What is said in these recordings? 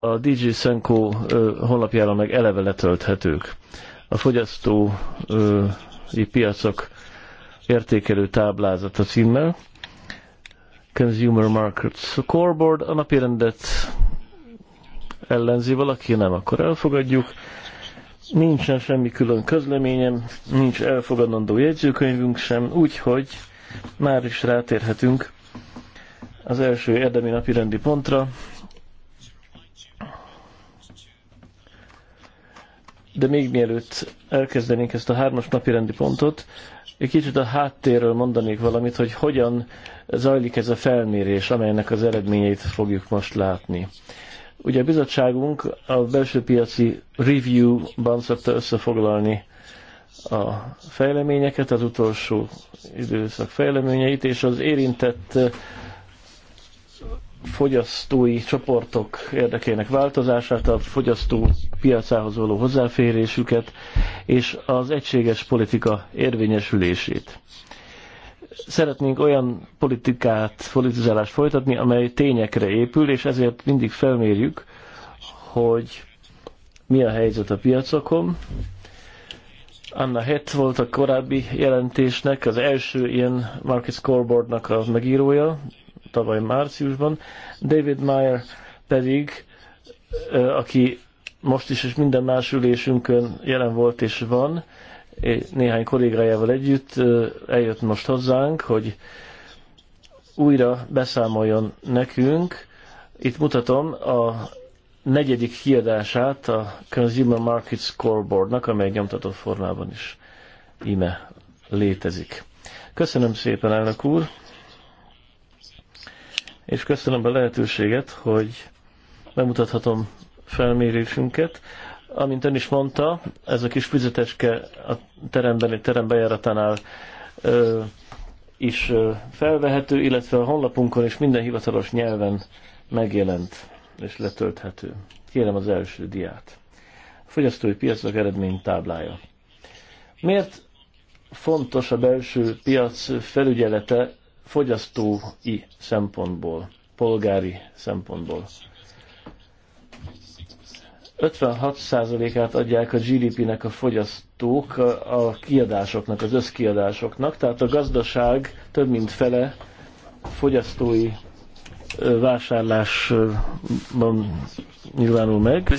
a DJ Senko honlapjára meg eleve letölthetők. A fogyasztói piacok értékelő táblázata címmel. Consumer Markets Scoreboard. A rendet ellenzi valaki, nem, akkor elfogadjuk. Nincsen semmi külön közleményem, nincs elfogadandó jegyzőkönyvünk sem, úgyhogy már is rátérhetünk az első érdemi rendi pontra, de még mielőtt elkezdenénk ezt a hármas napi rendi pontot, egy kicsit a háttérről mondanék valamit, hogy hogyan zajlik ez a felmérés, amelynek az eredményeit fogjuk most látni. Ugye a bizottságunk a belső piaci review-ban szokta összefoglalni a fejleményeket, az utolsó időszak fejleményeit, és az érintett fogyasztói csoportok érdekének változását, a fogyasztó piacához való hozzáférésüket és az egységes politika érvényesülését. Szeretnénk olyan politikát, politizálást folytatni, amely tényekre épül, és ezért mindig felmérjük, hogy mi a helyzet a piacokon. Anna Het volt a korábbi jelentésnek, az első ilyen Market Scoreboardnak a megírója, tavaly márciusban. David Meyer pedig, aki most is és minden más ülésünkön jelen volt és van, néhány kollégájával együtt eljött most hozzánk, hogy újra beszámoljon nekünk. Itt mutatom a negyedik kiadását a Consumer Market Scoreboardnak, amely nyomtatott formában is íme létezik. Köszönöm szépen, elnök úr, és köszönöm a lehetőséget, hogy bemutathatom felmérésünket. Amint ön is mondta, ez a kis füzeteske a teremben, terem bejáratánál ö, is ö, felvehető, illetve a honlapunkon is minden hivatalos nyelven megjelent és letölthető. Kérem az első diát. A fogyasztói piacok eredmény táblája. Miért fontos a belső piac felügyelete fogyasztói szempontból, polgári szempontból? 56%-át adják a GDP-nek a fogyasztók a kiadásoknak, az összkiadásoknak, tehát a gazdaság több mint fele fogyasztói vásárlásban nyilvánul meg,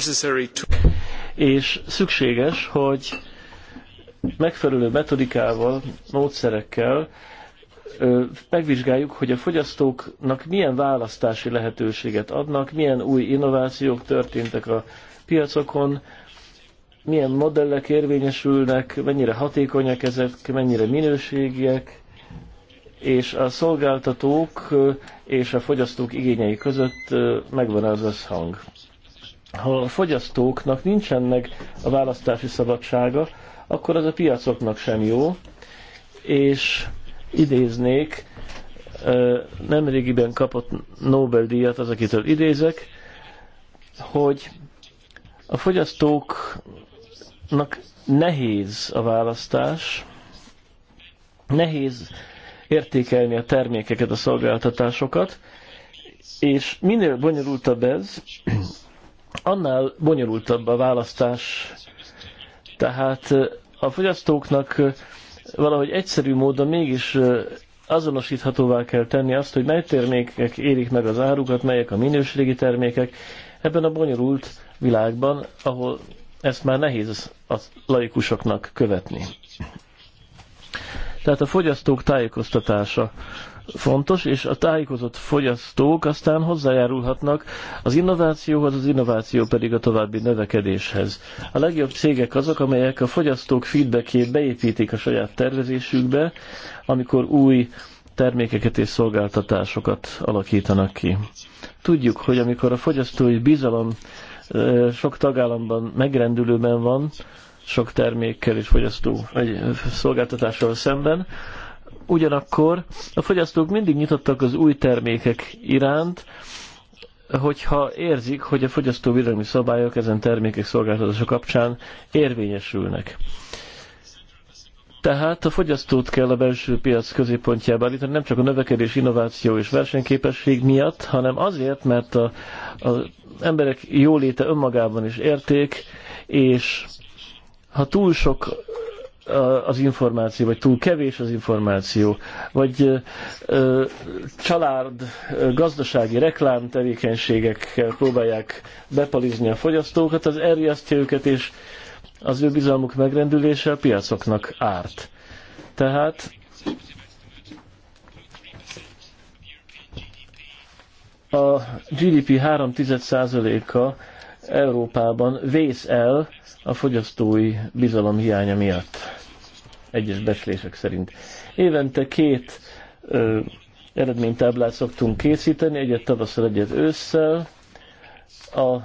és szükséges, hogy megfelelő metodikával, módszerekkel megvizsgáljuk, hogy a fogyasztóknak milyen választási lehetőséget adnak, milyen új innovációk történtek a piacokon, milyen modellek érvényesülnek, mennyire hatékonyak ezek, mennyire minőségiek, és a szolgáltatók és a fogyasztók igényei között megvan az összhang. Ha a fogyasztóknak nincsen meg a választási szabadsága, akkor az a piacoknak sem jó, és idéznék, nemrégiben kapott Nobel-díjat az, akitől idézek, hogy a fogyasztóknak nehéz a választás, nehéz értékelni a termékeket, a szolgáltatásokat, és minél bonyolultabb ez, annál bonyolultabb a választás. Tehát a fogyasztóknak valahogy egyszerű módon mégis azonosíthatóvá kell tenni azt, hogy mely termékek érik meg az árukat, melyek a minőségi termékek, Ebben a bonyolult világban, ahol ezt már nehéz a laikusoknak követni. Tehát a fogyasztók tájékoztatása fontos, és a tájékozott fogyasztók aztán hozzájárulhatnak az innovációhoz, az innováció pedig a további növekedéshez. A legjobb cégek azok, amelyek a fogyasztók feedbackjét beépítik a saját tervezésükbe, amikor új termékeket és szolgáltatásokat alakítanak ki. Tudjuk, hogy amikor a fogyasztói bizalom sok tagállamban megrendülőben van, sok termékkel és fogyasztó egy szolgáltatással szemben, ugyanakkor a fogyasztók mindig nyitottak az új termékek iránt, hogyha érzik, hogy a fogyasztóvédelmi szabályok ezen termékek szolgáltatása kapcsán érvényesülnek. Tehát a fogyasztót kell a belső piac középpontjába állítani, nem csak a növekedés, innováció és versenyképesség miatt, hanem azért, mert a, az emberek jóléte önmagában is érték, és ha túl sok az információ, vagy túl kevés az információ, vagy ö, család ö, gazdasági tevékenységekkel próbálják bepalizni a fogyasztókat, az erjesztje őket, és az ő bizalmuk megrendülése a piacoknak árt. Tehát a GDP 3,1%-a Európában vész el a fogyasztói bizalom hiánya miatt. Egyes becslések szerint. Évente két ö, eredménytáblát szoktunk készíteni, egyet tavasszal, egyet ősszel. A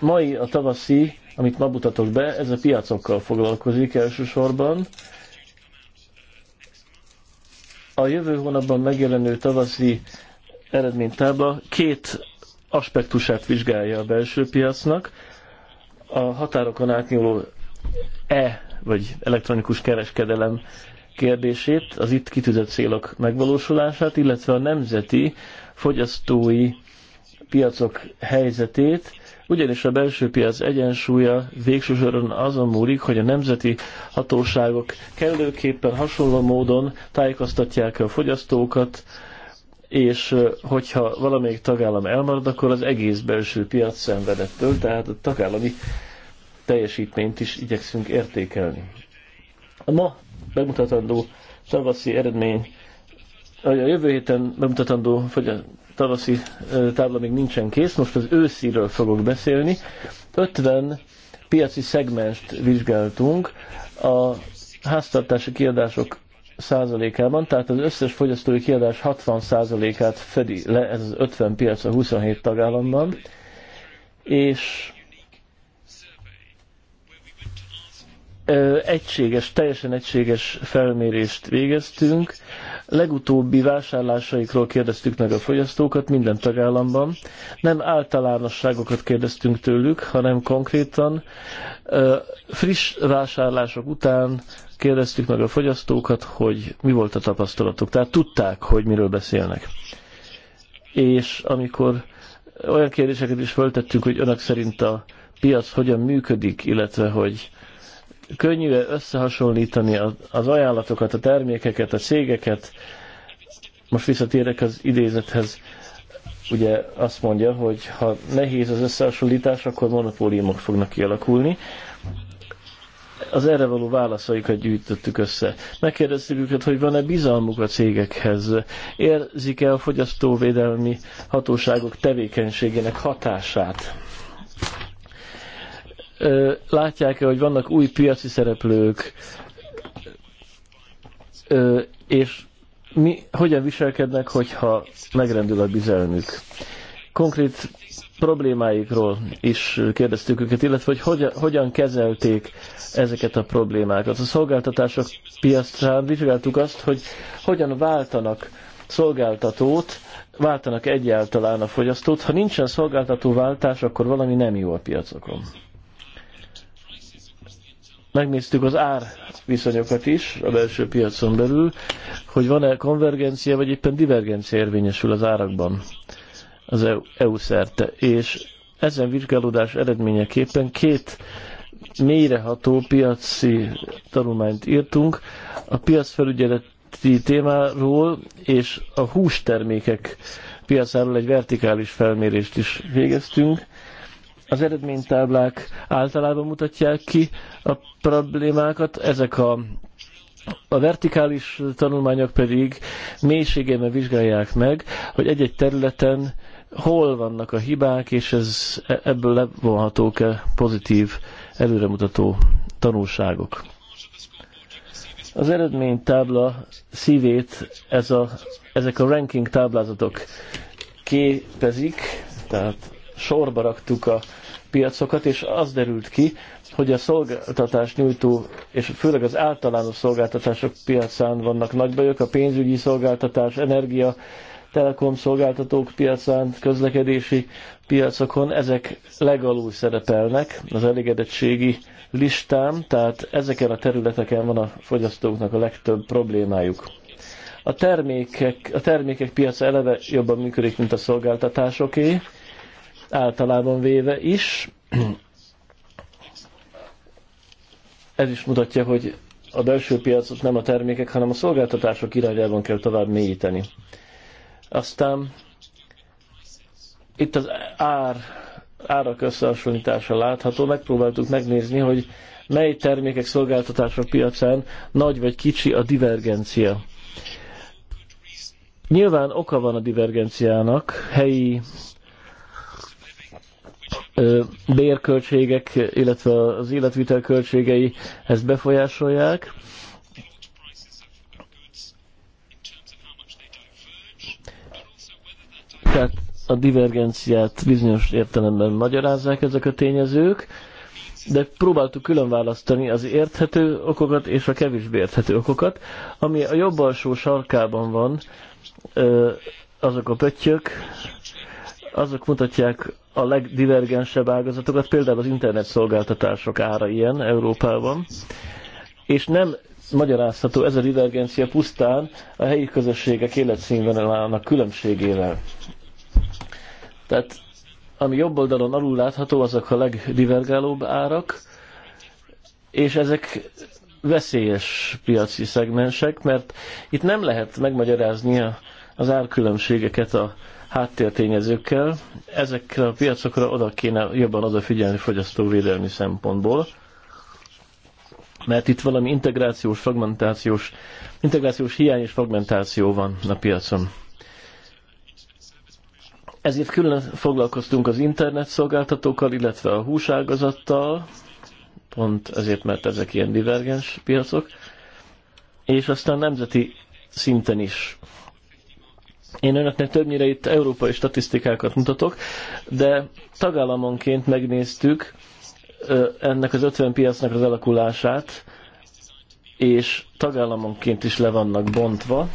mai, a tavaszi amit ma mutatok be, ez a piacokkal foglalkozik elsősorban. A jövő hónapban megjelenő tavaszi eredménytábla két aspektusát vizsgálja a belső piacnak. A határokon átnyúló e, vagy elektronikus kereskedelem kérdését, az itt kitűzött célok megvalósulását, illetve a nemzeti fogyasztói piacok helyzetét, ugyanis a belső piac egyensúlya végső soron azon múlik, hogy a nemzeti hatóságok kellőképpen hasonló módon tájékoztatják a fogyasztókat, és hogyha valamelyik tagállam elmarad, akkor az egész belső piac szenvedettől, tehát a tagállami teljesítményt is igyekszünk értékelni. A ma bemutatandó tavaszi eredmény, a jövő héten bemutatandó tavaszi tábla még nincsen kész, most az ősziről fogok beszélni. 50 piaci szegmest vizsgáltunk a háztartási kiadások százalékában, tehát az összes fogyasztói kiadás 60 százalékát fedi le, ez az 50 piac a 27 tagállamban, és egységes, teljesen egységes felmérést végeztünk, Legutóbbi vásárlásaikról kérdeztük meg a fogyasztókat minden tagállamban. Nem általánosságokat kérdeztünk tőlük, hanem konkrétan friss vásárlások után kérdeztük meg a fogyasztókat, hogy mi volt a tapasztalatuk. Tehát tudták, hogy miről beszélnek. És amikor olyan kérdéseket is föltettünk, hogy önök szerint a piac hogyan működik, illetve hogy könnyű -e összehasonlítani az ajánlatokat, a termékeket, a cégeket. Most visszatérek az idézethez. Ugye azt mondja, hogy ha nehéz az összehasonlítás, akkor monopóliumok fognak kialakulni. Az erre való válaszaikat gyűjtöttük össze. Megkérdeztük őket, hogy van-e bizalmuk a cégekhez. Érzik-e a fogyasztóvédelmi hatóságok tevékenységének hatását? látják-e, hogy vannak új piaci szereplők, és mi, hogyan viselkednek, hogyha megrendül a bizelmük. Konkrét problémáikról is kérdeztük őket, illetve hogy hogyan, hogyan kezelték ezeket a problémákat. A szolgáltatások piacán vizsgáltuk azt, hogy hogyan váltanak szolgáltatót, váltanak egyáltalán a fogyasztót. Ha nincsen szolgáltató váltás, akkor valami nem jó a piacokon megnéztük az ár viszonyokat is a belső piacon belül, hogy van-e konvergencia, vagy éppen divergencia érvényesül az árakban az EU, e szerte. És ezen vizsgálódás eredményeképpen két mélyreható piaci tanulmányt írtunk a piacfelügyeleti témáról és a hústermékek piacáról egy vertikális felmérést is végeztünk, az eredménytáblák általában mutatják ki a problémákat, ezek a a vertikális tanulmányok pedig mélységében vizsgálják meg, hogy egy-egy területen hol vannak a hibák, és ez, e, ebből levonhatók-e pozitív, előremutató tanulságok. Az eredménytábla szívét ez a, ezek a ranking táblázatok képezik, tehát sorba raktuk a piacokat, és az derült ki, hogy a szolgáltatás nyújtó, és főleg az általános szolgáltatások piacán vannak nagy bajok, a pénzügyi szolgáltatás, energia, telekom szolgáltatók piacán, közlekedési piacokon, ezek legalul szerepelnek az elégedettségi listám, tehát ezeken a területeken van a fogyasztóknak a legtöbb problémájuk. A termékek, a termékek piaca eleve jobban működik, mint a szolgáltatásoké, általában véve is. Ez is mutatja, hogy a belső piacot nem a termékek, hanem a szolgáltatások irányában kell tovább mélyíteni. Aztán itt az ár, árak összehasonlítása látható. Megpróbáltuk megnézni, hogy mely termékek szolgáltatások piacán nagy vagy kicsi a divergencia. Nyilván oka van a divergenciának, helyi bérköltségek, illetve az életvitel költségei ezt befolyásolják. Tehát a divergenciát bizonyos értelemben magyarázzák ezek a tényezők, de próbáltuk külön választani az érthető okokat és a kevésbé érthető okokat, ami a jobb alsó sarkában van, azok a pöttyök, azok mutatják a legdivergensebb ágazatokat, például az internet szolgáltatások ára ilyen Európában, és nem magyarázható ez a divergencia pusztán a helyi közösségek életszínvonalának különbségével. Tehát ami jobb oldalon alul látható, azok a legdivergálóbb árak, és ezek veszélyes piaci szegmensek, mert itt nem lehet megmagyarázni az árkülönbségeket a háttértényezőkkel. Ezekre a piacokra oda kéne jobban odafigyelni fogyasztóvédelmi szempontból, mert itt valami integrációs, fragmentációs, integrációs hiány és fragmentáció van a piacon. Ezért külön foglalkoztunk az internet szolgáltatókkal, illetve a húságazattal, pont ezért, mert ezek ilyen divergens piacok, és aztán nemzeti szinten is én önöknek többnyire itt európai statisztikákat mutatok, de tagállamonként megnéztük ennek az 50 piacnak az alakulását, és tagállamonként is le vannak bontva,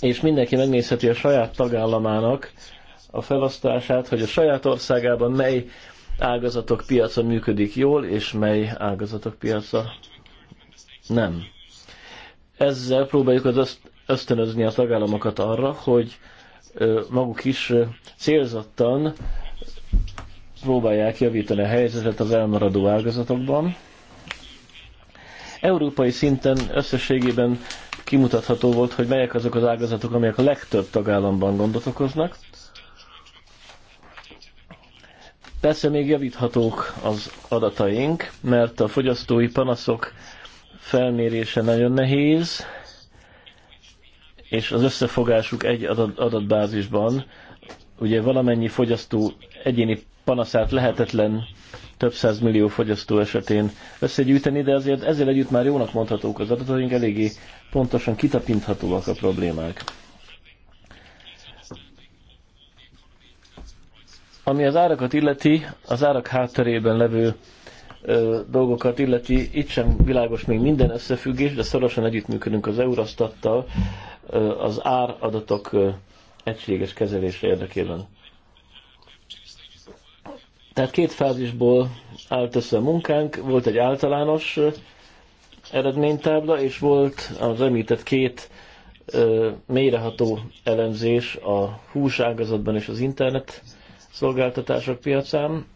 és mindenki megnézheti a saját tagállamának a felosztását, hogy a saját országában mely ágazatok piaca működik jól, és mely ágazatok piaca nem. Ezzel próbáljuk az ösztönözni a tagállamokat arra, hogy maguk is célzottan próbálják javítani a helyzetet az elmaradó ágazatokban. Európai szinten összességében kimutatható volt, hogy melyek azok az ágazatok, amelyek a legtöbb tagállamban gondot okoznak. Persze még javíthatók az adataink, mert a fogyasztói panaszok felmérése nagyon nehéz, és az összefogásuk egy adat, adatbázisban, ugye valamennyi fogyasztó egyéni panaszát lehetetlen több száz millió fogyasztó esetén összegyűjteni, de azért ezzel együtt már jónak mondhatók az adataink, eléggé pontosan kitapinthatóak a problémák. Ami az árakat illeti, az árak hátterében levő ö, dolgokat illeti, itt sem világos még minden összefüggés, de szorosan együttműködünk az Eurostattal, az áradatok egységes kezelése érdekében. Tehát két fázisból állt össze a munkánk, volt egy általános eredménytábla, és volt az említett két mélyreható elemzés a húságazatban és az internet szolgáltatások piacán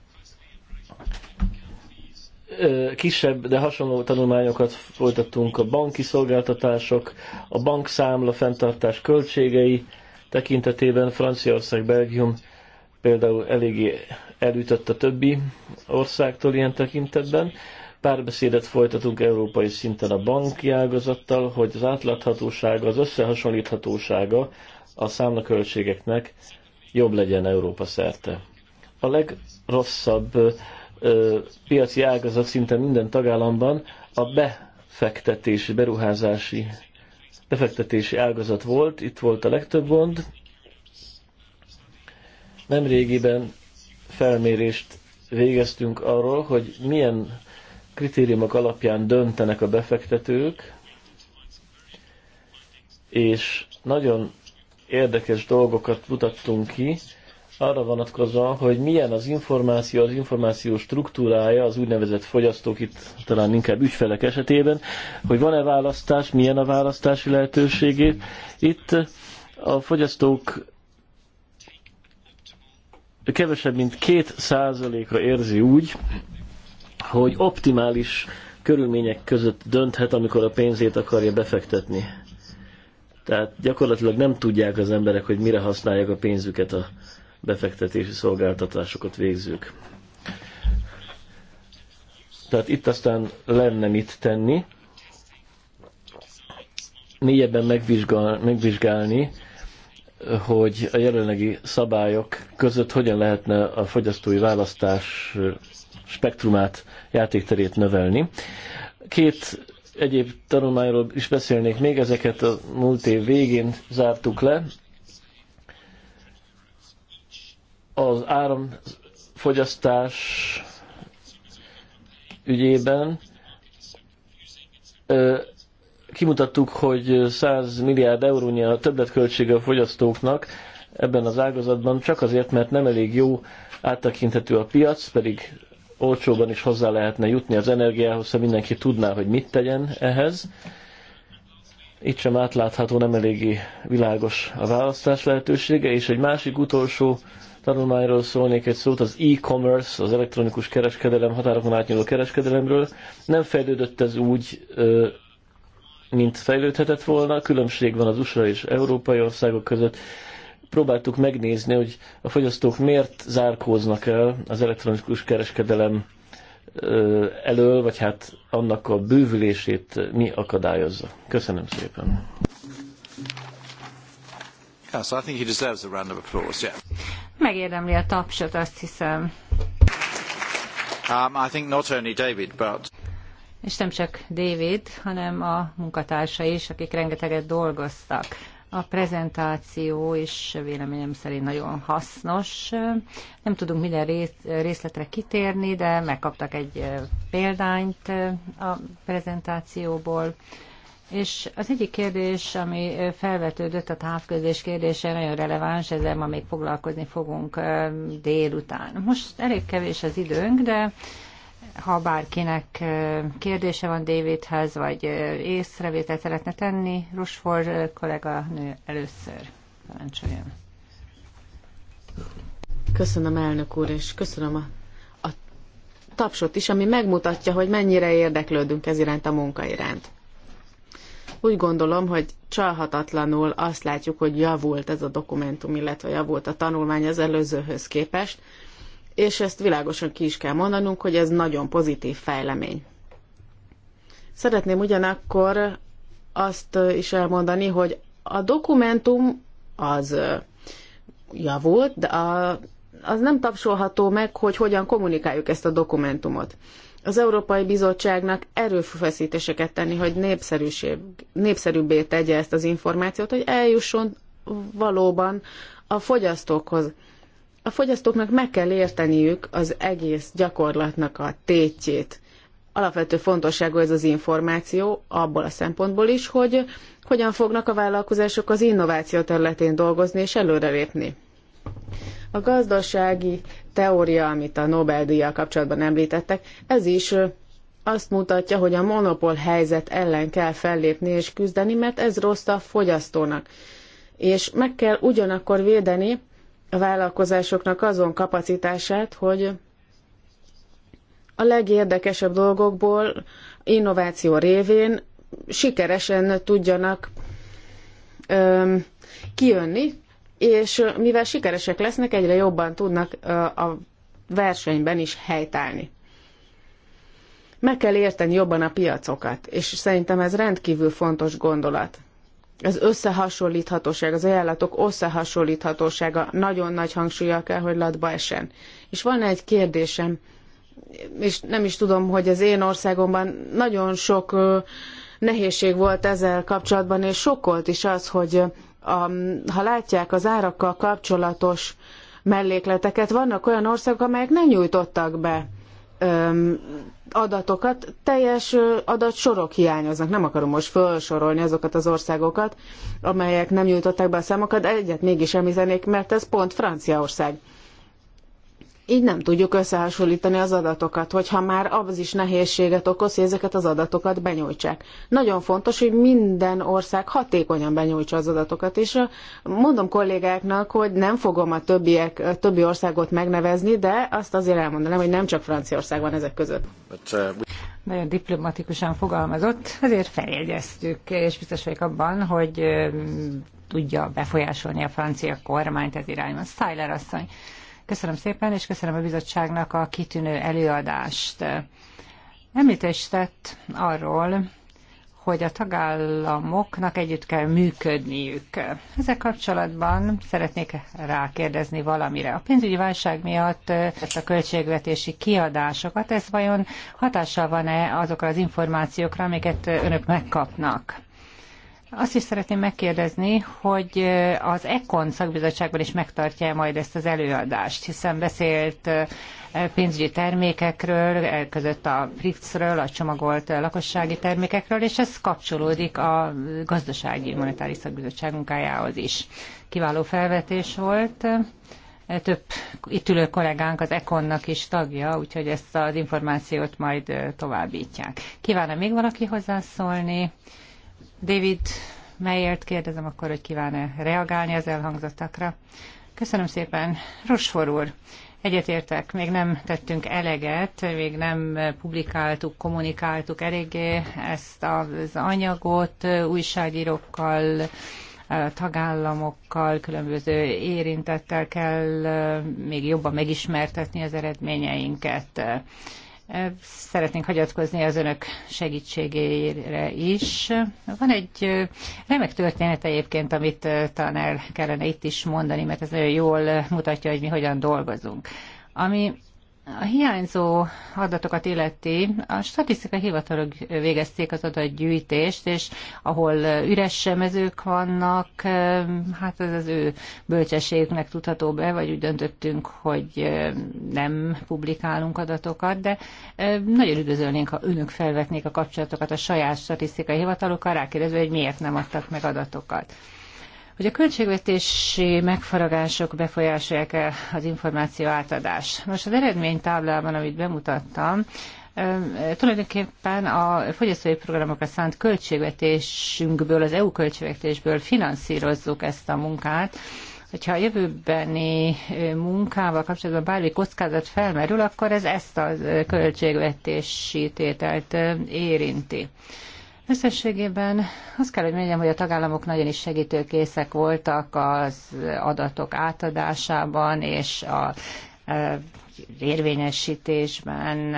kisebb, de hasonló tanulmányokat folytattunk a banki szolgáltatások, a bankszámla fenntartás költségei tekintetében Franciaország, Belgium például eléggé elütött a többi országtól ilyen tekintetben. Párbeszédet folytatunk európai szinten a banki ágazattal, hogy az átláthatósága, az összehasonlíthatósága a számlaköltségeknek jobb legyen Európa szerte. A legrosszabb ö, piaci ágazat szinte minden tagállamban a befektetési, beruházási, befektetési ágazat volt, itt volt a legtöbb gond. Nemrégiben felmérést végeztünk arról, hogy milyen kritériumok alapján döntenek a befektetők, és nagyon érdekes dolgokat mutattunk ki, arra vonatkozóan, hogy milyen az információ, az információ struktúrája az úgynevezett fogyasztók, itt talán inkább ügyfelek esetében, hogy van-e választás, milyen a választási lehetőségét. Itt a fogyasztók kevesebb, mint két százalékra érzi úgy, hogy optimális körülmények között dönthet, amikor a pénzét akarja befektetni. Tehát gyakorlatilag nem tudják az emberek, hogy mire használják a pénzüket a befektetési szolgáltatásokat végzők. Tehát itt aztán lenne mit tenni, mélyebben megvizsgál, megvizsgálni, hogy a jelenlegi szabályok között hogyan lehetne a fogyasztói választás spektrumát, játékterét növelni. Két egyéb tanulmányról is beszélnék még, ezeket a múlt év végén zártuk le, az áramfogyasztás ügyében kimutattuk, hogy 100 milliárd eurónyi a többletköltsége a fogyasztóknak ebben az ágazatban, csak azért, mert nem elég jó áttekinthető a piac, pedig olcsóban is hozzá lehetne jutni az energiához, ha mindenki tudná, hogy mit tegyen ehhez. Itt sem átlátható, nem eléggé világos a választás lehetősége, és egy másik utolsó tanulmányról szólnék egy szót, az e-commerce, az elektronikus kereskedelem, határokon átnyúló kereskedelemről. Nem fejlődött ez úgy, mint fejlődhetett volna, különbség van az USA és európai országok között. Próbáltuk megnézni, hogy a fogyasztók miért zárkóznak el az elektronikus kereskedelem elől, vagy hát annak a bővülését mi akadályozza. Köszönöm szépen! So I think he deserves a round of applause, yeah. Megérdemli a tapsot, azt hiszem. Um, I think not only David, but... És nem csak David, hanem a munkatársa is, akik rengeteget dolgoztak. A prezentáció is véleményem szerint nagyon hasznos. Nem tudunk minden részletre kitérni, de megkaptak egy példányt a prezentációból és az egyik kérdés, ami felvetődött a távközlés kérdése, nagyon releváns, ezzel ma még foglalkozni fogunk délután. Most elég kevés az időnk, de ha bárkinek kérdése van Davidhez, vagy észrevételt szeretne tenni, Rusfor kollega nő először parancsoljon. Köszönöm, elnök úr, és köszönöm a, a tapsot is, ami megmutatja, hogy mennyire érdeklődünk ez iránt a munka iránt. Úgy gondolom, hogy csalhatatlanul azt látjuk, hogy javult ez a dokumentum, illetve javult a tanulmány az előzőhöz képest, és ezt világosan ki is kell mondanunk, hogy ez nagyon pozitív fejlemény. Szeretném ugyanakkor azt is elmondani, hogy a dokumentum az javult, de a, az nem tapsolható meg, hogy hogyan kommunikáljuk ezt a dokumentumot az Európai Bizottságnak erőfeszítéseket tenni, hogy népszerűbbé tegye ezt az információt, hogy eljusson valóban a fogyasztókhoz. A fogyasztóknak meg kell érteniük az egész gyakorlatnak a tétjét. Alapvető fontosságú ez az információ abból a szempontból is, hogy hogyan fognak a vállalkozások az innováció területén dolgozni és előrelépni. A gazdasági teória, amit a Nobel-díjjal kapcsolatban említettek, ez is azt mutatja, hogy a monopól helyzet ellen kell fellépni és küzdeni, mert ez rossz a fogyasztónak. És meg kell ugyanakkor védeni a vállalkozásoknak azon kapacitását, hogy a legérdekesebb dolgokból innováció révén sikeresen tudjanak öm, kijönni, és mivel sikeresek lesznek, egyre jobban tudnak a versenyben is helytállni. Meg kell érteni jobban a piacokat, és szerintem ez rendkívül fontos gondolat. Az összehasonlíthatóság, az ajánlatok összehasonlíthatósága nagyon nagy hangsúlya kell, hogy latba esen. És van egy kérdésem, és nem is tudom, hogy az én országomban nagyon sok nehézség volt ezzel kapcsolatban, és sokkolt is az, hogy ha látják az árakkal kapcsolatos mellékleteket, vannak olyan országok, amelyek nem nyújtottak be adatokat, teljes adatsorok hiányoznak. Nem akarom most felsorolni azokat az országokat, amelyek nem nyújtották be a számokat, egyet mégis említenék, mert ez pont Franciaország így nem tudjuk összehasonlítani az adatokat, hogyha már az is nehézséget okoz, hogy ezeket az adatokat benyújtsák. Nagyon fontos, hogy minden ország hatékonyan benyújtsa az adatokat, és mondom kollégáknak, hogy nem fogom a többiek, a többi országot megnevezni, de azt azért elmondanám, hogy nem csak Franciaország van ezek között. Uh, Nagyon diplomatikusan fogalmazott, ezért feljegyeztük, és biztos vagyok abban, hogy tudja befolyásolni a francia kormányt ez irányban. Szájler asszony. Köszönöm szépen, és köszönöm a bizottságnak a kitűnő előadást. Említést tett arról, hogy a tagállamoknak együtt kell működniük. Ezzel kapcsolatban szeretnék rákérdezni valamire. A pénzügyi válság miatt ezt a költségvetési kiadásokat, ez vajon hatással van-e azokra az információkra, amiket önök megkapnak? Azt is szeretném megkérdezni, hogy az ECON szakbizottságban is megtartja majd ezt az előadást, hiszen beszélt pénzügyi termékekről, között a PRIPS-ről, a csomagolt lakossági termékekről, és ez kapcsolódik a gazdasági monetáris szakbizottság munkájához is. Kiváló felvetés volt. Több itt ülő kollégánk az Ekonnak is tagja, úgyhogy ezt az információt majd továbbítják. Kívánom még valaki hozzászólni? David Meyert kérdezem akkor, hogy kíván-e reagálni az elhangzottakra. Köszönöm szépen. Rusfor úr, egyetértek, még nem tettünk eleget, még nem publikáltuk, kommunikáltuk eléggé ezt az anyagot újságírókkal, tagállamokkal, különböző érintettel kell még jobban megismertetni az eredményeinket Szeretnénk hagyatkozni az önök segítségére is. Van egy remek történet egyébként, amit talán el kellene itt is mondani, mert ez nagyon jól mutatja, hogy mi hogyan dolgozunk. Ami a hiányzó adatokat illeti, a statisztikai hivatalok végezték az adatgyűjtést, és ahol üres mezők vannak, hát ez az ő bölcsességüknek tudható be, vagy úgy döntöttünk, hogy nem publikálunk adatokat, de nagyon üdvözölnénk, ha önök felvetnék a kapcsolatokat a saját statisztikai hivatalokkal, rákérdezve, hogy miért nem adtak meg adatokat hogy a költségvetési megfaragások befolyásolják -e az információ átadás. Most az táblában, amit bemutattam, tulajdonképpen a fogyasztói programokra szánt költségvetésünkből, az EU költségvetésből finanszírozzuk ezt a munkát, hogyha a jövőbeni munkával kapcsolatban bármi kockázat felmerül, akkor ez ezt a költségvetési tételt érinti. Összességében azt kell, hogy mondjam, hogy a tagállamok nagyon is segítőkészek voltak az adatok átadásában és a e, érvényesítésben.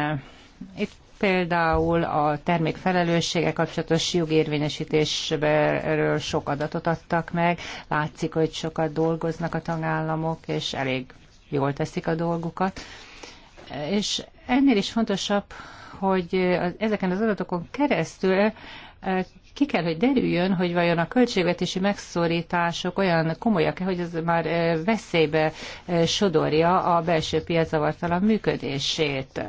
Itt például a termékfelelőssége kapcsolatos jogérvényesítésről sok adatot adtak meg. Látszik, hogy sokat dolgoznak a tagállamok, és elég jól teszik a dolgukat. És ennél is fontosabb, hogy az, ezeken az adatokon keresztül eh, ki kell, hogy derüljön, hogy vajon a költségvetési megszorítások olyan komolyak-e, hogy ez már eh, veszélybe eh, sodorja a belső piac működését.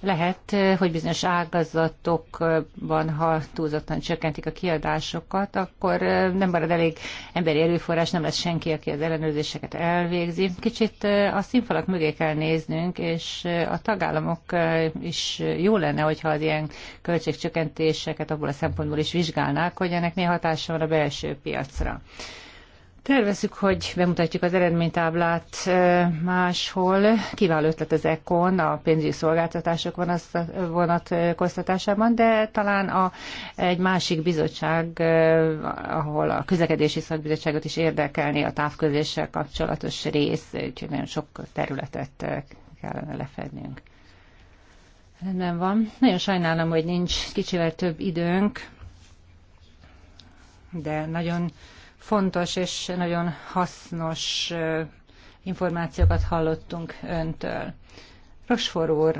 Lehet, eh, hogy bizonyos ágazatokban, ha túlzottan csökkentik a kiadásokat, akkor eh, nem marad elég emberi erőforrás, nem lesz senki, aki az ellenőrzéseket elvégzi. Kicsit eh, a színfalak mögé kell néznünk, és a tagállamok is jó lenne, hogyha az ilyen költségcsökkentéseket abból a szempontból is vizsgálnák, hogy ennek mi hatása van a belső piacra. Tervezzük, hogy bemutatjuk az eredménytáblát máshol. Kiváló ötlet az ECON, a pénzügyi szolgáltatások vonatkoztatásában, de talán a, egy másik bizottság, ahol a közlekedési szakbizottságot is érdekelni a távközéssel kapcsolatos rész, úgyhogy nagyon sok területet kellene lefednünk. Rendben van. Nagyon sajnálom, hogy nincs kicsivel több időnk, de nagyon fontos és nagyon hasznos információkat hallottunk öntől. Rosfor úr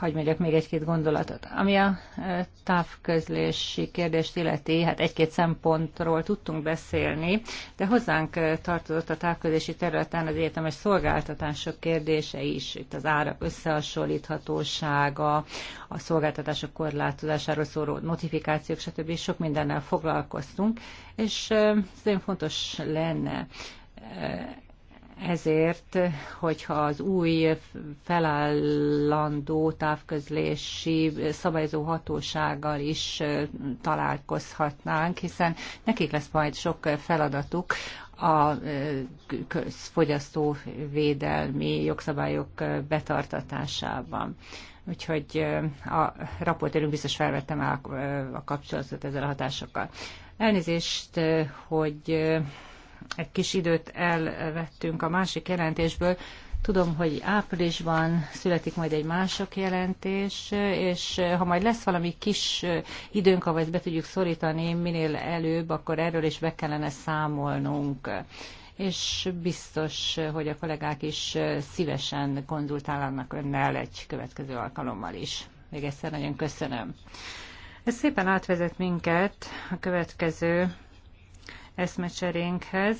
hagy mondjak még egy-két gondolatot. Ami a e, távközlési kérdést illeti, hát egy-két szempontról tudtunk beszélni, de hozzánk e, tartozott a távközlési területen az egyetemes szolgáltatások kérdése is, itt az árak összehasonlíthatósága, a szolgáltatások korlátozásáról szóló notifikációk, stb. sok mindennel foglalkoztunk, és e, ez nagyon fontos lenne ezért, hogyha az új felállandó távközlési szabályozó hatósággal is találkozhatnánk, hiszen nekik lesz majd sok feladatuk a fogyasztóvédelmi jogszabályok betartatásában. Úgyhogy a raportérünk biztos felvettem már a kapcsolatot ezzel a hatásokkal. Elnézést, hogy egy kis időt elvettünk a másik jelentésből. Tudom, hogy áprilisban születik majd egy mások jelentés, és ha majd lesz valami kis időnk, ahol ezt be tudjuk szorítani minél előbb, akkor erről is be kellene számolnunk. És biztos, hogy a kollégák is szívesen konzultálnak önnel egy következő alkalommal is. Még egyszer nagyon köszönöm. Ez szépen átvezet minket a következő eszmecserénkhez,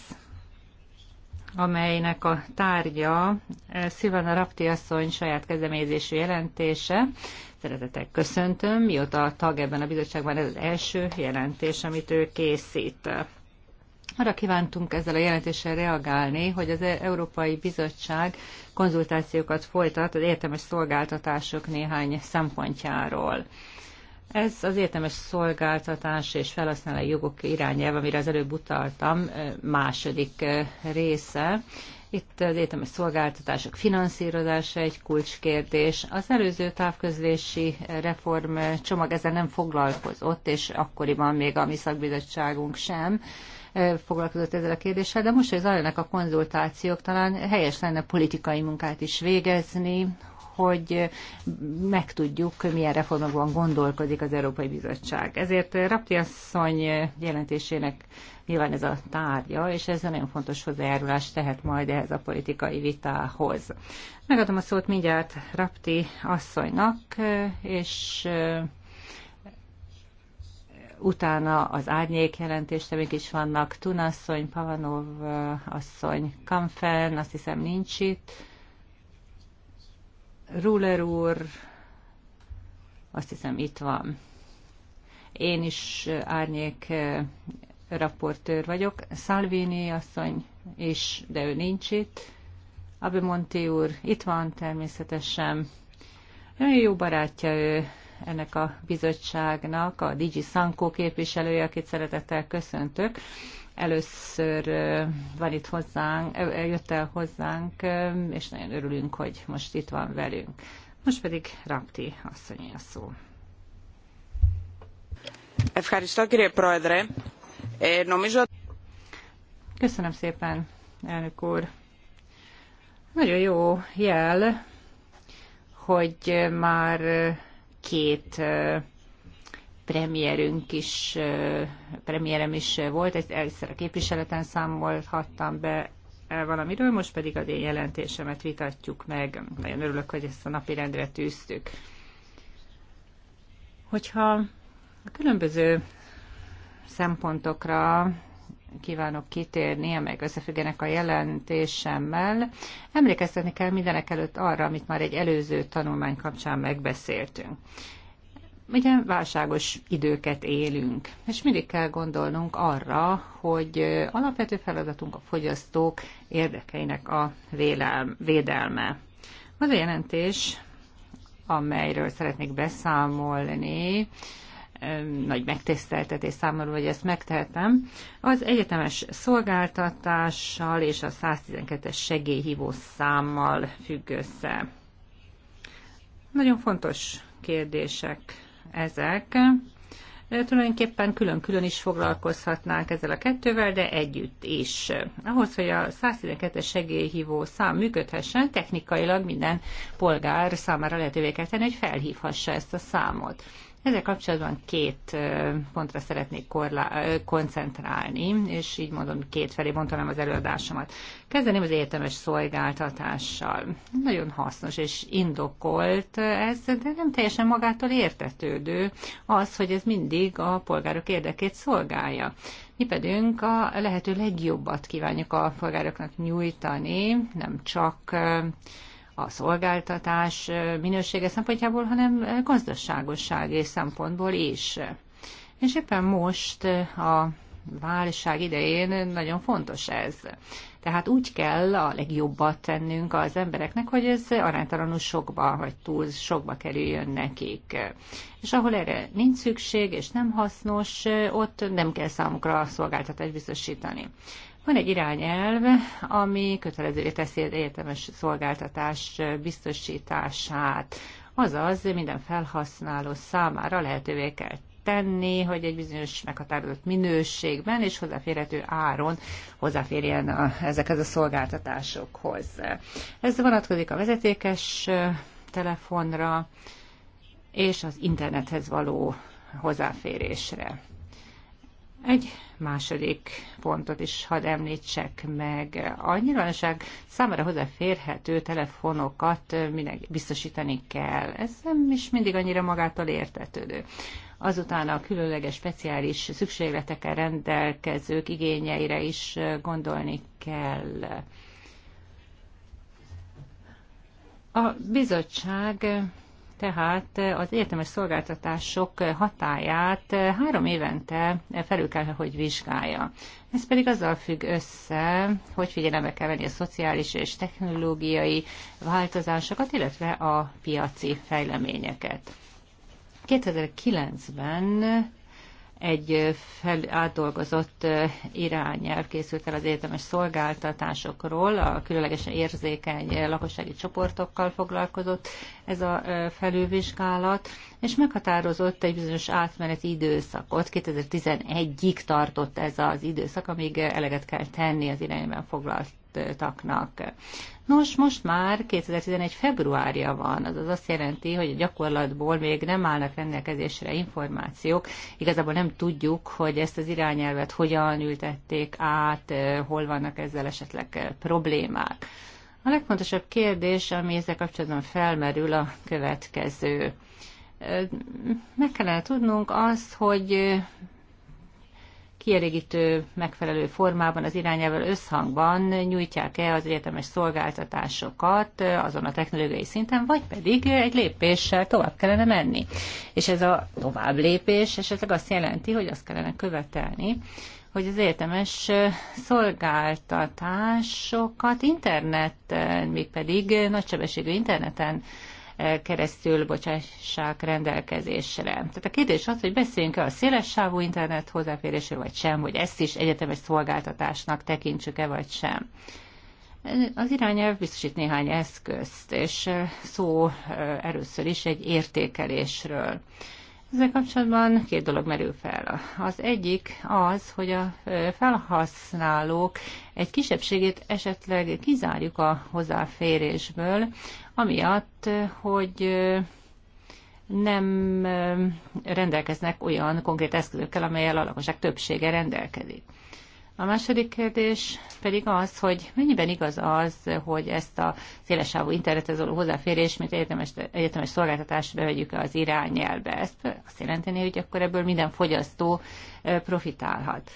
amelynek a tárgya eh, Szilvana Rapti asszony saját kezdeményezésű jelentése. Szeretetek köszöntöm, mióta a tag ebben a bizottságban ez az első jelentés, amit ő készít. Arra kívántunk ezzel a jelentéssel reagálni, hogy az e- Európai Bizottság konzultációkat folytat az értelmes szolgáltatások néhány szempontjáról. Ez az értelmes szolgáltatás és felhasználói jogok irányelv, amire az előbb utaltam, második része. Itt az értelmes szolgáltatások finanszírozása egy kulcskérdés. Az előző távközlési reform csomag ezzel nem foglalkozott, és akkoriban még a mi szakbizottságunk sem foglalkozott ezzel a kérdéssel, de most, hogy zajlanak a konzultációk, talán helyes lenne politikai munkát is végezni, hogy megtudjuk, milyen reformokban gondolkodik az Európai Bizottság. Ezért Rapti asszony jelentésének nyilván ez a tárgya, és ez nagyon fontos hozzájárulás tehet majd ehhez a politikai vitához. Megadom a szót mindjárt Rapti asszonynak, és eh, utána az árnyék amik is vannak, Tunasszony, Pavanov eh, asszony, Kamfen, azt hiszem nincs itt, Ruler úr, azt hiszem itt van. Én is árnyék raportőr vagyok. Salvini asszony is, de ő nincs itt. Abimonti úr itt van természetesen. Nagyon jó barátja ő ennek a bizottságnak, a Digi Sankó képviselője, akit szeretettel köszöntök. Először van itt hozzánk, jött el hozzánk, és nagyon örülünk, hogy most itt van velünk. Most pedig Rapti asszonyi a szó. E, Köszönöm szépen, elnök úr. Nagyon jó jel, hogy már két premierünk is, premierem is volt, egy először a képviseleten számolhattam be valamiről, most pedig az én jelentésemet vitatjuk meg. Nagyon örülök, hogy ezt a napi rendre tűztük. Hogyha a különböző szempontokra kívánok kitérni, amelyek összefüggenek a jelentésemmel. Emlékeztetni kell mindenek előtt arra, amit már egy előző tanulmány kapcsán megbeszéltünk ugye válságos időket élünk, és mindig kell gondolnunk arra, hogy alapvető feladatunk a fogyasztók érdekeinek a védelme. Az a jelentés, amelyről szeretnék beszámolni, nagy megtiszteltetés számomra, hogy ezt megtehetem, az egyetemes szolgáltatással és a 112-es segélyhívó számmal függ össze. Nagyon fontos kérdések ezek. De tulajdonképpen külön-külön is foglalkozhatnánk ezzel a kettővel, de együtt is. Ahhoz, hogy a 112-es segélyhívó szám működhessen, technikailag minden polgár számára lehetővé kell tenni, hogy felhívhassa ezt a számot. Ezzel kapcsolatban két pontra szeretnék korlá- koncentrálni, és így mondom, két felé bontanám az előadásomat. Kezdeném az értemes szolgáltatással. Nagyon hasznos és indokolt ez, de nem teljesen magától értetődő az, hogy ez mindig a polgárok érdekét szolgálja. Mi pedig a lehető legjobbat kívánjuk a polgároknak nyújtani, nem csak a szolgáltatás minősége szempontjából, hanem gazdaságossági szempontból is. És éppen most a válság idején nagyon fontos ez. Tehát úgy kell a legjobbat tennünk az embereknek, hogy ez aránytalanul sokba, vagy túl sokba kerüljön nekik. És ahol erre nincs szükség és nem hasznos, ott nem kell számukra szolgáltatást biztosítani. Van egy irányelv, ami kötelezővé teszi az egyetemes szolgáltatás biztosítását, azaz minden felhasználó számára lehetővé kell tenni, hogy egy bizonyos meghatározott minőségben és hozzáférhető áron hozzáférjen a, ezekhez a szolgáltatásokhoz. Ez vonatkozik a vezetékes telefonra és az internethez való hozzáférésre. Egy második pontot is hadd említsek meg. A nyilvánosság számára hozzáférhető telefonokat mindenki biztosítani kell. Ez nem is mindig annyira magától értetődő. Azután a különleges, speciális szükségletekkel rendelkezők igényeire is gondolni kell. A bizottság tehát az egyetemes szolgáltatások hatáját három évente felül kell, hogy vizsgálja. Ez pedig azzal függ össze, hogy figyelembe kell venni a szociális és technológiai változásokat, illetve a piaci fejleményeket. 2009-ben egy fel, átdolgozott irányelv készült el az egyetemes szolgáltatásokról, a különlegesen érzékeny lakossági csoportokkal foglalkozott ez a felülvizsgálat, és meghatározott egy bizonyos átmeneti időszakot. 2011-ig tartott ez az időszak, amíg eleget kell tenni az irányban foglaltaknak. Nos, most már 2011. februárja van, azaz azt jelenti, hogy a gyakorlatból még nem állnak rendelkezésre információk. Igazából nem tudjuk, hogy ezt az irányelvet hogyan ültették át, hol vannak ezzel esetleg problémák. A legfontosabb kérdés, ami ezzel kapcsolatban felmerül, a következő meg kellene tudnunk azt, hogy kielégítő, megfelelő formában, az irányával összhangban nyújtják-e az egyetemes szolgáltatásokat azon a technológiai szinten, vagy pedig egy lépéssel tovább kellene menni. És ez a tovább lépés esetleg azt jelenti, hogy azt kellene követelni, hogy az egyetemes szolgáltatásokat interneten, még pedig nagysebességű interneten keresztül bocsássák rendelkezésre. Tehát a kérdés az, hogy beszéljünk-e a széles sávú internet hozzáférésről, vagy sem, hogy ezt is egyetemes szolgáltatásnak tekintsük-e, vagy sem. Az irányelv biztosít néhány eszközt, és szó először is egy értékelésről. Ezzel kapcsolatban két dolog merül fel. Az egyik az, hogy a felhasználók egy kisebbségét esetleg kizárjuk a hozzáférésből, amiatt, hogy nem rendelkeznek olyan konkrét eszközökkel, amelyel a lakosság többsége rendelkezik. A második kérdés pedig az, hogy mennyiben igaz az, hogy ezt a szélesávú internethez való hozzáférés, mint egyetemes, egyetemes szolgáltatást bevegyük az irányelbe. Ezt azt jelenteni, hogy akkor ebből minden fogyasztó profitálhat.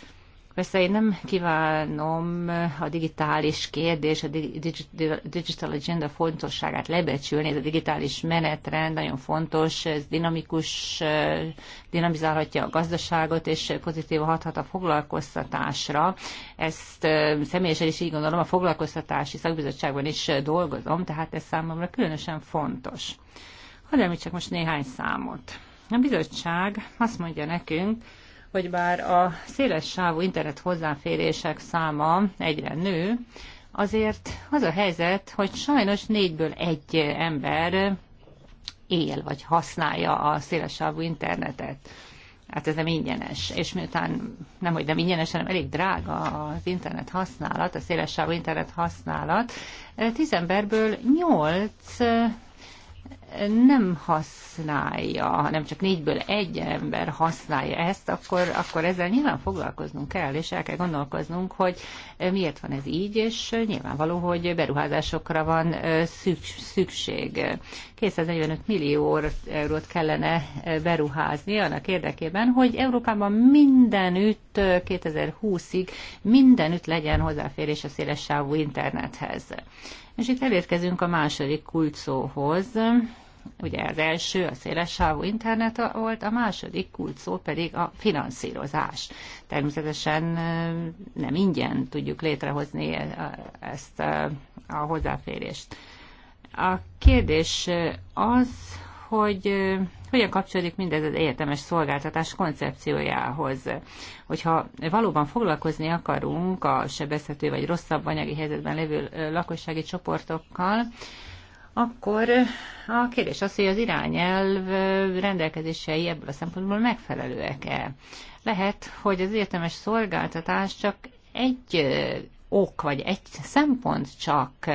Persze én nem kívánom a digitális kérdés, a digital agenda fontosságát lebecsülni, ez a digitális menetrend nagyon fontos, ez dinamikus, dinamizálhatja a gazdaságot, és pozitív hathat a foglalkoztatásra. Ezt személyesen is így gondolom, a foglalkoztatási szakbizottságban is dolgozom, tehát ez számomra különösen fontos. Hadd csak most néhány számot. A bizottság azt mondja nekünk, hogy bár a széles sávú internet hozzáférések száma egyre nő, azért az a helyzet, hogy sajnos négyből egy ember él vagy használja a sávú internetet. Hát ez nem ingyenes. És miután nem, hogy nem ingyenes, hanem elég drága az internet használat, a sávú internet használat, eh, tíz emberből nyolc nem használja, hanem csak négyből egy ember használja ezt, akkor, akkor ezzel nyilván foglalkoznunk kell, és el kell gondolkoznunk, hogy miért van ez így, és nyilvánvaló, hogy beruházásokra van szükség. 245 millió eurót kellene beruházni annak érdekében, hogy Európában mindenütt 2020-ig mindenütt legyen hozzáférés a széles sávú internethez. És itt elérkezünk a második kulcóhoz, Ugye az első a szélessávú internet volt, a második kult szó pedig a finanszírozás. Természetesen nem ingyen tudjuk létrehozni ezt a hozzáférést. A kérdés az, hogy hogyan kapcsolódik mindez az egyetemes szolgáltatás koncepciójához. Hogyha valóban foglalkozni akarunk a sebezhető vagy rosszabb anyagi helyzetben lévő lakossági csoportokkal, akkor a kérdés az, hogy az irányelv rendelkezései ebből a szempontból megfelelőek-e. Lehet, hogy az értelmes szolgáltatás csak egy ok, vagy egy szempont csak,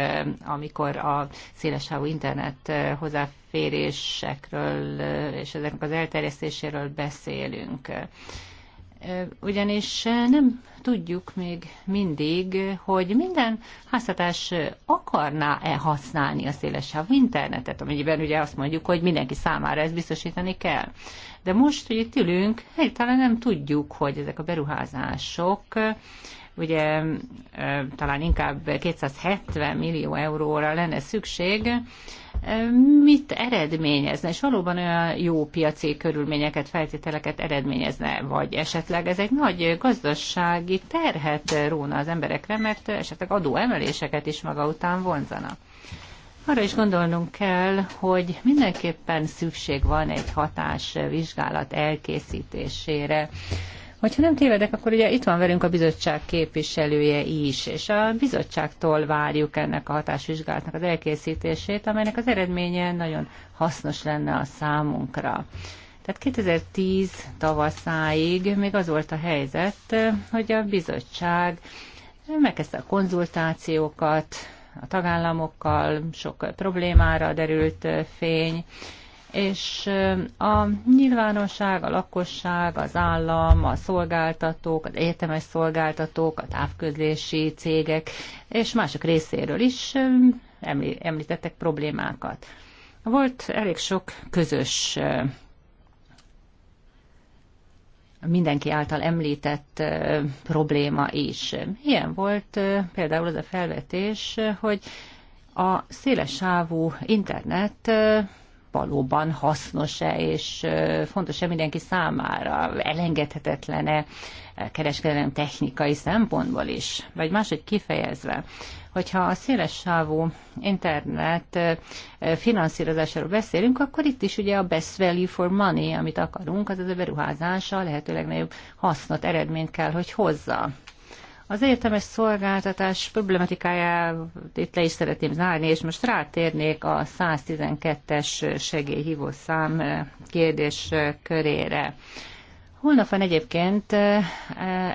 amikor a szélesávú internet hozzáférésekről és ezeknek az elterjesztéséről beszélünk ugyanis nem tudjuk még mindig, hogy minden háztatás akarná-e használni a szélesebb internetet, amennyiben ugye azt mondjuk, hogy mindenki számára ezt biztosítani kell. De most, hogy itt ülünk, talán nem tudjuk, hogy ezek a beruházások ugye talán inkább 270 millió euróra lenne szükség, mit eredményezne, és valóban olyan jó piaci körülményeket, feltételeket eredményezne, vagy esetleg ez egy nagy gazdasági terhet róna az emberekre, mert esetleg adóemeléseket is maga után vonzana. Arra is gondolnunk kell, hogy mindenképpen szükség van egy hatásvizsgálat elkészítésére, Hogyha nem tévedek, akkor ugye itt van velünk a bizottság képviselője is, és a bizottságtól várjuk ennek a hatásvizsgálatnak az elkészítését, amelynek az eredménye nagyon hasznos lenne a számunkra. Tehát 2010 tavaszáig még az volt a helyzet, hogy a bizottság megkezdte a konzultációkat a tagállamokkal, sok problémára derült fény, és a nyilvánosság, a lakosság, az állam, a szolgáltatók, az egyetemes szolgáltatók, a távközlési cégek és mások részéről is említettek problémákat. Volt elég sok közös mindenki által említett probléma is. Ilyen volt például az a felvetés, hogy a széles sávú internet valóban hasznos-e és fontos-e mindenki számára, elengedhetetlen-e kereskedelem technikai szempontból is, vagy máshogy kifejezve, hogyha a széles sávú internet finanszírozásáról beszélünk, akkor itt is ugye a best value for money, amit akarunk, az az a beruházása a lehető legnagyobb hasznot, eredményt kell, hogy hozza. Az egyetemes szolgáltatás problematikáját itt le is szeretném zárni, és most rátérnék a 112-es segélyhívószám kérdés körére. Holnap van egyébként eh,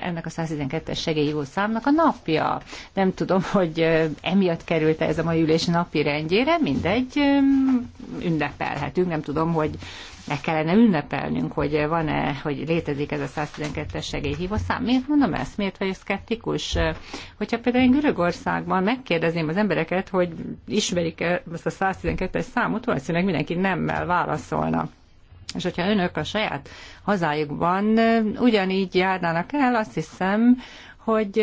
ennek a 112-es segélyhívó számnak a napja. Nem tudom, hogy eh, emiatt került -e ez a mai ülés napi rendjére, mindegy, eh, ünnepelhetünk, nem tudom, hogy meg kellene ünnepelnünk, hogy van-e, hogy létezik ez a 112-es segélyhívó szám. Miért mondom ezt? Miért vagyok szkeptikus? Hogyha például én Görögországban megkérdezném az embereket, hogy ismerik-e ezt a 112-es számot, valószínűleg mindenki nemmel válaszolna. És hogyha önök a saját hazájukban ugyanígy járnának el, azt hiszem, hogy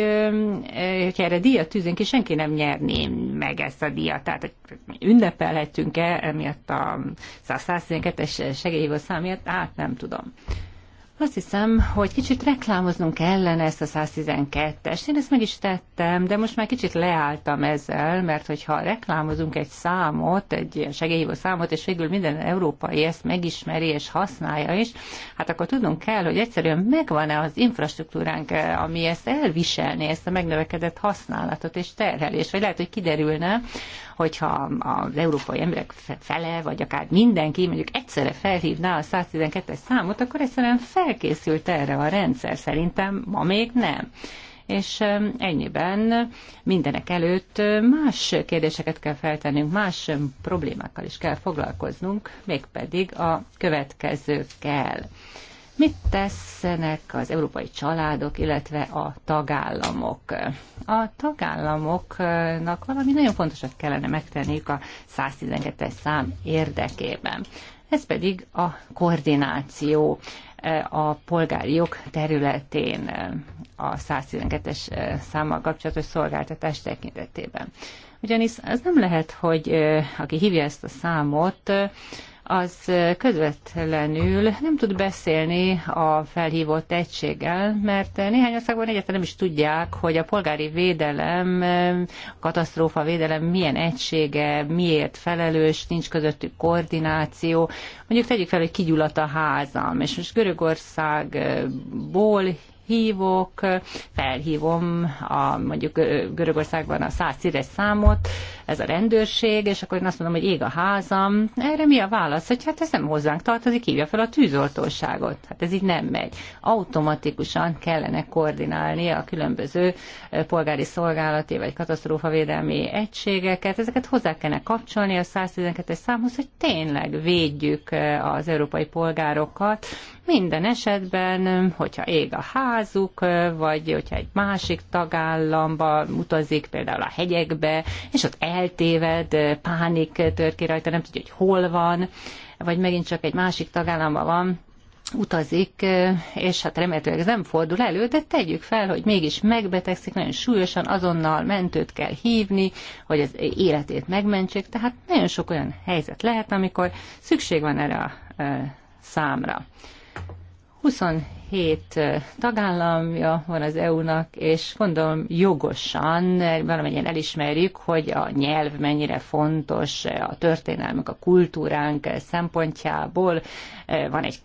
ha erre díjat tűzünk ki, senki nem nyerné meg ezt a díjat. Tehát, hogy ünnepelhetünk-e emiatt a 112 es segélyhívó szám miatt, hát nem tudom. Azt hiszem, hogy kicsit reklámoznunk kellene ezt a 112-est. Én ezt meg is tettem, de most már kicsit leálltam ezzel, mert hogyha reklámozunk egy számot, egy ilyen segélyhívó számot, és végül minden európai ezt megismeri és használja is, hát akkor tudnunk kell, hogy egyszerűen megvan-e az infrastruktúránk, ami ezt elviselni, ezt a megnövekedett használatot és terhelést, vagy lehet, hogy kiderülne, hogyha az európai emberek fele, vagy akár mindenki mondjuk egyszerre felhívná a 112-es számot, akkor egyszerűen felkészült erre a rendszer. Szerintem ma még nem és ennyiben mindenek előtt más kérdéseket kell feltennünk, más problémákkal is kell foglalkoznunk, mégpedig a következőkkel. Mit tesznek az európai családok, illetve a tagállamok? A tagállamoknak valami nagyon fontosat kellene megtenniük a 112-es szám érdekében. Ez pedig a koordináció eh, a polgári jog területén eh, a 112-es eh, számmal kapcsolatos szolgáltatás tekintetében. Ugyanis ez nem lehet, hogy aki hívja ezt a számot, az közvetlenül nem tud beszélni a felhívott egységgel, mert néhány országban egyáltalán nem is tudják, hogy a polgári védelem, a katasztrófa védelem milyen egysége, miért felelős, nincs közöttük koordináció. Mondjuk tegyük fel, hogy kigyulladt a házam, és most Görögországból hívok, felhívom a, mondjuk Görögországban a száz számot, ez a rendőrség, és akkor én azt mondom, hogy ég a házam. Erre mi a válasz? Hogy hát ez nem hozzánk tartozik, hívja fel a tűzoltóságot. Hát ez így nem megy. Automatikusan kellene koordinálni a különböző polgári szolgálati vagy katasztrófavédelmi egységeket. Ezeket hozzá kellene kapcsolni a 112-es számhoz, hogy tényleg védjük az európai polgárokat, minden esetben, hogyha ég a házuk, vagy hogyha egy másik tagállamba utazik, például a hegyekbe, és ott eltéved, pánik tör ki rajta, nem tudja, hogy hol van, vagy megint csak egy másik tagállamban van, utazik, és hát remélhetőleg ez nem fordul elő, de tegyük fel, hogy mégis megbetegszik, nagyon súlyosan azonnal mentőt kell hívni, hogy az életét megmentsék, tehát nagyon sok olyan helyzet lehet, amikor szükség van erre a számra. 27 tagállamja van az EU-nak, és gondolom jogosan valamennyien elismerjük, hogy a nyelv mennyire fontos a történelmünk, a kultúránk szempontjából. Van egy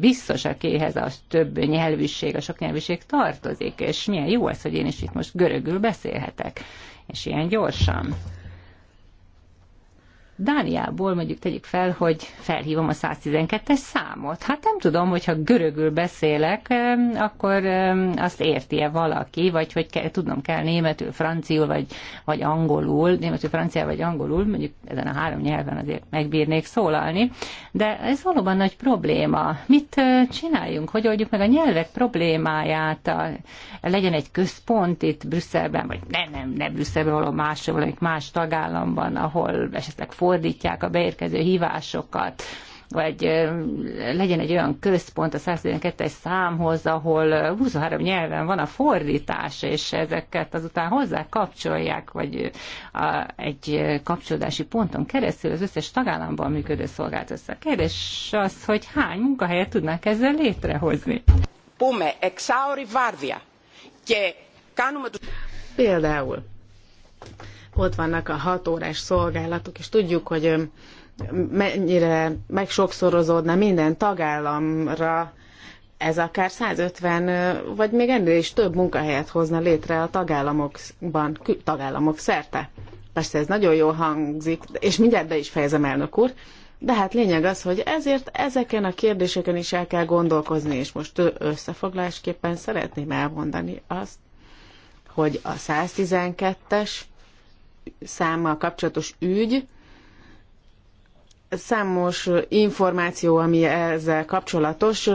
biztos, akihez a több nyelvűség, a sok nyelvűség tartozik, és milyen jó ez, hogy én is itt most görögül beszélhetek, és ilyen gyorsan. Dániából mondjuk tegyük fel, hogy felhívom a 112-es számot. Hát nem tudom, hogyha görögül beszélek, akkor azt érti-e valaki, vagy hogy kell, tudnom kell németül, franciul, vagy, vagy angolul, németül, franciául, vagy angolul, mondjuk ezen a három nyelven azért megbírnék szólalni, de ez valóban nagy probléma. Mit csináljunk? Hogy oldjuk meg a nyelvek problémáját? A, legyen egy központ itt Brüsszelben, vagy nem, nem, nem Brüsszelben, valahol máshol, vagy más tagállamban, ahol esetleg fordítják a beérkező hívásokat vagy legyen egy olyan központ a 112-es számhoz, ahol 23 nyelven van a fordítás, és ezeket azután hozzá kapcsolják, vagy egy kapcsolódási ponton keresztül az összes tagállamban működő szolgáltatás. A kérdés az, hogy hány munkahelyet tudnak ezzel létrehozni. Pume, exauri vardia. Például ott vannak a hatórás szolgálatok, és tudjuk, hogy mennyire megsokszorozódna minden tagállamra, ez akár 150, vagy még ennél is több munkahelyet hozna létre a tagállamokban, tagállamok szerte. Persze ez nagyon jól hangzik, és mindjárt be is fejezem, elnök úr, de hát lényeg az, hogy ezért ezeken a kérdéseken is el kell gondolkozni, és most összefoglásképpen szeretném elmondani azt, hogy a 112-es számmal kapcsolatos ügy, számos információ, ami ezzel kapcsolatos,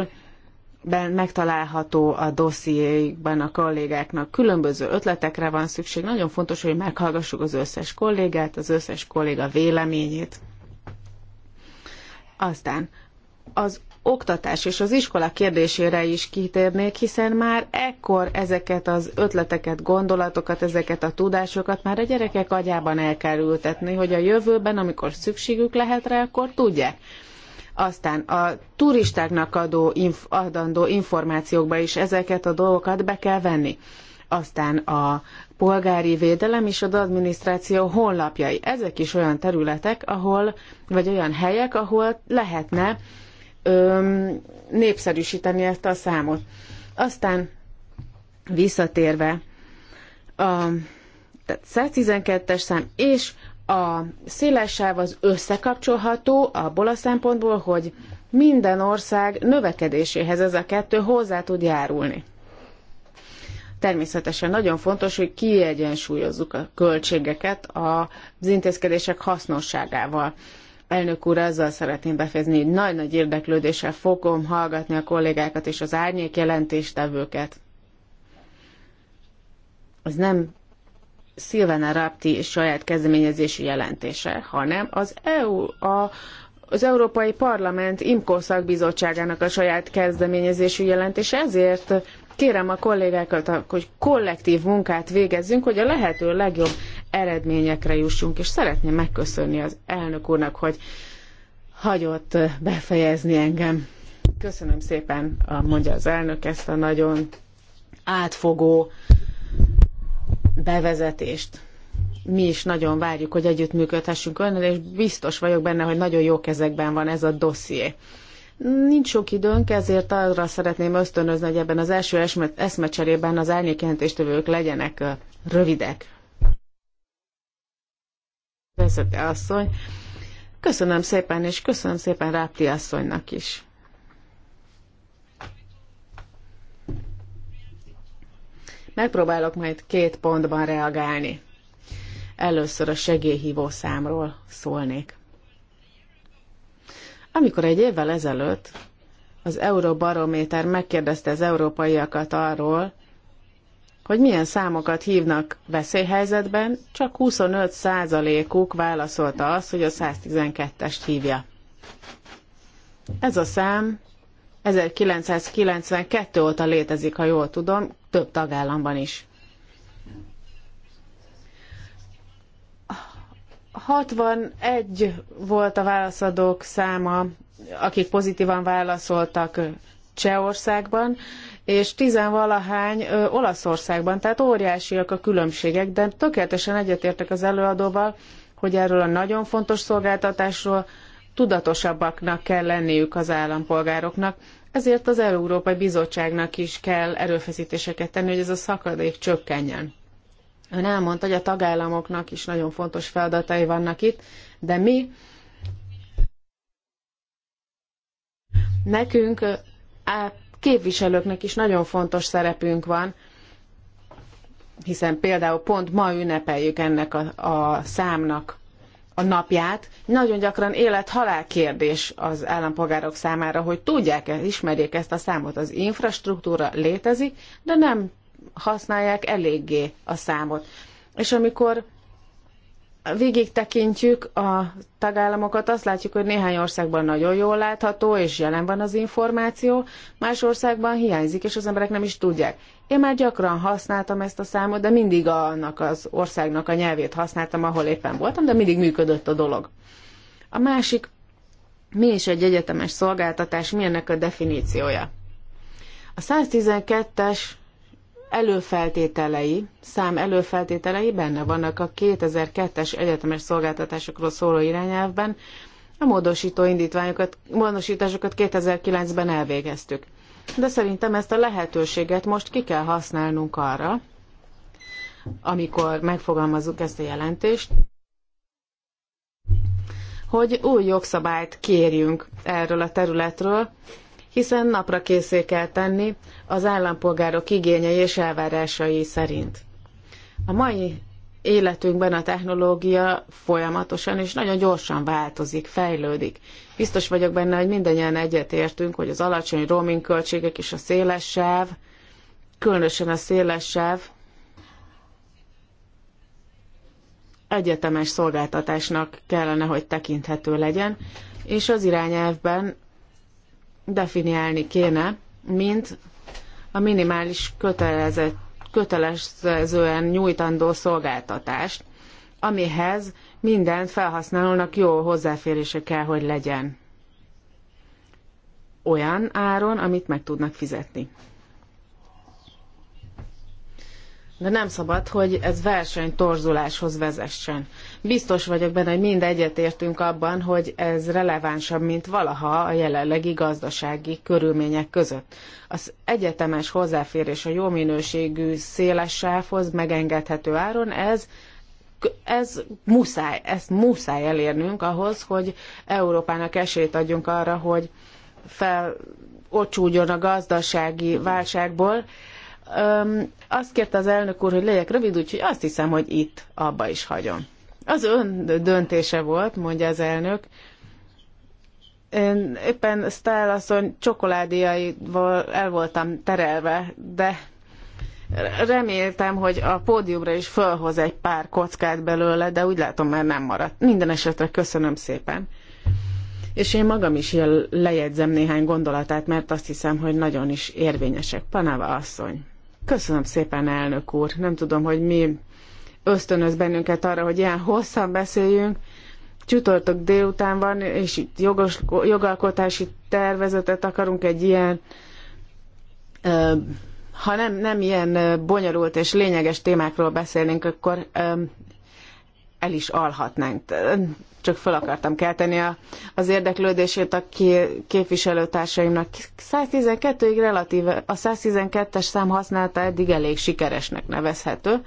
ben megtalálható a dossziékban a kollégáknak. Különböző ötletekre van szükség. Nagyon fontos, hogy meghallgassuk az összes kollégát, az összes kolléga véleményét. Aztán az oktatás és az iskola kérdésére is kitérnék, hiszen már ekkor ezeket az ötleteket, gondolatokat, ezeket a tudásokat már a gyerekek agyában el kell ültetni, hogy a jövőben, amikor szükségük lehet rá, akkor tudják. Aztán a turistáknak adó, inf, adandó információkba is ezeket a dolgokat be kell venni. Aztán a polgári védelem és az adminisztráció honlapjai. Ezek is olyan területek, ahol, vagy olyan helyek, ahol lehetne öm, népszerűsíteni ezt a számot. Aztán visszatérve a tehát 112-es szám és a széles sáv az összekapcsolható abból a szempontból, hogy minden ország növekedéséhez ez a kettő hozzá tud járulni. Természetesen nagyon fontos, hogy kiegyensúlyozzuk a költségeket az intézkedések hasznosságával. Elnök úr, azzal szeretném befejezni, hogy nagy-nagy érdeklődéssel fogom hallgatni a kollégákat és az árnyék jelentéstevőket. Ez nem Szilvana Rapti saját kezdeményezésű jelentése, hanem az EU, a, az Európai Parlament IMKO szakbizottságának a saját kezdeményezésű jelentése, ezért kérem a kollégákat, hogy kollektív munkát végezzünk, hogy a lehető legjobb eredményekre jussunk, és szeretném megköszönni az elnök úrnak, hogy hagyott befejezni engem. Köszönöm szépen, mondja az elnök, ezt a nagyon átfogó bevezetést. Mi is nagyon várjuk, hogy együttműködhessünk önnel, és biztos vagyok benne, hogy nagyon jó kezekben van ez a dosszié. Nincs sok időnk, ezért arra szeretném ösztönözni, hogy ebben az első eszmecserében az árnyékjelentéstevők legyenek rövidek, vezeti asszony. Köszönöm szépen, és köszönöm szépen Rápti asszonynak is. Megpróbálok majd két pontban reagálni. Először a segélyhívó számról szólnék. Amikor egy évvel ezelőtt az Euróbarométer megkérdezte az európaiakat arról, hogy milyen számokat hívnak veszélyhelyzetben, csak 25%-uk válaszolta azt, hogy a 112-est hívja. Ez a szám 1992 óta létezik, ha jól tudom, több tagállamban is. 61 volt a válaszadók száma, akik pozitívan válaszoltak Csehországban, és tizenvalahány ö, Olaszországban, tehát óriásiak a különbségek, de tökéletesen egyetértek az előadóval, hogy erről a nagyon fontos szolgáltatásról tudatosabbaknak kell lenniük az állampolgároknak, ezért az Európai Bizottságnak is kell erőfeszítéseket tenni, hogy ez a szakadék csökkenjen. Ön elmondta, hogy a tagállamoknak is nagyon fontos feladatai vannak itt, de mi nekünk képviselőknek is nagyon fontos szerepünk van, hiszen például pont ma ünnepeljük ennek a, a számnak a napját. Nagyon gyakran élet-halál kérdés az állampolgárok számára, hogy tudják-e, ismerjék ezt a számot. Az infrastruktúra létezik, de nem használják eléggé a számot. És amikor végig tekintjük a tagállamokat, azt látjuk, hogy néhány országban nagyon jól látható, és jelen van az információ, más országban hiányzik, és az emberek nem is tudják. Én már gyakran használtam ezt a számot, de mindig annak az országnak a nyelvét használtam, ahol éppen voltam, de mindig működött a dolog. A másik, mi is egy egyetemes szolgáltatás, mi ennek a definíciója? A 112-es előfeltételei, szám előfeltételei benne vannak a 2002-es egyetemes szolgáltatásokról szóló irányelvben, a módosító indítványokat, módosításokat 2009-ben elvégeztük. De szerintem ezt a lehetőséget most ki kell használnunk arra, amikor megfogalmazzuk ezt a jelentést, hogy új jogszabályt kérjünk erről a területről, hiszen napra készé kell tenni az állampolgárok igényei és elvárásai szerint. A mai életünkben a technológia folyamatosan és nagyon gyorsan változik, fejlődik. Biztos vagyok benne, hogy mindannyian egyetértünk, hogy az alacsony roaming költségek és a széles sáv, különösen a széles sáv egyetemes szolgáltatásnak kellene, hogy tekinthető legyen, és az irányelvben definiálni kéne, mint a minimális kötelezett, kötelezően nyújtandó szolgáltatást, amihez minden felhasználónak jó hozzáférése kell, hogy legyen. Olyan áron, amit meg tudnak fizetni. De nem szabad, hogy ez versenytorzuláshoz vezessen. Biztos vagyok benne, hogy mind egyetértünk abban, hogy ez relevánsabb, mint valaha a jelenlegi gazdasági körülmények között. Az egyetemes hozzáférés a jó minőségű széles sávhoz megengedhető áron, ez ez muszáj, ezt muszáj elérnünk ahhoz, hogy Európának esélyt adjunk arra, hogy fel a gazdasági válságból, Öm, azt kérte az elnök úr, hogy legyek rövid, úgyhogy azt hiszem, hogy itt abba is hagyom. Az ön döntése volt, mondja az elnök. Én éppen Style asszony csokoládéjaival el voltam terelve, de reméltem, hogy a pódiumra is fölhoz egy pár kockát belőle, de úgy látom már nem maradt. Minden esetre köszönöm szépen. És én magam is jel, lejegyzem néhány gondolatát, mert azt hiszem, hogy nagyon is érvényesek. Panava asszony. Köszönöm szépen, elnök úr. Nem tudom, hogy mi ösztönöz bennünket arra, hogy ilyen hosszan beszéljünk. Csütörtök délután van, és itt jogos, jogalkotási tervezetet akarunk egy ilyen, ö, ha nem, nem ilyen bonyolult és lényeges témákról beszélnénk, akkor ö, el is alhatnánk csak fel akartam kelteni a, az érdeklődését a képviselőtársaimnak. 112-ig relatíve, a 112-es szám használata eddig elég sikeresnek nevezhető.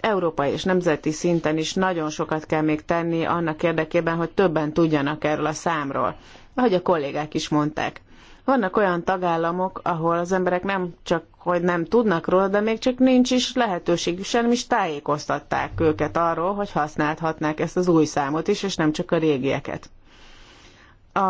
Európai és nemzeti szinten is nagyon sokat kell még tenni annak érdekében, hogy többen tudjanak erről a számról, ahogy a kollégák is mondták. Vannak olyan tagállamok, ahol az emberek nem csak, hogy nem tudnak róla, de még csak nincs is lehetőségük, sem is tájékoztatták őket arról, hogy használhatnák ezt az új számot is, és nem csak a régieket. A,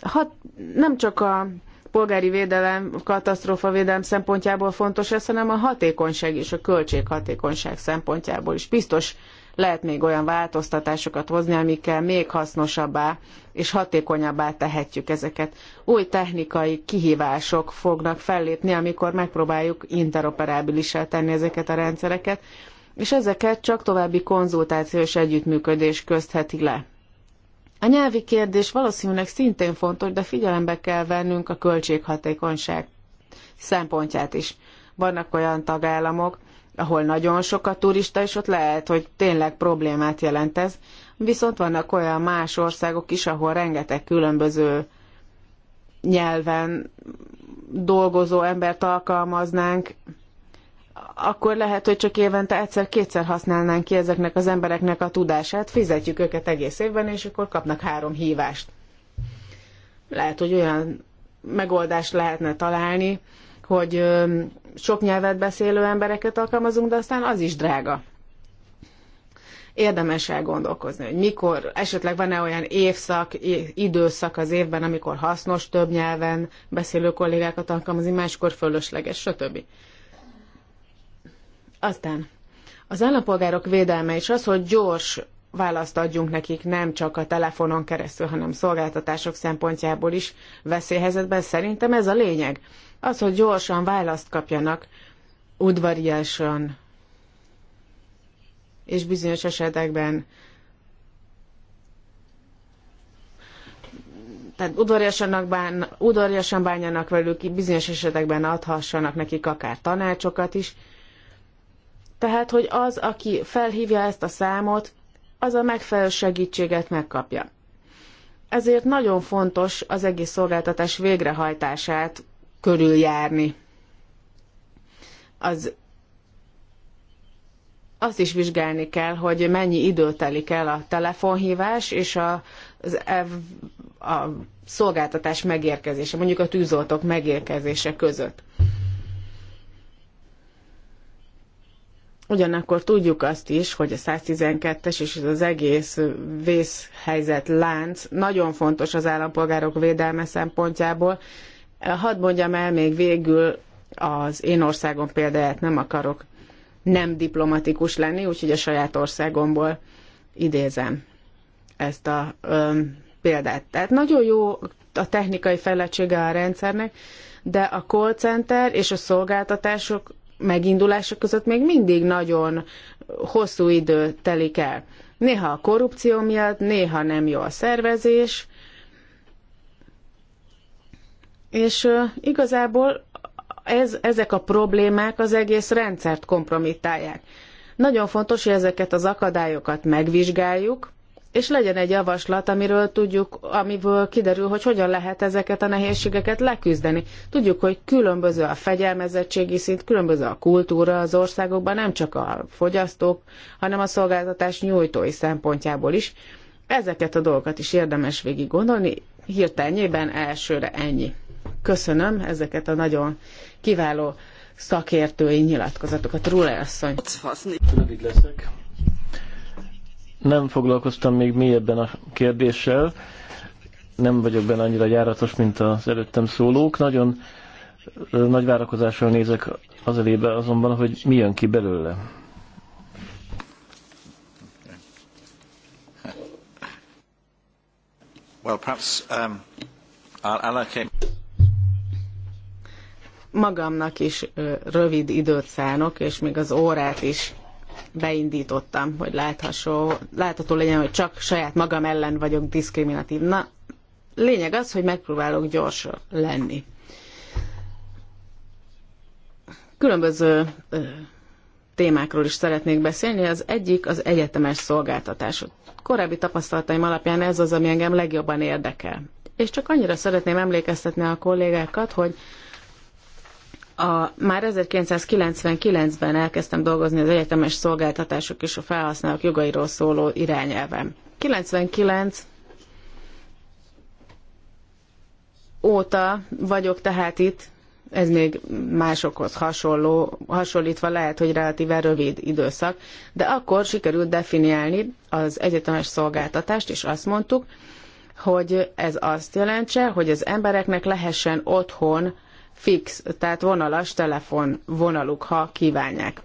hat, nem csak a polgári védelem, katasztrófa védelem szempontjából fontos ez, hanem a hatékonyság és a költséghatékonyság szempontjából is. Biztos lehet még olyan változtatásokat hozni, amikkel még hasznosabbá és hatékonyabbá tehetjük ezeket. Új technikai kihívások fognak fellépni, amikor megpróbáljuk interoperábilisá tenni ezeket a rendszereket, és ezeket csak további konzultációs együttműködés köztheti le. A nyelvi kérdés valószínűleg szintén fontos, de figyelembe kell vennünk a költséghatékonyság szempontját is. Vannak olyan tagállamok, ahol nagyon sok a turista, és ott lehet, hogy tényleg problémát jelent ez. Viszont vannak olyan más országok is, ahol rengeteg különböző nyelven dolgozó embert alkalmaznánk, akkor lehet, hogy csak évente egyszer-kétszer használnánk ki ezeknek az embereknek a tudását, fizetjük őket egész évben, és akkor kapnak három hívást. Lehet, hogy olyan megoldást lehetne találni, hogy sok nyelvet beszélő embereket alkalmazunk, de aztán az is drága. Érdemes elgondolkozni, hogy mikor, esetleg van-e olyan évszak, időszak az évben, amikor hasznos több nyelven beszélő kollégákat alkalmazni, máskor fölösleges, stb. Aztán az állampolgárok védelme és az, hogy gyors választ adjunk nekik nem csak a telefonon keresztül, hanem szolgáltatások szempontjából is veszélyhelyzetben. Szerintem ez a lényeg az, hogy gyorsan választ kapjanak, udvariasan, és bizonyos esetekben tehát udvariasanak bán, udvariasan bánjanak velük, bizonyos esetekben adhassanak nekik akár tanácsokat is. Tehát, hogy az, aki felhívja ezt a számot, az a megfelelő segítséget megkapja. Ezért nagyon fontos az egész szolgáltatás végrehajtását körüljárni. Az azt is vizsgálni kell, hogy mennyi idő telik el a telefonhívás és a, az, a szolgáltatás megérkezése, mondjuk a tűzoltók megérkezése között. Ugyanakkor tudjuk azt is, hogy a 112-es és az egész vészhelyzet lánc nagyon fontos az állampolgárok védelme szempontjából, Hadd mondjam el még végül az én országom példáját nem akarok nem diplomatikus lenni, úgyhogy a saját országomból idézem ezt a ö, példát. Tehát nagyon jó a technikai fejlettsége a rendszernek, de a call center és a szolgáltatások megindulása között még mindig nagyon hosszú idő telik el. Néha a korrupció miatt, néha nem jó a szervezés, és igazából ez, ezek a problémák az egész rendszert kompromittálják. Nagyon fontos, hogy ezeket az akadályokat megvizsgáljuk, és legyen egy javaslat, amiről tudjuk, amiből kiderül, hogy hogyan lehet ezeket a nehézségeket leküzdeni. Tudjuk, hogy különböző a fegyelmezettségi szint, különböző a kultúra az országokban, nem csak a fogyasztók, hanem a szolgáltatás nyújtói szempontjából is. Ezeket a dolgokat is érdemes végig gondolni, hirtelnyében elsőre ennyi. Köszönöm ezeket a nagyon kiváló szakértői nyilatkozatokat. Rúle asszony. leszek. Nem foglalkoztam még mélyebben a kérdéssel. Nem vagyok benne annyira járatos, mint az előttem szólók. Nagyon nagy várakozással nézek az elébe azonban, hogy mi jön ki belőle. Well, perhaps um, I'll allocate magamnak is rövid időt szánok, és még az órát is beindítottam, hogy látható, látható legyen, hogy csak saját magam ellen vagyok diszkriminatív. Na, lényeg az, hogy megpróbálok gyors lenni. Különböző témákról is szeretnék beszélni. Az egyik az egyetemes szolgáltatás. Korábbi tapasztalataim alapján ez az, ami engem legjobban érdekel. És csak annyira szeretném emlékeztetni a kollégákat, hogy a, már 1999-ben elkezdtem dolgozni az egyetemes szolgáltatások és a felhasználók jogairól szóló irányelven. 99 óta vagyok tehát itt, ez még másokhoz hasonló, hasonlítva lehet, hogy relatíve rövid időszak, de akkor sikerült definiálni az egyetemes szolgáltatást, és azt mondtuk, hogy ez azt jelentse, hogy az embereknek lehessen otthon fix, tehát vonalas telefon vonaluk, ha kívánják.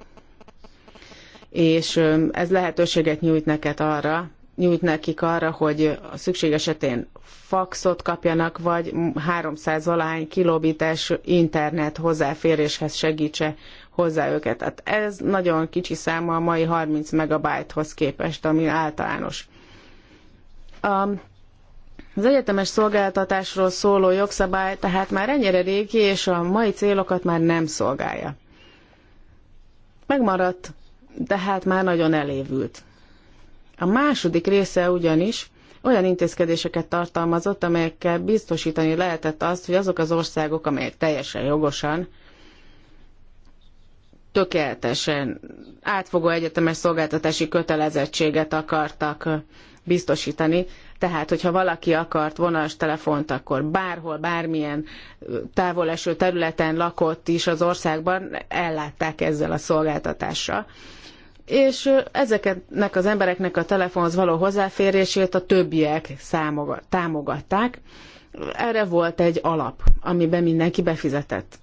És ez lehetőséget nyújt neked arra, nyújt nekik arra, hogy a szükség esetén faxot kapjanak, vagy 300 alány kilobitás internet hozzáféréshez segítse hozzá őket. Tehát ez nagyon kicsi száma a mai 30 megabájthoz képest, ami általános. A az egyetemes szolgáltatásról szóló jogszabály tehát már ennyire régi, és a mai célokat már nem szolgálja. Megmaradt, de hát már nagyon elévült. A második része ugyanis olyan intézkedéseket tartalmazott, amelyekkel biztosítani lehetett azt, hogy azok az országok, amelyek teljesen jogosan, tökéletesen átfogó egyetemes szolgáltatási kötelezettséget akartak biztosítani, tehát, hogyha valaki akart vonalas telefont, akkor bárhol, bármilyen távoleső területen lakott is az országban, ellátták ezzel a szolgáltatással és ezeknek az embereknek a telefonhoz való hozzáférését a többiek támogatták. Erre volt egy alap, amiben mindenki befizetett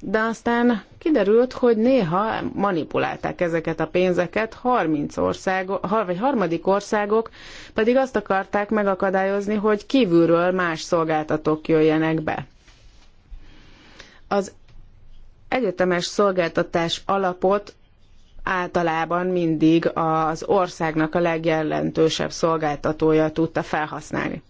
de aztán kiderült, hogy néha manipulálták ezeket a pénzeket, 30 ország, vagy harmadik országok pedig azt akarták megakadályozni, hogy kívülről más szolgáltatók jöjjenek be. Az egyetemes szolgáltatás alapot általában mindig az országnak a legjelentősebb szolgáltatója tudta felhasználni.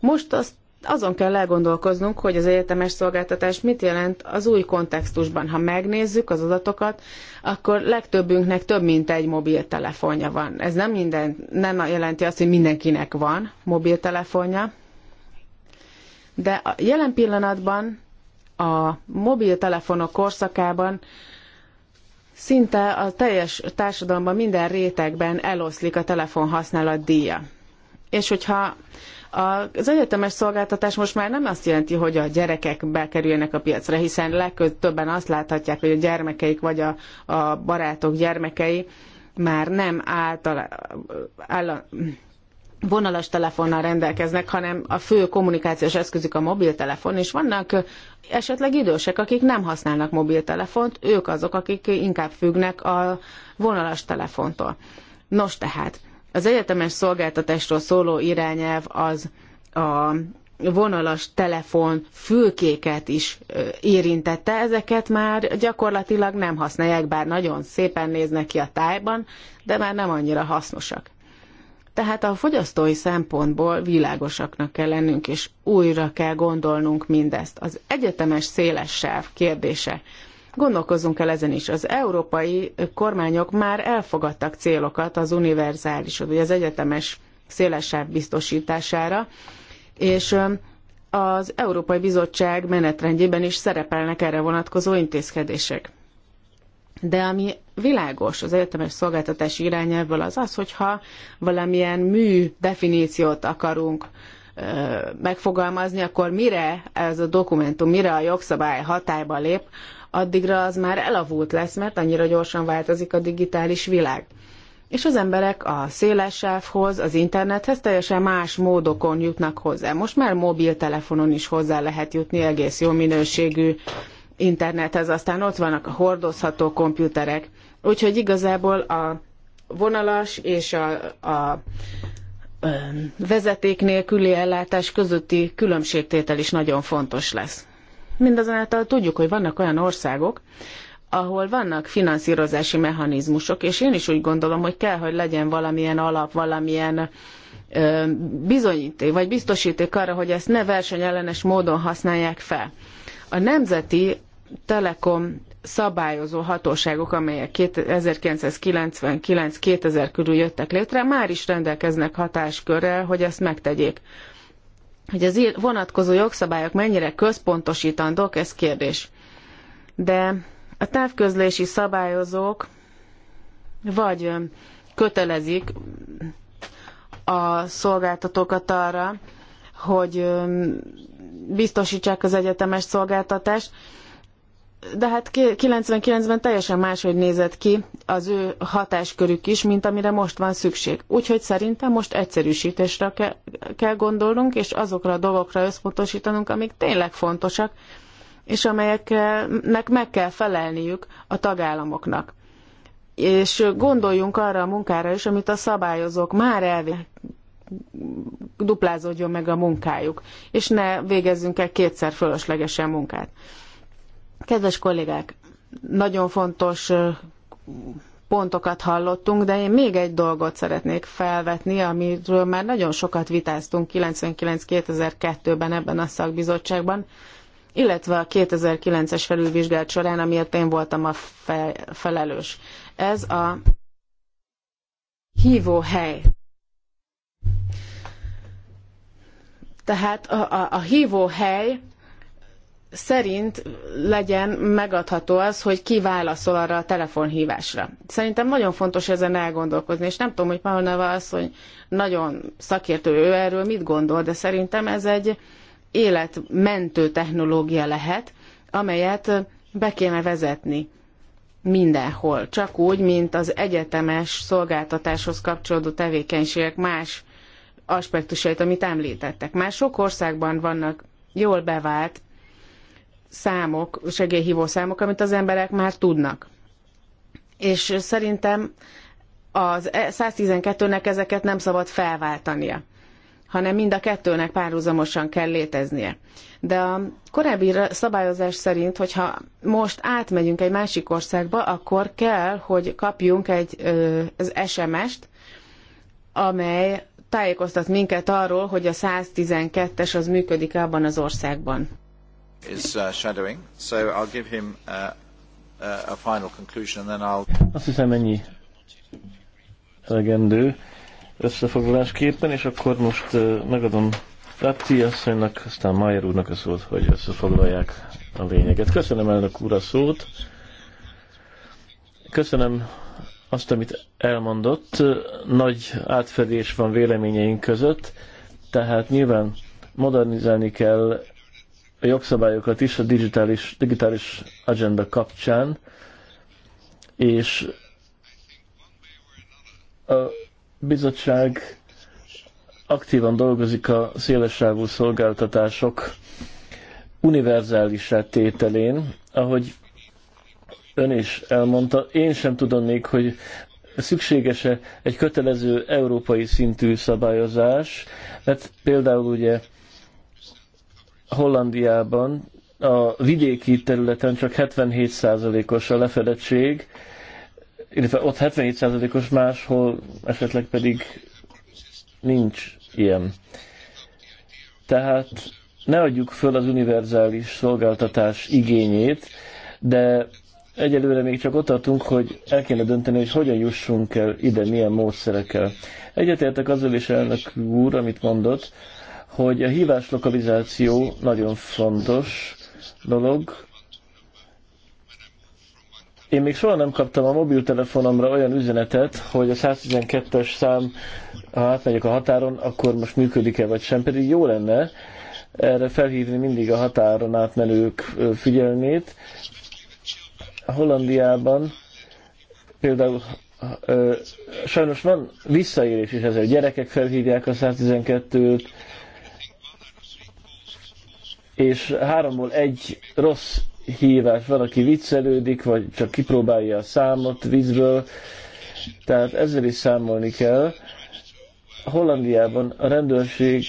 Most azt azon kell elgondolkoznunk, hogy az egyetemes szolgáltatás mit jelent az új kontextusban. Ha megnézzük az adatokat, akkor legtöbbünknek több mint egy mobiltelefonja van. Ez nem, minden, nem jelenti azt, hogy mindenkinek van mobiltelefonja, de a jelen pillanatban a mobiltelefonok korszakában szinte a teljes társadalomban minden rétegben eloszlik a telefonhasználat díja. És hogyha az egyetemes szolgáltatás most már nem azt jelenti, hogy a gyerekek bekerüljenek a piacra, hiszen legtöbben azt láthatják, hogy a gyermekeik vagy a, a barátok gyermekei már nem által, vonalas telefonnal rendelkeznek, hanem a fő kommunikációs eszközük a mobiltelefon, és vannak esetleg idősek, akik nem használnak mobiltelefont, ők azok, akik inkább függnek a vonalas telefontól. Nos tehát, az egyetemes szolgáltatásról szóló irányelv az a vonalas telefon fülkéket is érintette, ezeket már gyakorlatilag nem használják, bár nagyon szépen néznek ki a tájban, de már nem annyira hasznosak. Tehát a fogyasztói szempontból világosaknak kell lennünk, és újra kell gondolnunk mindezt. Az egyetemes széles sáv kérdése Gondolkozzunk el ezen is. Az európai kormányok már elfogadtak célokat az univerzális, vagy az egyetemes szélesebb biztosítására, és az Európai Bizottság menetrendjében is szerepelnek erre vonatkozó intézkedések. De ami világos az egyetemes szolgáltatási irányelvből az az, hogyha valamilyen mű definíciót akarunk ö, megfogalmazni, akkor mire ez a dokumentum, mire a jogszabály hatályba lép, addigra az már elavult lesz, mert annyira gyorsan változik a digitális világ. És az emberek a széles sávhoz, az internethez teljesen más módokon jutnak hozzá. Most már mobiltelefonon is hozzá lehet jutni egész jó minőségű internethez, aztán ott vannak a hordozható komputerek. Úgyhogy igazából a vonalas és a, a vezeték nélküli ellátás közötti különbségtétel is nagyon fontos lesz. Mindazonáltal tudjuk, hogy vannak olyan országok, ahol vannak finanszírozási mechanizmusok, és én is úgy gondolom, hogy kell, hogy legyen valamilyen alap, valamilyen bizonyíték, vagy biztosíték arra, hogy ezt ne versenyellenes módon használják fel. A nemzeti telekom szabályozó hatóságok, amelyek 1999-2000 körül jöttek létre, már is rendelkeznek hatáskörrel, hogy ezt megtegyék. Hogy az vonatkozó jogszabályok mennyire központosítandók, ez kérdés. De a távközlési szabályozók vagy kötelezik a szolgáltatókat arra, hogy biztosítsák az egyetemes szolgáltatást, de hát 99-ben teljesen máshogy nézett ki az ő hatáskörük is, mint amire most van szükség. Úgyhogy szerintem most egyszerűsítésre ke- kell gondolnunk, és azokra a dolgokra összpontosítanunk, amik tényleg fontosak, és amelyeknek meg kell felelniük a tagállamoknak. És gondoljunk arra a munkára is, amit a szabályozók már elvégeztek duplázódjon meg a munkájuk, és ne végezzünk el kétszer fölöslegesen munkát. Kedves kollégák, nagyon fontos pontokat hallottunk, de én még egy dolgot szeretnék felvetni, amiről már nagyon sokat vitáztunk 99-2002-ben ebben a szakbizottságban, illetve a 2009-es felülvizsgálat során, amiért én voltam a fe- felelős. Ez a hívóhely. Tehát a, a, a hívóhely szerint legyen megadható az, hogy ki válaszol arra a telefonhívásra. Szerintem nagyon fontos ezen elgondolkozni, és nem tudom, hogy Paunava az, hogy nagyon szakértő ő erről mit gondol, de szerintem ez egy életmentő technológia lehet, amelyet be kéne vezetni mindenhol, csak úgy, mint az egyetemes szolgáltatáshoz kapcsolódó tevékenységek más aspektusait, amit említettek. Már sok országban vannak jól bevált számok, segélyhívó számok, amit az emberek már tudnak. És szerintem az 112-nek e- ezeket nem szabad felváltania, hanem mind a kettőnek párhuzamosan kell léteznie. De a korábbi szabályozás szerint, hogyha most átmegyünk egy másik országba, akkor kell, hogy kapjunk egy az SMS-t, amely tájékoztat minket arról, hogy a 112-es az működik -e abban az országban is uh, shadowing, so I'll give him uh, uh, a final conclusion, and then I'll... Azt hiszem ennyi elegendő összefoglalásképpen, és akkor most uh, megadom Ratti asszonynak, aztán Mayer úrnak a szót, hogy összefoglalják a lényeget. Köszönöm elnök úr a szót. Köszönöm azt, amit elmondott. Nagy átfedés van véleményeink között, tehát nyilván modernizálni kell a jogszabályokat is a digitális, digitális agenda kapcsán, és a bizottság aktívan dolgozik a szélesávú szolgáltatások univerzális tételén, ahogy ön is elmondta, én sem tudom még, hogy szükséges-e egy kötelező európai szintű szabályozás, mert hát például ugye Hollandiában a vidéki területen csak 77%-os a lefedettség, illetve ott 77%-os, máshol esetleg pedig nincs ilyen. Tehát ne adjuk föl az univerzális szolgáltatás igényét, de egyelőre még csak ott tartunk, hogy el kéne dönteni, hogy hogyan jussunk el ide, milyen módszerekkel. Egyetértek azzal is elnök úr, amit mondott, hogy a hívás lokalizáció nagyon fontos dolog. Én még soha nem kaptam a mobiltelefonomra olyan üzenetet, hogy a 112-es szám, ha átmegyek a határon, akkor most működik-e vagy sem, pedig jó lenne erre felhívni mindig a határon átmenők figyelmét. A Hollandiában például sajnos van visszaélés is ezzel. Gyerekek felhívják a 112-t, és háromból egy rossz hívás, valaki viccelődik, vagy csak kipróbálja a számot vízből, tehát ezzel is számolni kell. Hollandiában a rendőrség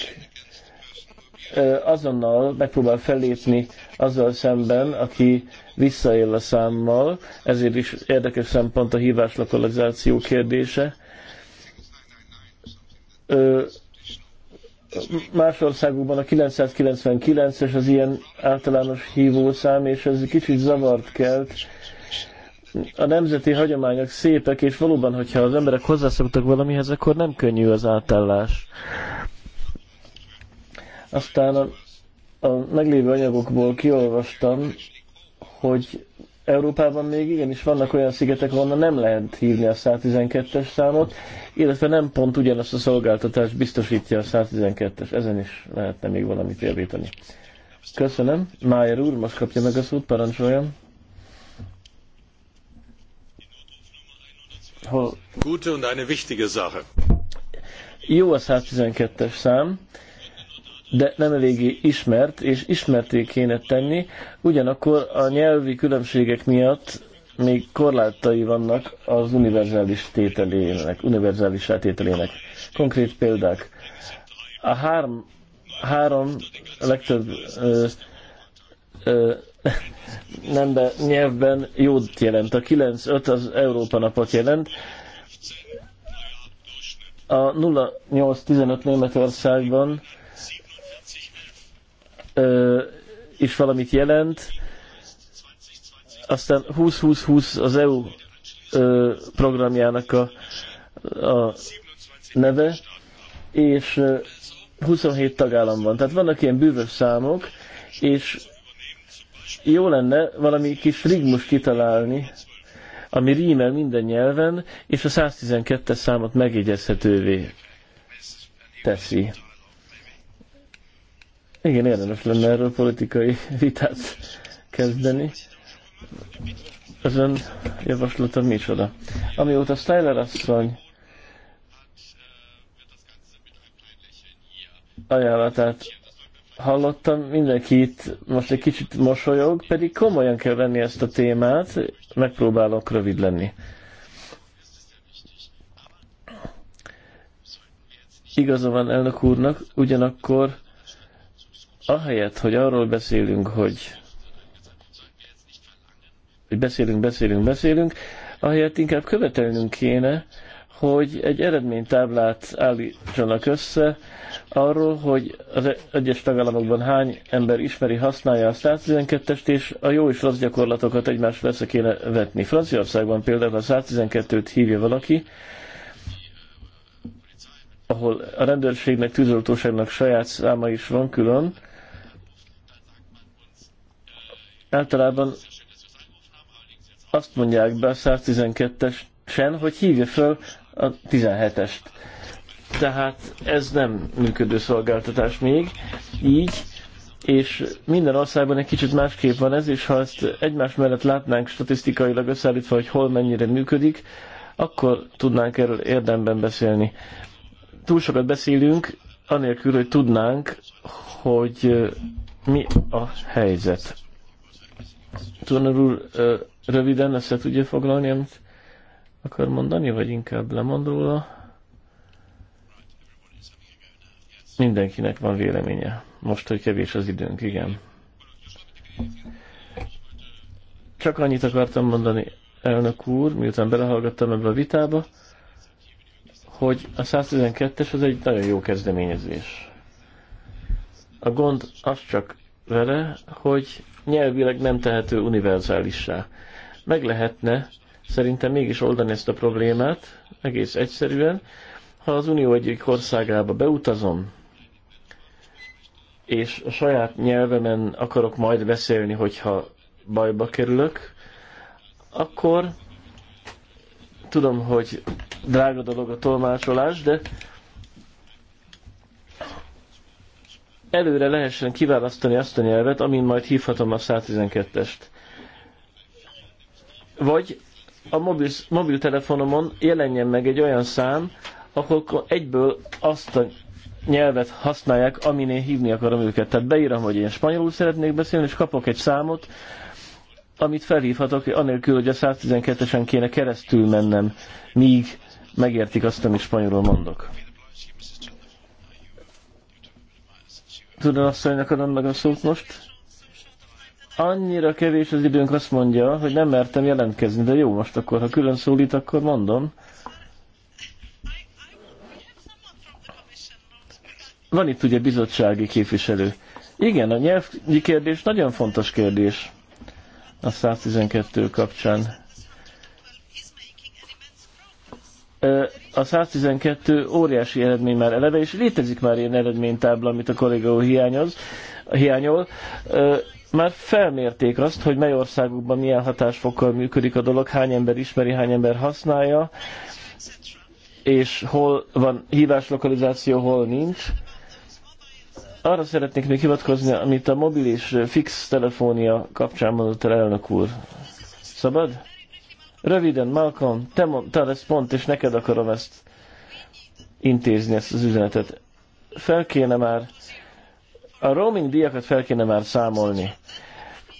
azonnal megpróbál fellépni azzal szemben, aki visszaél a számmal, ezért is érdekes szempont a hívás lokalizáció kérdése más országokban a 999-es az ilyen általános hívószám, és ez kicsit zavart kelt. A nemzeti hagyományok szépek, és valóban, hogyha az emberek hozzászoktak valamihez, akkor nem könnyű az átállás. Aztán a, a meglévő anyagokból kiolvastam, hogy Európában még igenis vannak olyan szigetek, ahonnan nem lehet hívni a 112-es számot, illetve nem pont ugyanazt a szolgáltatást biztosítja a 112-es. Ezen is lehetne még valamit javítani. Köszönöm. Májer úr, most kapja meg a szót, parancsoljon. Hol? Gute und eine wichtige Sache. Jó a 112-es szám, de nem eléggé ismert, és ismerté kéne tenni, ugyanakkor a nyelvi különbségek miatt még korlátai vannak az univerzális tételének, univerzális tételének. Konkrét példák. A három, három legtöbb ö, ö, nemben, nyelvben jót jelent. A 9-5 az Európa napot jelent. A 0815 Németországban uh, is valamit jelent. Aztán 20-20-20 az EU uh, programjának a, a neve, és 27 tagállam van. Tehát vannak ilyen bűvös számok, és jó lenne valami kis rigmus kitalálni, ami rímel minden nyelven, és a 112-es számot megjegyezhetővé teszi. Igen, érdemes lenne erről politikai vitát kezdeni. Az ön javaslata micsoda? Amióta Styler asszony ajánlatát hallottam, mindenki itt most egy kicsit mosolyog, pedig komolyan kell venni ezt a témát, megpróbálok rövid lenni. Igaza van elnök úrnak, ugyanakkor ahelyett, hogy arról beszélünk, hogy, hogy beszélünk, beszélünk, beszélünk, ahelyett inkább követelnünk kéne, hogy egy eredménytáblát állítsanak össze arról, hogy az egyes tagállamokban hány ember ismeri, használja a 112-est, és a jó és rossz gyakorlatokat egymást össze kéne vetni. Franciaországban például a 112-t hívja valaki, ahol a rendőrségnek, tűzoltóságnak saját száma is van külön, általában azt mondják be a 112-es sen, hogy hívja föl a 17-est. Tehát ez nem működő szolgáltatás még így, és minden országban egy kicsit másképp van ez, és ha ezt egymás mellett látnánk statisztikailag összeállítva, hogy hol mennyire működik, akkor tudnánk erről érdemben beszélni. Túl sokat beszélünk, anélkül, hogy tudnánk, hogy mi a helyzet. Turner úr röviden össze tudja foglalni, amit akar mondani, vagy inkább lemond róla? Mindenkinek van véleménye. Most, hogy kevés az időnk, igen. Csak annyit akartam mondani, elnök úr, miután belehallgattam ebbe a vitába, hogy a 112-es az egy nagyon jó kezdeményezés. A gond az csak vele, hogy nyelvileg nem tehető univerzálissá. Meg lehetne szerintem mégis oldani ezt a problémát, egész egyszerűen, ha az Unió egyik országába beutazom, és a saját nyelvemen akarok majd beszélni, hogyha bajba kerülök, akkor tudom, hogy drága dolog a tolmácsolás, de előre lehessen kiválasztani azt a nyelvet, amin majd hívhatom a 112-est. Vagy a mobil, mobiltelefonomon jelenjen meg egy olyan szám, ahol egyből azt a nyelvet használják, amin én hívni akarom őket. Tehát beírom, hogy én spanyolul szeretnék beszélni, és kapok egy számot, amit felhívhatok, anélkül, hogy a 112-esen kéne keresztül mennem, míg megértik azt, amit spanyolul mondok. Tudom asszonynak adom meg a szót most. Annyira kevés az időnk azt mondja, hogy nem mertem jelentkezni, de jó most akkor, ha külön szólít, akkor mondom. Van itt ugye bizottsági képviselő. Igen, a nyelvi kérdés nagyon fontos kérdés a 112 kapcsán. a 112 óriási eredmény már eleve, és létezik már ilyen eredménytábla, amit a kolléga hiányoz, hiányol. Már felmérték azt, hogy mely országokban milyen hatásfokkal működik a dolog, hány ember ismeri, hány ember használja, és hol van hívás lokalizáció, hol nincs. Arra szeretnék még hivatkozni, amit a mobil és fix telefónia kapcsán mondott el elnök úr. Szabad? Röviden, Malcolm, te te lesz pont, és neked akarom ezt intézni, ezt az üzenetet. Fel kéne már, a roaming díjakat fel kéne már számolni.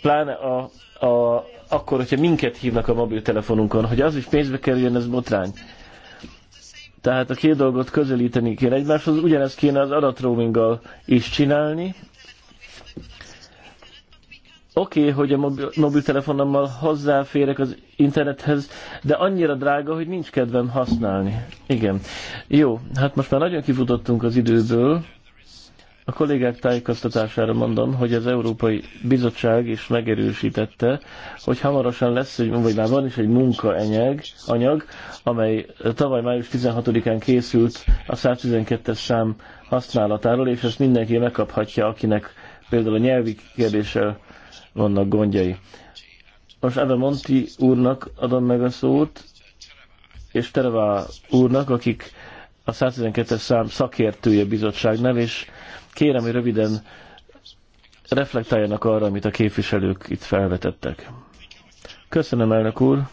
Pláne a, a, akkor, hogyha minket hívnak a mobiltelefonunkon, hogy az is pénzbe kerüljön, ez botrány. Tehát a két dolgot közelíteni kéne egymáshoz, ugyanezt kéne az adatroaminggal is csinálni, Oké, okay, hogy a mobil, mobiltelefonommal hozzáférek az internethez, de annyira drága, hogy nincs kedvem használni. Igen. Jó, hát most már nagyon kifutottunk az időből. A kollégák tájékoztatására mondom, hogy az Európai Bizottság is megerősítette, hogy hamarosan lesz, egy, vagy már van is egy munkaanyag, anyag, amely tavaly május 16-án készült a 112-es szám használatáról, és ezt mindenki megkaphatja, akinek például a nyelvi kérdéssel vannak gondjai. Most Adam Monti úrnak adom meg a szót, és Terevá úrnak, akik a 112-es szám szakértője bizottságnál, és kérem, hogy röviden reflektáljanak arra, amit a képviselők itt felvetettek. Köszönöm, elnök úr.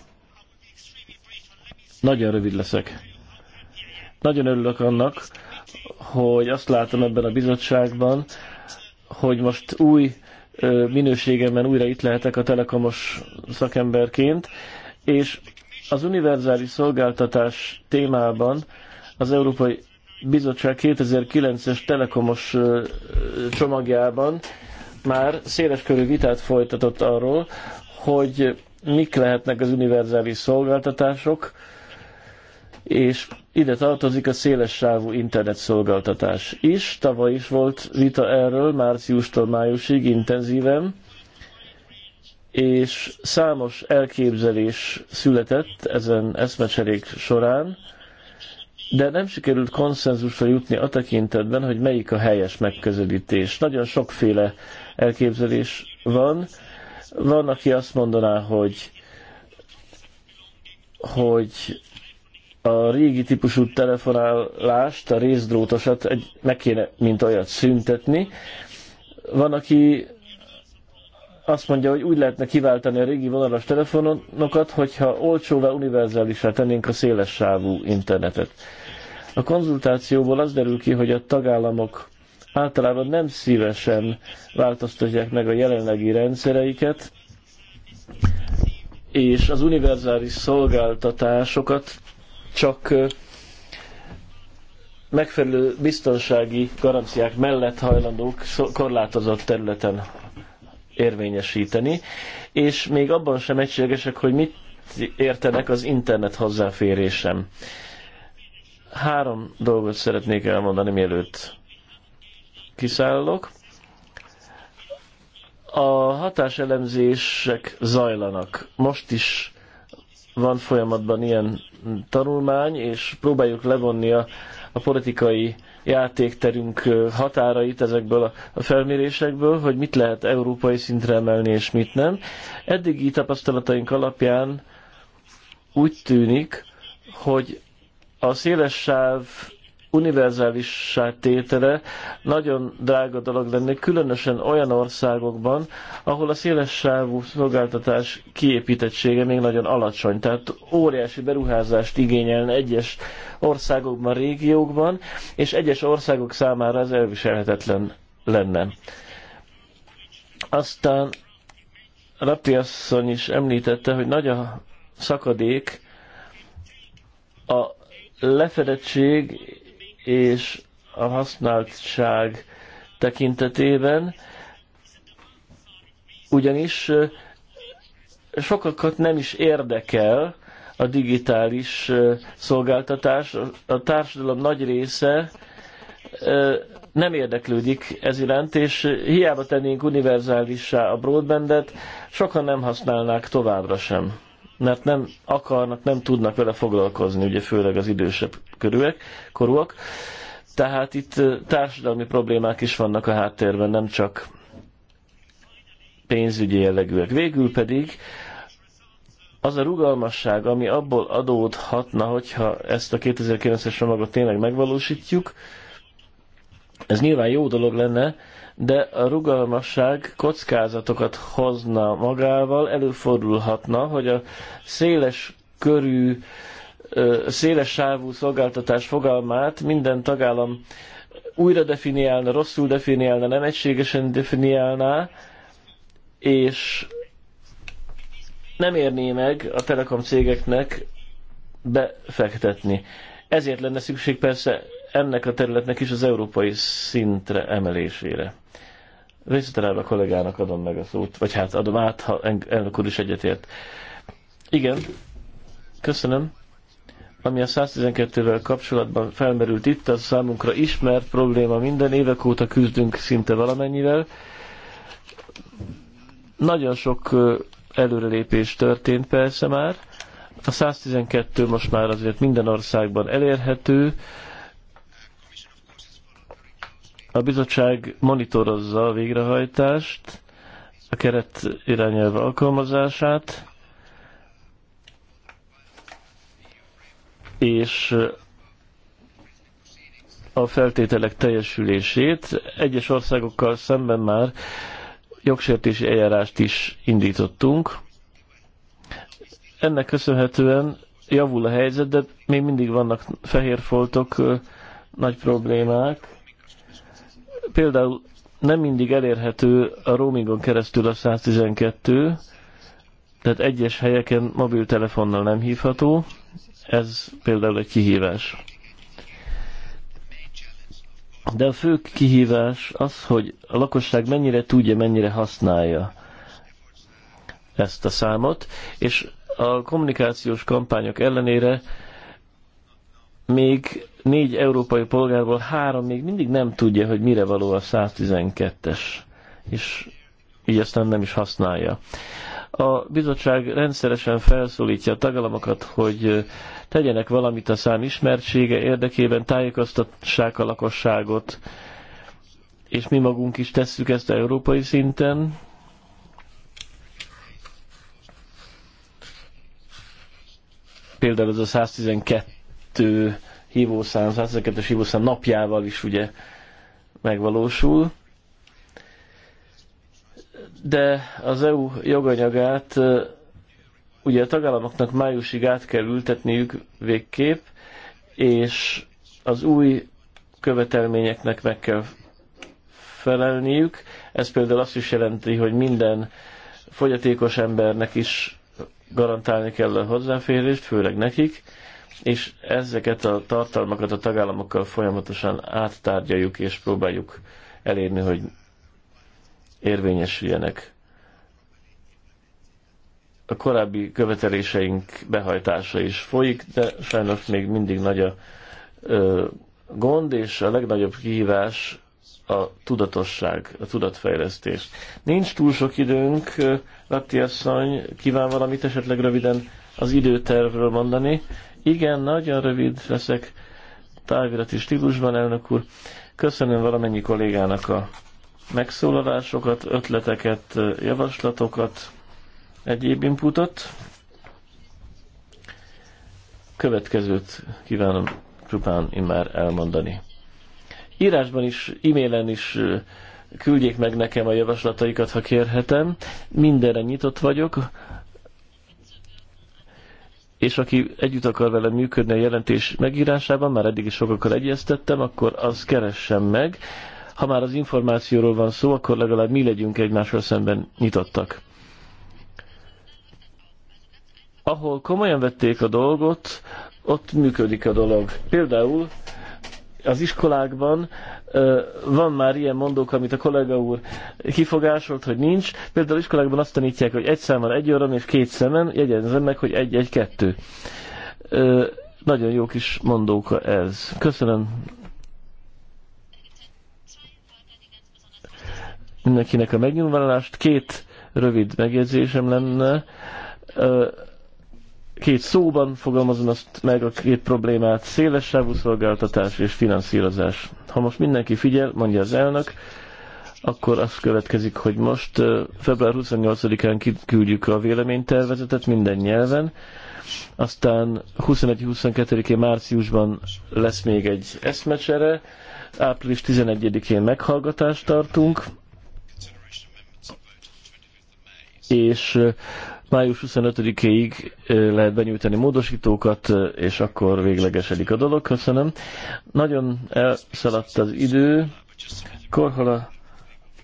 Nagyon rövid leszek. Nagyon örülök annak, hogy azt látom ebben a bizottságban, hogy most új minőségemben újra itt lehetek a telekomos szakemberként, és az univerzális szolgáltatás témában az Európai Bizottság 2009-es telekomos csomagjában már széles körű vitát folytatott arról, hogy mik lehetnek az univerzális szolgáltatások, és ide tartozik a széles sávú internetszolgáltatás is. Tavaly is volt vita erről, márciustól májusig intenzíven, és számos elképzelés született ezen eszmecserék során, de nem sikerült konszenzusra jutni a tekintetben, hogy melyik a helyes megközelítés. Nagyon sokféle elképzelés van. Van, aki azt mondaná, hogy, hogy a régi típusú telefonálást, a részdrótosat egy, meg kéne, mint olyat szüntetni. Van, aki azt mondja, hogy úgy lehetne kiváltani a régi vonalas telefonokat, hogyha olcsóvá, univerzálisra tennénk a széles sávú internetet. A konzultációból az derül ki, hogy a tagállamok általában nem szívesen változtatják meg a jelenlegi rendszereiket, és az univerzális szolgáltatásokat csak megfelelő biztonsági garanciák mellett hajlandók korlátozott területen érvényesíteni, és még abban sem egységesek, hogy mit értenek az internet hozzáférésem. Három dolgot szeretnék elmondani, mielőtt kiszállok. A hatáselemzések zajlanak. Most is van folyamatban ilyen tanulmány, és próbáljuk levonni a, a politikai játékterünk határait ezekből a, felmérésekből, hogy mit lehet európai szintre emelni, és mit nem. Eddigi tapasztalataink alapján úgy tűnik, hogy a széles sáv univerzálissá tétele nagyon drága dolog lenne, különösen olyan országokban, ahol a széles sávú szolgáltatás kiépítettsége még nagyon alacsony. Tehát óriási beruházást igényelne egyes országokban, régiókban, és egyes országok számára ez elviselhetetlen lenne. Aztán Rapti asszony is említette, hogy nagy a szakadék a lefedettség és a használtság tekintetében, ugyanis eh, sokakat nem is érdekel a digitális eh, szolgáltatás. A társadalom nagy része eh, nem érdeklődik ez iránt, és hiába tennénk univerzálissá a broadbandet, sokan nem használnák továbbra sem mert nem akarnak, nem tudnak vele foglalkozni, ugye főleg az idősebb körülök, korúak. Tehát itt társadalmi problémák is vannak a háttérben, nem csak pénzügyi jellegűek. Végül pedig az a rugalmasság, ami abból adódhatna, hogyha ezt a 2009-es csomagot tényleg megvalósítjuk, ez nyilván jó dolog lenne, de a rugalmasság kockázatokat hozna magával, előfordulhatna, hogy a széles körű, széles sávú szolgáltatás fogalmát minden tagállam újra definiálna, rosszul definiálna, nem egységesen definiálná, és nem érné meg a telekom cégeknek befektetni. Ezért lenne szükség persze ennek a területnek is az európai szintre emelésére. Részletelem a kollégának adom meg a szót, vagy hát adom át, ha elnök úr is egyetért. Igen, köszönöm. Ami a 112-vel kapcsolatban felmerült itt, az számunkra ismert probléma. Minden évek óta küzdünk szinte valamennyivel. Nagyon sok előrelépés történt persze már. A 112 most már azért minden országban elérhető a bizottság monitorozza a végrehajtást, a keret irányelv alkalmazását, és a feltételek teljesülését. Egyes országokkal szemben már jogsértési eljárást is indítottunk. Ennek köszönhetően javul a helyzet, de még mindig vannak fehérfoltok, nagy problémák például nem mindig elérhető a roamingon keresztül a 112, tehát egyes helyeken mobiltelefonnal nem hívható, ez például egy kihívás. De a fő kihívás az, hogy a lakosság mennyire tudja, mennyire használja ezt a számot, és a kommunikációs kampányok ellenére még négy európai polgárból három még mindig nem tudja, hogy mire való a 112-es, és így aztán nem is használja. A bizottság rendszeresen felszólítja a tagállamokat, hogy tegyenek valamit a szám ismertsége érdekében, tájékoztassák a lakosságot, és mi magunk is tesszük ezt európai szinten. Például ez a 112 hívószám, 112-es hívószám napjával is ugye megvalósul. De az EU joganyagát ugye a tagállamoknak májusig át kell ültetniük végképp, és az új követelményeknek meg kell felelniük. Ez például azt is jelenti, hogy minden fogyatékos embernek is garantálni kell a hozzáférést, főleg nekik, és ezeket a tartalmakat a tagállamokkal folyamatosan áttárgyaljuk és próbáljuk elérni, hogy érvényesüljenek. A korábbi követeléseink behajtása is folyik, de sajnos még mindig nagy a ö, gond, és a legnagyobb kihívás a tudatosság, a tudatfejlesztés. Nincs túl sok időnk, Latti asszony, kíván valamit esetleg röviden az időtervről mondani. Igen, nagyon rövid leszek távirati stílusban, elnök úr. Köszönöm valamennyi kollégának a megszólalásokat, ötleteket, javaslatokat, egyéb inputot. Következőt kívánom csupán immár elmondani. Írásban is, e-mailen is küldjék meg nekem a javaslataikat, ha kérhetem. Mindenre nyitott vagyok és aki együtt akar velem működni a jelentés megírásában, már eddig is sokakkal egyeztettem, akkor az keressen meg. Ha már az információról van szó, akkor legalább mi legyünk egymással szemben nyitottak. Ahol komolyan vették a dolgot, ott működik a dolog. Például az iskolákban van már ilyen mondók, amit a kollega úr kifogásolt, hogy nincs. Például az iskolákban azt tanítják, hogy egy számmal egy orron és két szemen, jegyezzem meg, hogy egy-egy-kettő. Nagyon jó kis mondóka ez. Köszönöm mindenkinek a megnyilvánulást. Két rövid megjegyzésem lenne két szóban fogalmazom azt meg a két problémát, széles sávú szolgáltatás és finanszírozás. Ha most mindenki figyel, mondja az elnök, akkor az következik, hogy most február 28-án küldjük a véleménytervezetet minden nyelven, aztán 21-22-én márciusban lesz még egy eszmecsere, április 11-én meghallgatást tartunk, és Május 25-ig lehet benyújtani módosítókat, és akkor véglegesedik a dolog. Köszönöm. Nagyon elszaladt az idő. Korhala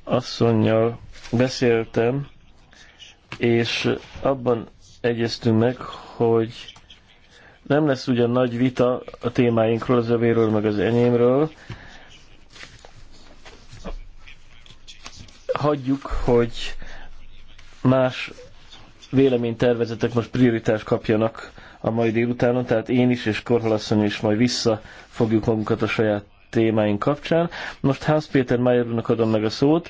asszonynal beszéltem, és abban egyeztünk meg, hogy nem lesz ugyan nagy vita a témáinkról, az övéről, meg az enyémről. Hagyjuk, hogy más véleménytervezetek most prioritást kapjanak a mai délutánon, tehát én is és Korhalasszony is majd vissza fogjuk magunkat a saját témáink kapcsán. Most Hans Péter Mayer úrnak adom meg a szót,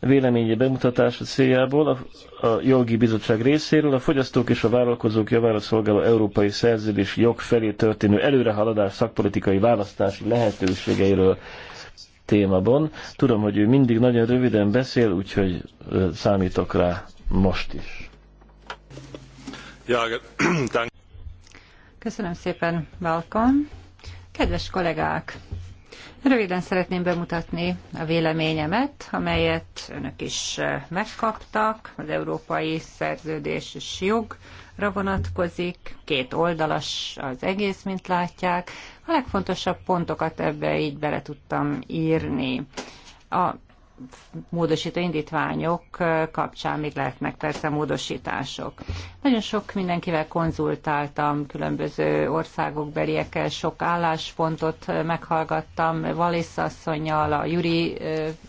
véleménye bemutatása céljából a, a jogi bizottság részéről a fogyasztók és a vállalkozók javára szolgáló európai szerződés jog felé történő előrehaladás szakpolitikai választási lehetőségeiről témában. Tudom, hogy ő mindig nagyon röviden beszél, úgyhogy számítok rá most is. Köszönöm szépen, Balkan. Kedves kollégák! Röviden szeretném bemutatni a véleményemet, amelyet önök is eh, megkaptak. Az európai szerződés és jogra vonatkozik, két oldalas az egész, mint látják. A legfontosabb pontokat ebbe így bele tudtam írni. A módosító indítványok kapcsán még lehetnek persze módosítások. Nagyon sok mindenkivel konzultáltam, különböző országok beliekkel, sok álláspontot meghallgattam, Valisz asszonynal, a Juri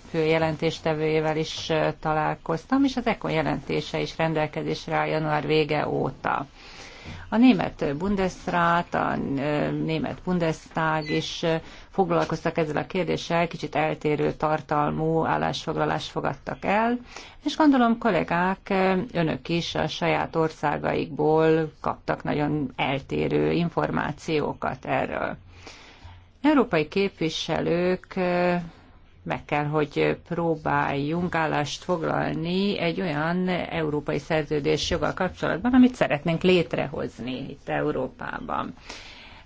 főjelentéstevőjével is találkoztam, és az ECO jelentése is rendelkezésre áll január vége óta. A német Bundesrat, a német Bundestag is foglalkoztak ezzel a kérdéssel, kicsit eltérő tartalmú állásfoglalást fogadtak el, és gondolom kollégák, önök is a saját országaikból kaptak nagyon eltérő információkat erről. Európai képviselők eh, meg kell, hogy próbáljunk állást foglalni egy olyan európai szerződés joggal kapcsolatban, amit szeretnénk létrehozni itt Európában.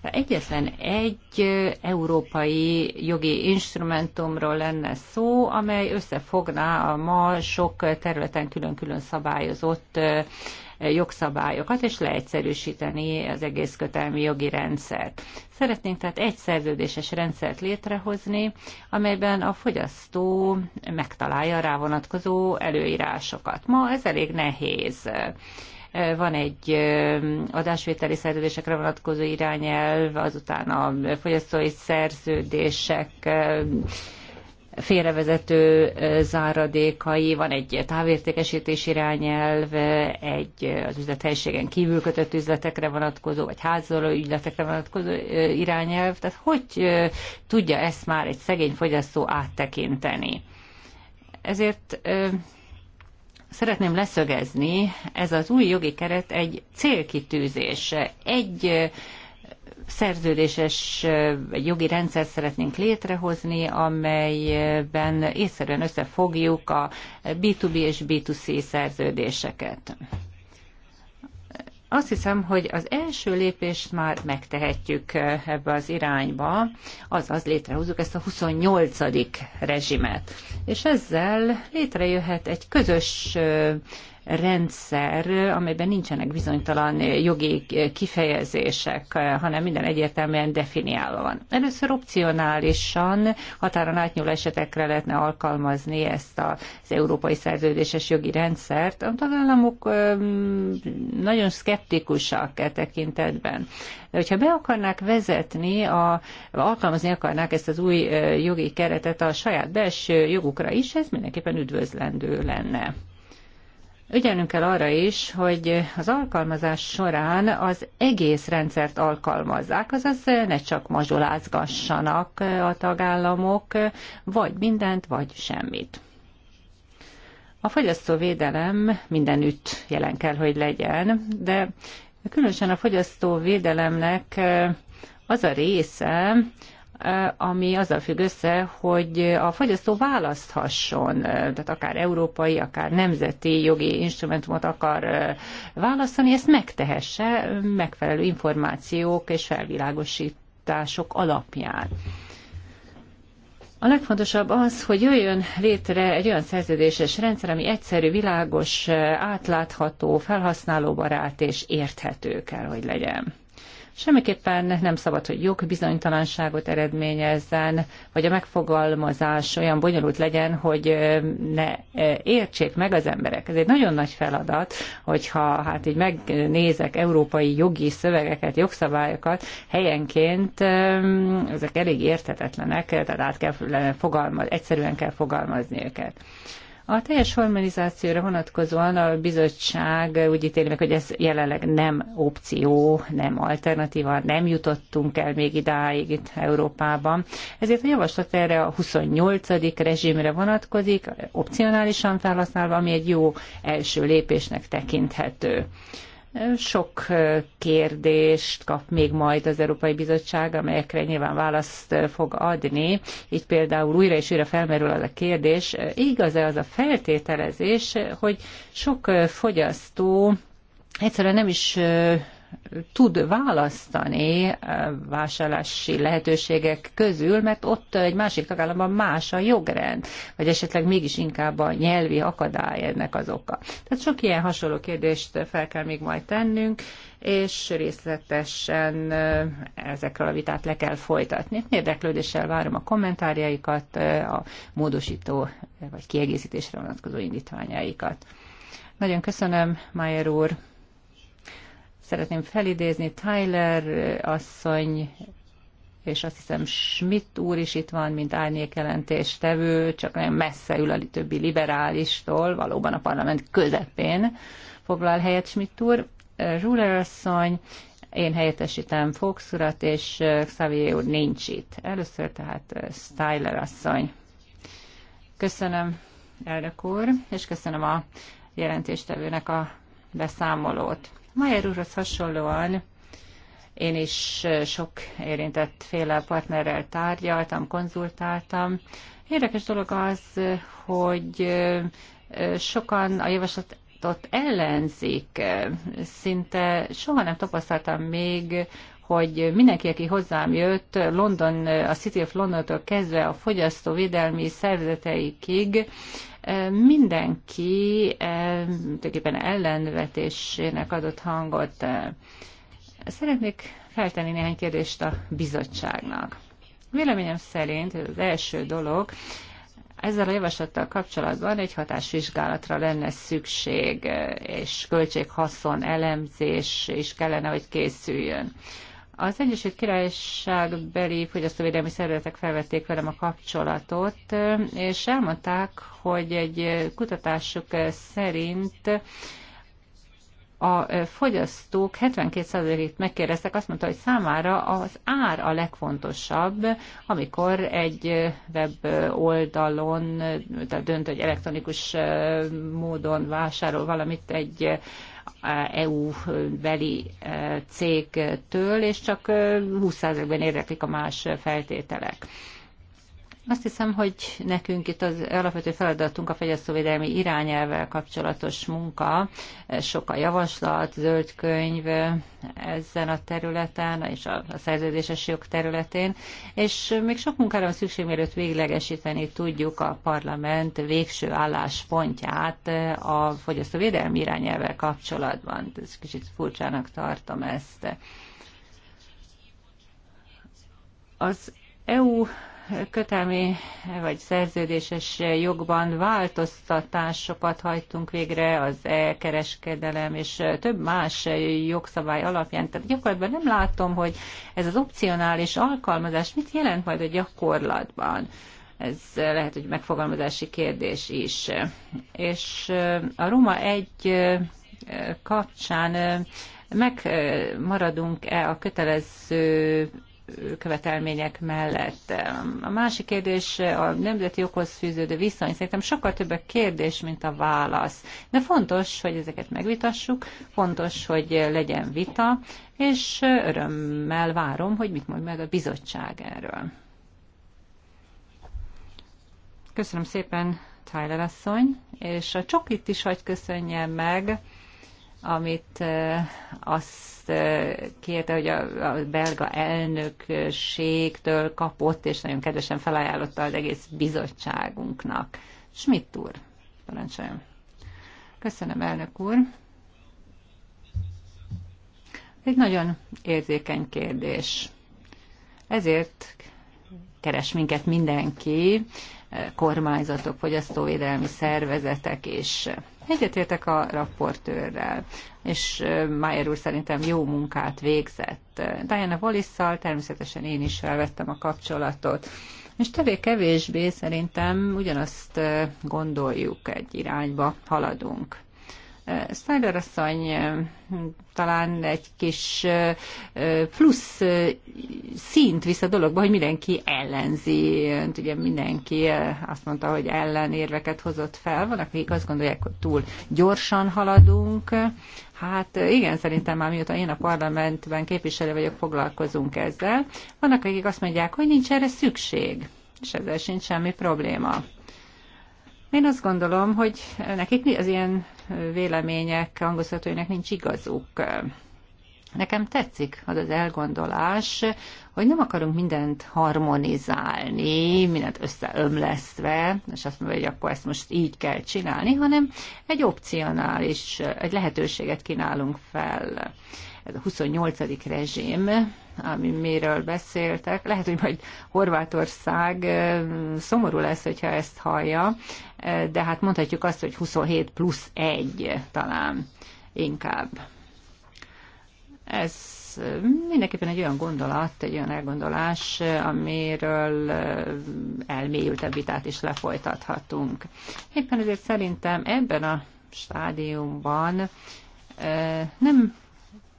Egyetlen egy európai jogi instrumentumról lenne szó, amely összefogná a ma sok területen külön-külön szabályozott jogszabályokat, és leegyszerűsíteni az egész kötelmi jogi rendszert. Szeretnénk tehát egy szerződéses rendszert létrehozni, amelyben a fogyasztó megtalálja rá vonatkozó előírásokat. Ma ez elég nehéz van egy adásvételi szerződésekre vonatkozó irányelv, azután a fogyasztói szerződések félrevezető záradékai, van egy távértékesítés irányelv, egy az üzlethelyiségen kívül kötött üzletekre vonatkozó, vagy házoló ügyletekre vonatkozó irányelv. Tehát hogy tudja ezt már egy szegény fogyasztó áttekinteni? Ezért szeretném leszögezni, ez az új jogi keret egy célkitűzés, egy szerződéses egy jogi rendszer szeretnénk létrehozni, amelyben észszerűen összefogjuk a B2B és B2C szerződéseket. Azt hiszem, hogy az első lépést már megtehetjük eh, ebbe az irányba, azaz létrehozunk ezt a 28. rezsimet. És ezzel létrejöhet egy közös eh, rendszer, amelyben nincsenek bizonytalan jogi kifejezések, hanem minden egyértelműen definiálva van. Először opcionálisan határon átnyúló esetekre lehetne alkalmazni ezt az európai szerződéses jogi rendszert. A tagállamok nagyon szkeptikusak e tekintetben. De hogyha be akarnák vezetni, a, alkalmazni akarnák ezt az új jogi keretet a saját belső jogukra is, ez mindenképpen üdvözlendő lenne. Ügyelnünk kell arra is, hogy az alkalmazás során az egész rendszert alkalmazzák, azaz ne csak mazsolázgassanak a tagállamok, vagy mindent, vagy semmit. A fogyasztóvédelem mindenütt jelen kell, hogy legyen, de különösen a fogyasztóvédelemnek az a része, Eh, ami azzal függ össze, hogy a fogyasztó választhasson, eh, tehát akár európai, akár nemzeti jogi instrumentumot akar eh, választani, ezt megtehesse megfelelő információk és felvilágosítások alapján. A legfontosabb az, hogy jöjjön létre egy olyan szerződéses rendszer, ami egyszerű, világos, átlátható, felhasználóbarát és érthető kell, hogy legyen. Semmiképpen nem szabad, hogy jogbizonytalanságot eredményezzen, vagy a megfogalmazás olyan bonyolult legyen, hogy ne értsék meg az emberek. Ez egy nagyon nagy feladat, hogyha hát így megnézek európai jogi szövegeket, jogszabályokat, helyenként ezek elég értetetlenek, tehát át kell fogalmaz, egyszerűen kell fogalmazni őket. A teljes harmonizációra vonatkozóan a bizottság úgy ítéli meg, hogy ez jelenleg nem opció, nem alternatíva, nem jutottunk el még idáig itt Európában. Ezért a javaslat erre a 28. rezsimre vonatkozik, opcionálisan felhasználva, ami egy jó első lépésnek tekinthető. Sok kérdést kap még majd az Európai Bizottság, amelyekre nyilván választ fog adni. Itt például újra és újra felmerül az a kérdés, igaz-e az a feltételezés, hogy sok fogyasztó egyszerűen nem is tud választani eh, vásárlási lehetőségek közül, mert ott egy másik tagállamban más a jogrend, vagy esetleg mégis inkább a nyelvi akadály ennek az oka. Tehát sok ilyen hasonló kérdést fel kell még majd tennünk, és részletesen eh, ezekről a vitát le kell folytatni. Érdeklődéssel várom a kommentárjaikat, eh, a módosító vagy kiegészítésre vonatkozó indítványaikat. Nagyon köszönöm, Mayer úr! szeretném felidézni, Tyler asszony és azt hiszem Schmidt úr is itt van, mint tevő, csak nagyon messze ül a többi liberálistól, valóban a parlament közepén foglal helyet Schmidt úr. Ruler asszony, én helyettesítem Fox urat, és Xavier úr nincs itt. Először tehát Styler asszony. Köszönöm, elnök úr, és köszönöm a jelentéstevőnek a beszámolót. Mayer úrhoz hasonlóan én is sok érintett féle partnerrel tárgyaltam, konzultáltam. Érdekes dolog az, hogy sokan a javaslat ott ellenzik. Szinte soha nem tapasztaltam még, hogy mindenki, aki hozzám jött, London, a City of London-tól kezdve a fogyasztóvédelmi szervezeteikig mindenki tulajdonképpen ellenvetésének adott hangot. Szeretnék feltenni néhány kérdést a bizottságnak. Véleményem szerint az első dolog, ezzel a javaslattal kapcsolatban egy hatásvizsgálatra lenne szükség, és költséghaszon elemzés is kellene, hogy készüljön. Az Egyesült Királyság beli fogyasztóvédelmi szervezetek felvették velem a kapcsolatot, és elmondták, hogy egy kutatásuk szerint a fogyasztók 72%-ét megkérdeztek, azt mondta, hogy számára az ár a legfontosabb, amikor egy web oldalon, tehát dönt, hogy elektronikus módon vásárol valamit egy EU-beli eh, cégtől, és csak 20%-ban eh, érdeklik a más feltételek. Azt hiszem, hogy nekünk itt az alapvető feladatunk a fogyasztóvédelmi irányelvvel kapcsolatos munka, sok a javaslat, zöld könyv ezen a területen, és a szerződéses jog területén, és még sok munkára van szükség, mielőtt véglegesíteni tudjuk a parlament végső álláspontját a fogyasztóvédelmi irányelvvel kapcsolatban. Ez kicsit furcsának tartom ezt. Az EU kötelmi vagy szerződéses jogban változtatásokat hajtunk végre az e-kereskedelem és több más jogszabály alapján. Tehát gyakorlatban nem látom, hogy ez az opcionális alkalmazás mit jelent majd a gyakorlatban ez lehet, hogy megfogalmazási kérdés is. És a Roma egy kapcsán megmaradunk-e a kötelező követelmények mellett. A másik kérdés a nemzeti okhoz fűződő viszony. Szerintem sokkal több a kérdés, mint a válasz. De fontos, hogy ezeket megvitassuk, fontos, hogy legyen vita, és örömmel várom, hogy mit mond meg a bizottság erről. Köszönöm szépen, Tyler asszony, és a csokit is hagy köszönjem meg amit azt kérte, hogy a, belga elnökségtől kapott, és nagyon kedvesen felajánlotta az egész bizottságunknak. Schmidt úr, parancsoljon. Köszönöm, elnök úr. Egy nagyon érzékeny kérdés. Ezért keres minket mindenki, kormányzatok, fogyasztóvédelmi szervezetek és Egyetértek a raportőrrel, és Mayer úr szerintem jó munkát végzett. Diana Wallis-szal természetesen én is felvettem a kapcsolatot. És többé-kevésbé szerintem ugyanazt gondoljuk, egy irányba haladunk. Eh, Snyder asszony eh, talán egy kis eh, plusz szint visz a dologba, hogy mindenki ellenzi. Ugye mindenki azt mondta, hogy ellenérveket hozott fel. Van, akik azt gondolják, hogy túl gyorsan haladunk. Hát igen, szerintem már mióta én a parlamentben képviselő vagyok, foglalkozunk ezzel. Vannak, akik azt mondják, hogy nincs erre szükség, és ezzel sincs semmi probléma. Én azt gondolom, hogy nekik az ilyen vélemények hangoztatóinak nincs igazuk. Nekem tetszik az az elgondolás, hogy nem akarunk mindent harmonizálni, mindent összeömlesztve, és azt mondja, hogy akkor ezt most így kell csinálni, hanem egy opcionális, egy lehetőséget kínálunk fel. Ez a 28. rezsim, ami miről beszéltek. Lehet, hogy majd Horvátország szomorú lesz, hogyha ezt hallja, de hát mondhatjuk azt, hogy 27 plusz 1 talán inkább. Ez mindenképpen egy olyan gondolat, egy olyan elgondolás, amiről elmélyültebb vitát is lefolytathatunk. Éppen ezért szerintem ebben a stádiumban nem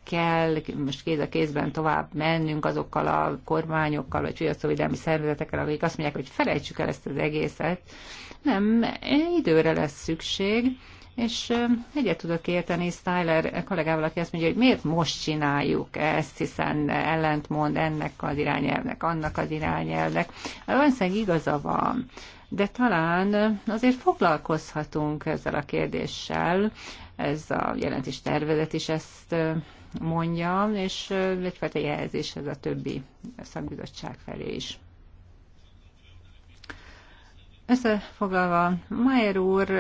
kell most kéz a kézben tovább mennünk azokkal a kormányokkal, vagy fogyasztóvédelmi szervezetekkel, akik azt mondják, hogy felejtsük el ezt az egészet. Nem, időre lesz szükség, és egyet tudok érteni Styler kollégával, aki azt mondja, hogy miért most csináljuk ezt, hiszen ellentmond ennek az irányelvnek, annak az irányelvnek. Valószínűleg igaza van, de talán azért foglalkozhatunk ezzel a kérdéssel, ez a jelentés tervezet is ezt mondja, és egyfajta jelzés ez a többi szakbizottság felé is. Összefoglalva, Mayer úr,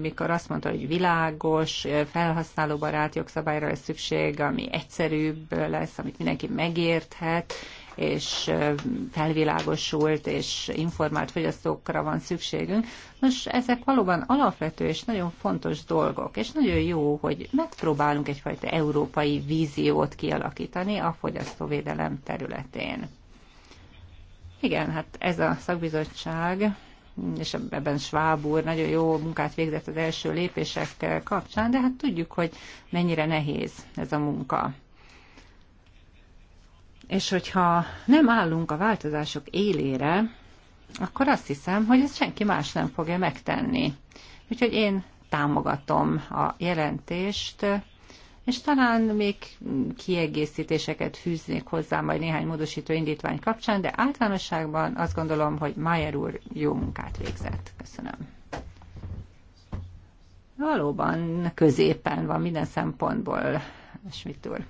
mikor azt mondta, hogy világos, felhasználóbarát jogszabályra lesz szükség, ami egyszerűbb lesz, amit mindenki megérthet, és felvilágosult és informált fogyasztókra van szükségünk. Nos, ezek valóban alapvető és nagyon fontos dolgok, és nagyon jó, hogy megpróbálunk egyfajta európai víziót kialakítani a fogyasztóvédelem területén. Igen, hát ez a szakbizottság és ebben Schwab úr nagyon jó munkát végzett az első lépések kapcsán, de hát tudjuk, hogy mennyire nehéz ez a munka. És hogyha nem állunk a változások élére, akkor azt hiszem, hogy ezt senki más nem fogja megtenni. Úgyhogy én támogatom a jelentést, és talán még kiegészítéseket fűznék hozzá majd néhány módosító indítvány kapcsán, de általánosságban azt gondolom, hogy Mayer úr jó munkát végzett. Köszönöm. Valóban középen van minden szempontból, Schmidt úr.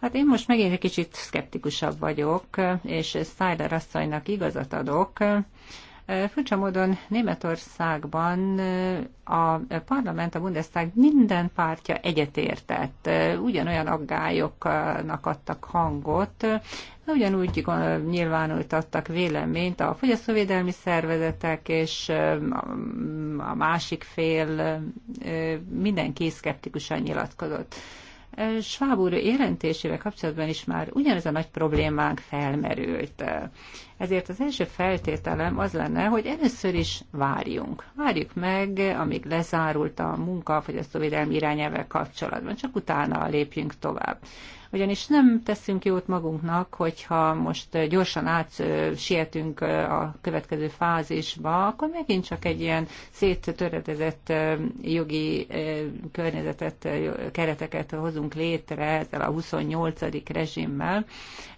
Hát én most megint egy kicsit szkeptikusabb vagyok, és Szájler asszonynak igazat adok. Furcsa módon Németországban a parlament, a Bundestag minden pártja egyetértett, ugyanolyan aggályoknak adtak hangot, ugyanúgy nyilvánultattak véleményt a fogyasztóvédelmi szervezetek és a másik fél mindenki szkeptikusan nyilatkozott. Schwab úr jelentésével kapcsolatban is már ugyanez a nagy problémánk felmerült. Ezért az első feltételem az lenne, hogy először is várjunk. Várjuk meg, amíg lezárult a munka a fogyasztóvédelmi irányelvvel kapcsolatban, csak utána lépjünk tovább ugyanis nem teszünk jót magunknak, hogyha most gyorsan átsietünk a következő fázisba, akkor megint csak egy ilyen széttöredezett jogi környezetet, kereteket hozunk létre ezzel a 28. rezsimmel.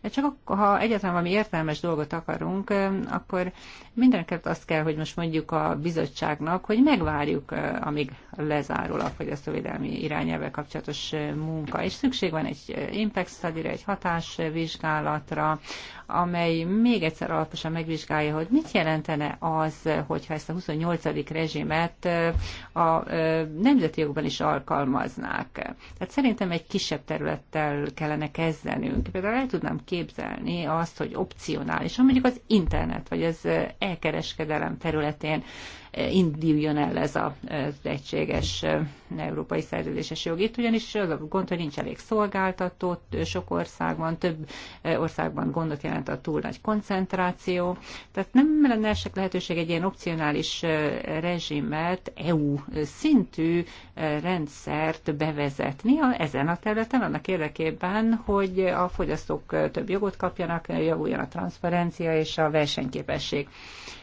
Csak ha egyáltalán valami értelmes dolgot akar akarunk, akkor mindenképp azt kell, hogy most mondjuk a bizottságnak, hogy megvárjuk, amíg lezárul a fogyasztóvédelmi irányelvvel kapcsolatos munka. És szükség van egy impact study egy hatásvizsgálatra, amely még egyszer alaposan megvizsgálja, hogy mit jelentene az, hogyha ezt a 28. rezsimet a nemzeti jogban is alkalmaznák. Tehát szerintem egy kisebb területtel kellene kezdenünk. Például el tudnám képzelni azt, hogy opcionális, mondjuk az internet vagy az elkereskedelem területén induljon el ez az egységes európai szerződéses jog. Itt ugyanis az a gond, hogy nincs elég szolgáltató, sok országban, több országban gondot jelent a túl nagy koncentráció. Tehát nem lenne esek lehetőség egy ilyen opcionális rezsimet, EU szintű rendszert bevezetni ezen a területen, annak érdekében, hogy a fogyasztók több jogot kapjanak, javuljon a transzparencia és a versenyképesség.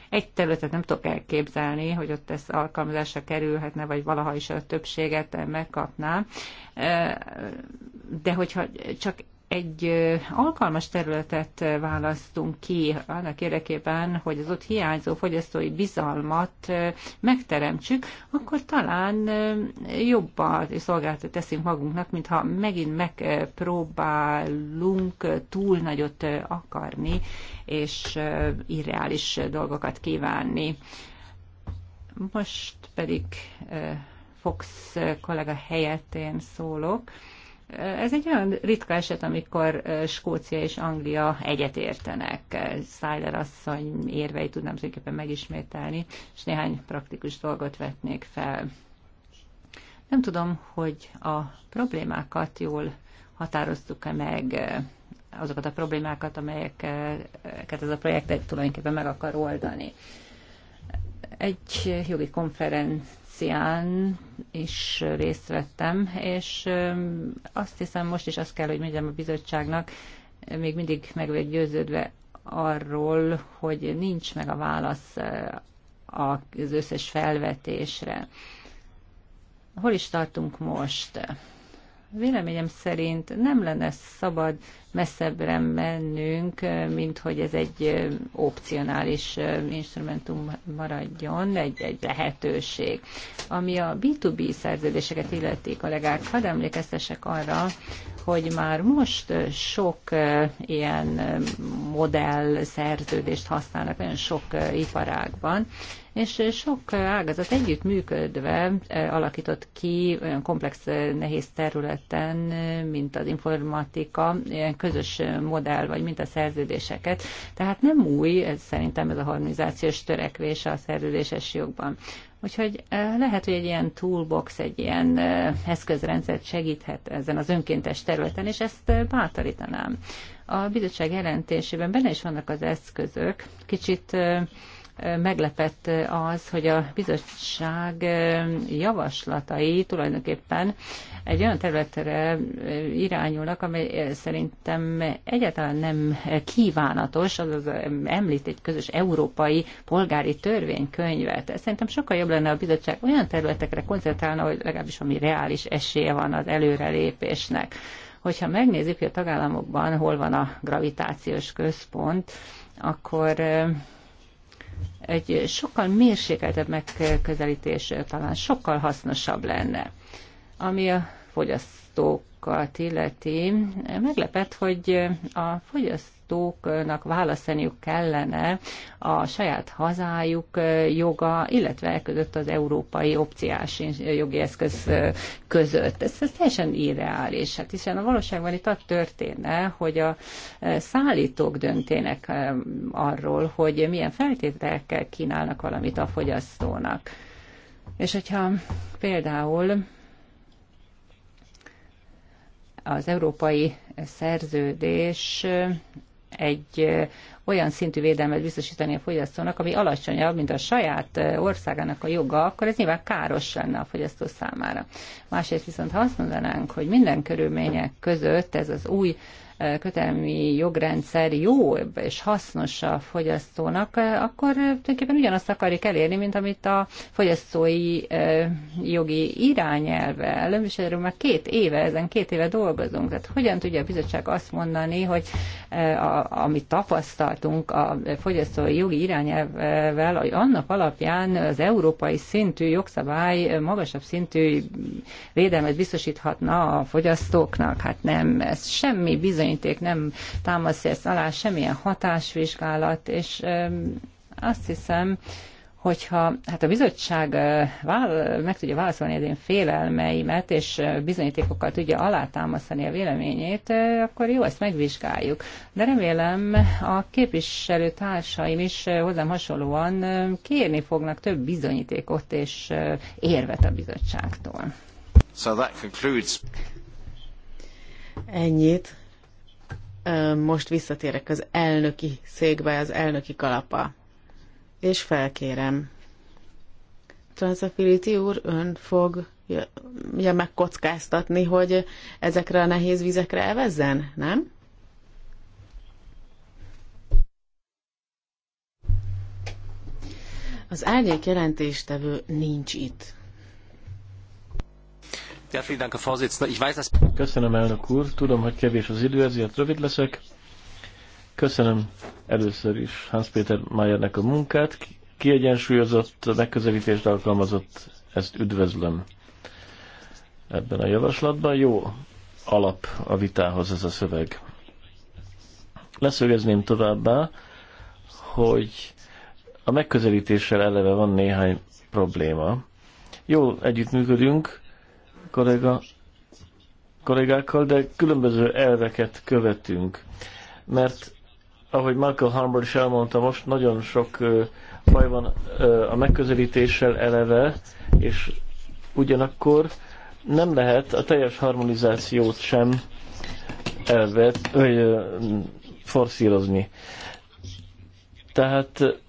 Egy területet nem tudok elképzelni, hogy ott ez alkalmazásra kerülhetne, vagy valaha is a többséget megkapná. De hogyha csak egy alkalmas területet választunk ki annak érdekében, hogy az ott hiányzó fogyasztói bizalmat megteremtsük, akkor talán jobban szolgáltat teszünk magunknak, mintha megint megpróbálunk túl nagyot akarni, és irreális dolgokat kívánni. Most pedig Fox kollega helyett én szólok. Ez egy olyan ritka eset, amikor Skócia és Anglia egyetértenek. Szájler asszony érveit tudnám tulajdonképpen megismételni, és néhány praktikus dolgot vetnék fel. Nem tudom, hogy a problémákat jól határoztuk-e meg azokat a problémákat, amelyeket ez a projekt tulajdonképpen meg akar oldani. Egy jogi konferencián is részt vettem, és azt hiszem most is azt kell, hogy mondjam a bizottságnak, még mindig meg vagyok győződve arról, hogy nincs meg a válasz az összes felvetésre. Hol is tartunk most? véleményem szerint nem lenne szabad messzebbre mennünk, mint hogy ez egy opcionális instrumentum maradjon, egy, egy lehetőség. Ami a B2B szerződéseket illeti kollégák, hadd emlékeztesek arra, hogy már most sok ilyen modell szerződést használnak nagyon sok iparágban, és sok ágazat együttműködve eh, alakított ki olyan komplex, eh, nehéz területen, eh, mint az informatika, ilyen közös modell vagy mint a szerződéseket. Tehát nem új, ez szerintem ez a harmonizációs törekvés a szerződéses jogban. Úgyhogy lehet, hogy egy ilyen toolbox, egy ilyen eszközrendszert segíthet ezen az önkéntes területen, és ezt bátorítanám. A bizottság jelentésében benne is vannak az eszközök, kicsit meglepett az, hogy a bizottság javaslatai tulajdonképpen egy olyan területre irányulnak, amely szerintem egyáltalán nem kívánatos, azaz említ egy közös európai polgári törvénykönyvet. Szerintem sokkal jobb lenne a bizottság olyan területekre koncentrálna, hogy legalábbis ami reális esélye van az előrelépésnek. Hogyha megnézzük, hogy a tagállamokban hol van a gravitációs központ, akkor egy sokkal mérsékeltebb megközelítés talán sokkal hasznosabb lenne, ami a fogyasztók árakat illeti, meglepett, hogy a fogyasztóknak válaszolniuk kellene a saját hazájuk joga, illetve e között az európai opciás jogi eszköz között. Ez, ez teljesen irreális, hát hiszen a valóságban itt az történne, hogy a szállítók döntének um, arról, hogy milyen feltételekkel kínálnak valamit a fogyasztónak. És hogyha például az európai szerződés egy olyan szintű védelmet biztosítani a fogyasztónak, ami alacsonyabb, mint a saját országának a joga, akkor ez nyilván káros lenne a fogyasztó számára. Másrészt viszont ha azt mondanánk, hogy minden körülmények között ez az új kötelmi jogrendszer jó és hasznos a fogyasztónak, akkor tulajdonképpen ugyanazt akarjuk elérni, mint amit a fogyasztói jogi irányelvel, és erről már két éve, ezen két éve dolgozunk. Tehát hogyan tudja a bizottság azt mondani, hogy a, amit tapasztaltunk a fogyasztói jogi irányelvvel, hogy annak alapján az európai szintű jogszabály magasabb szintű védelmet biztosíthatna a fogyasztóknak? Hát nem, ez semmi bizony bizonyíték nem támasztja ezt alá, semmilyen hatásvizsgálat, és azt hiszem, hogyha hát a bizottság meg tudja válaszolni az én félelmeimet, és bizonyítékokkal tudja alátámasztani a véleményét, akkor jó, ezt megvizsgáljuk. De remélem a képviselő társaim is hozzám hasonlóan kérni fognak több bizonyítékot és érvet a bizottságtól. So that concludes. Ennyit most visszatérek az elnöki székbe, az elnöki kalapa. És felkérem. Transafiliti úr, ön fog ja, megkockáztatni, hogy ezekre a nehéz vizekre elvezzen, nem? Az árnyék jelentéstevő nincs itt. Köszönöm, elnök úr. Tudom, hogy kevés az idő, ezért rövid leszek. Köszönöm először is Hans Péter Mayernek a munkát. Kiegyensúlyozott megközelítést alkalmazott, ezt üdvözlöm ebben a javaslatban. Jó alap a vitához ez a szöveg. Leszögezném továbbá, hogy a megközelítéssel eleve van néhány probléma. Jó, együttműködünk, kollega, kollégákkal, de különböző elveket követünk. Mert ahogy Michael Harbour is elmondta, most nagyon sok baj van a megközelítéssel eleve, és ugyanakkor nem lehet a teljes harmonizációt sem elvet, vagy forszírozni. Tehát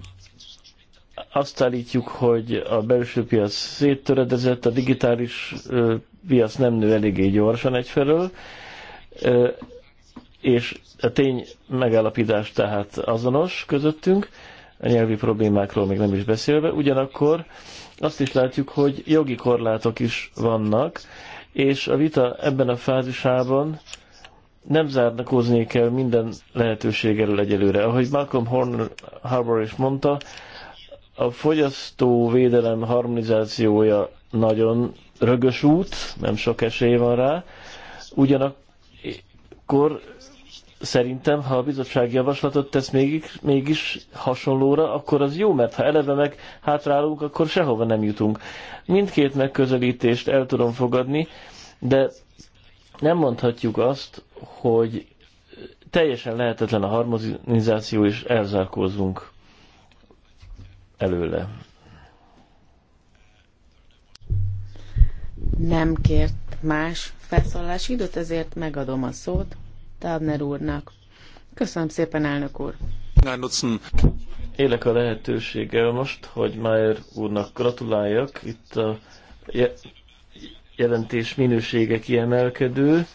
azt állítjuk, hogy a belső piac széttöredezett, a digitális piac nem nő eléggé gyorsan egyfelől, és a tény megállapítás tehát azonos közöttünk, a nyelvi problémákról még nem is beszélve, ugyanakkor azt is látjuk, hogy jogi korlátok is vannak, és a vita ebben a fázisában nem zárnak el minden lehetőség elől egyelőre. Ahogy Malcolm Horn Harbour is mondta, a fogyasztóvédelem harmonizációja nagyon rögös út, nem sok esély van rá. Ugyanakkor szerintem, ha a bizottság javaslatot tesz mégis, mégis hasonlóra, akkor az jó, mert ha eleve meg hátrálunk, akkor sehova nem jutunk. Mindkét megközelítést el tudom fogadni, de nem mondhatjuk azt, hogy teljesen lehetetlen a harmonizáció, és elzárkózunk előle. Nem kért más felszólalási időt, ezért megadom a szót Tabner úrnak. Köszönöm szépen, elnök úr! Élek a lehetőséggel most, hogy Mayer úrnak gratuláljak. Itt a jelentés minősége kiemelkedő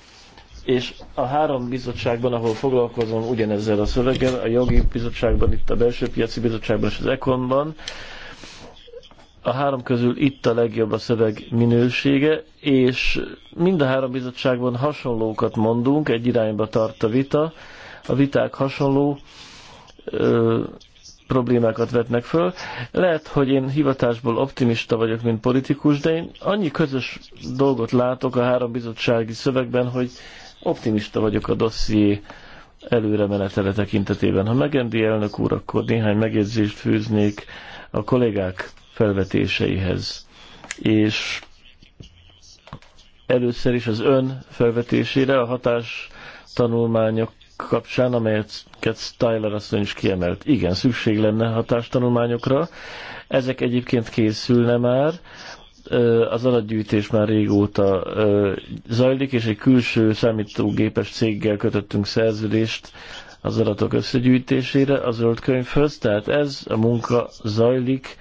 és a három bizottságban, ahol foglalkozom ugyanezzel a szöveggel, a jogi bizottságban, itt a belső piaci bizottságban és az ekonban, a három közül itt a legjobb a szöveg minősége, és mind a három bizottságban hasonlókat mondunk, egy irányba tart a vita, a viták hasonló ö, problémákat vetnek föl. Lehet, hogy én hivatásból optimista vagyok, mint politikus, de én annyi közös dolgot látok a három bizottsági szövegben, hogy optimista vagyok a dosszié előre menetele tekintetében. Ha megendi elnök úr, akkor néhány megjegyzést fűznék a kollégák felvetéseihez. És először is az ön felvetésére a hatás tanulmányok kapcsán, amelyet Tyler asszony is kiemelt. Igen, szükség lenne hatástanulmányokra. Ezek egyébként készülne már, az adatgyűjtés már régóta zajlik, és egy külső számítógépes céggel kötöttünk szerződést az adatok összegyűjtésére a zöld könyvhöz, tehát ez a munka zajlik,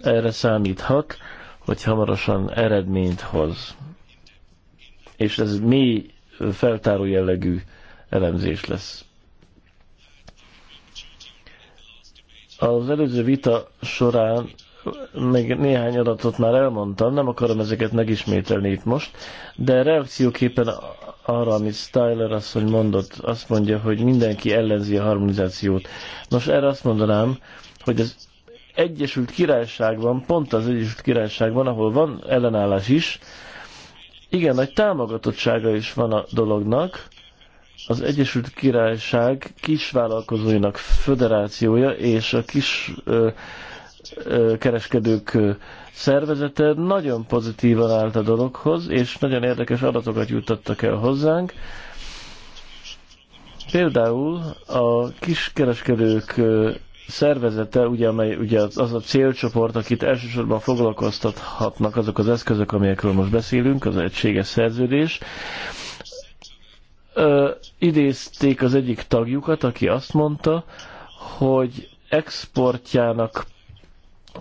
erre számíthat, hogy hamarosan eredményt hoz. És ez mély feltáró jellegű elemzés lesz. Az előző vita során még néhány adatot már elmondtam, nem akarom ezeket megismételni itt most, de reakcióképpen arra, amit Styler asszony mondott, azt mondja, hogy mindenki ellenzi a harmonizációt. Nos, erre azt mondanám, hogy az Egyesült Királyságban, pont az Egyesült Királyságban, ahol van ellenállás is, igen, nagy támogatottsága is van a dolognak, az Egyesült Királyság kisvállalkozóinak föderációja és a kis ö, kereskedők szervezete nagyon pozitívan állt a dologhoz, és nagyon érdekes adatokat juttattak el hozzánk. Például a kiskereskedők szervezete, ugye, amely ugye az a célcsoport, akit elsősorban foglalkoztathatnak azok az eszközök, amelyekről most beszélünk, az egységes szerződés, ö, idézték az egyik tagjukat, aki azt mondta, hogy exportjának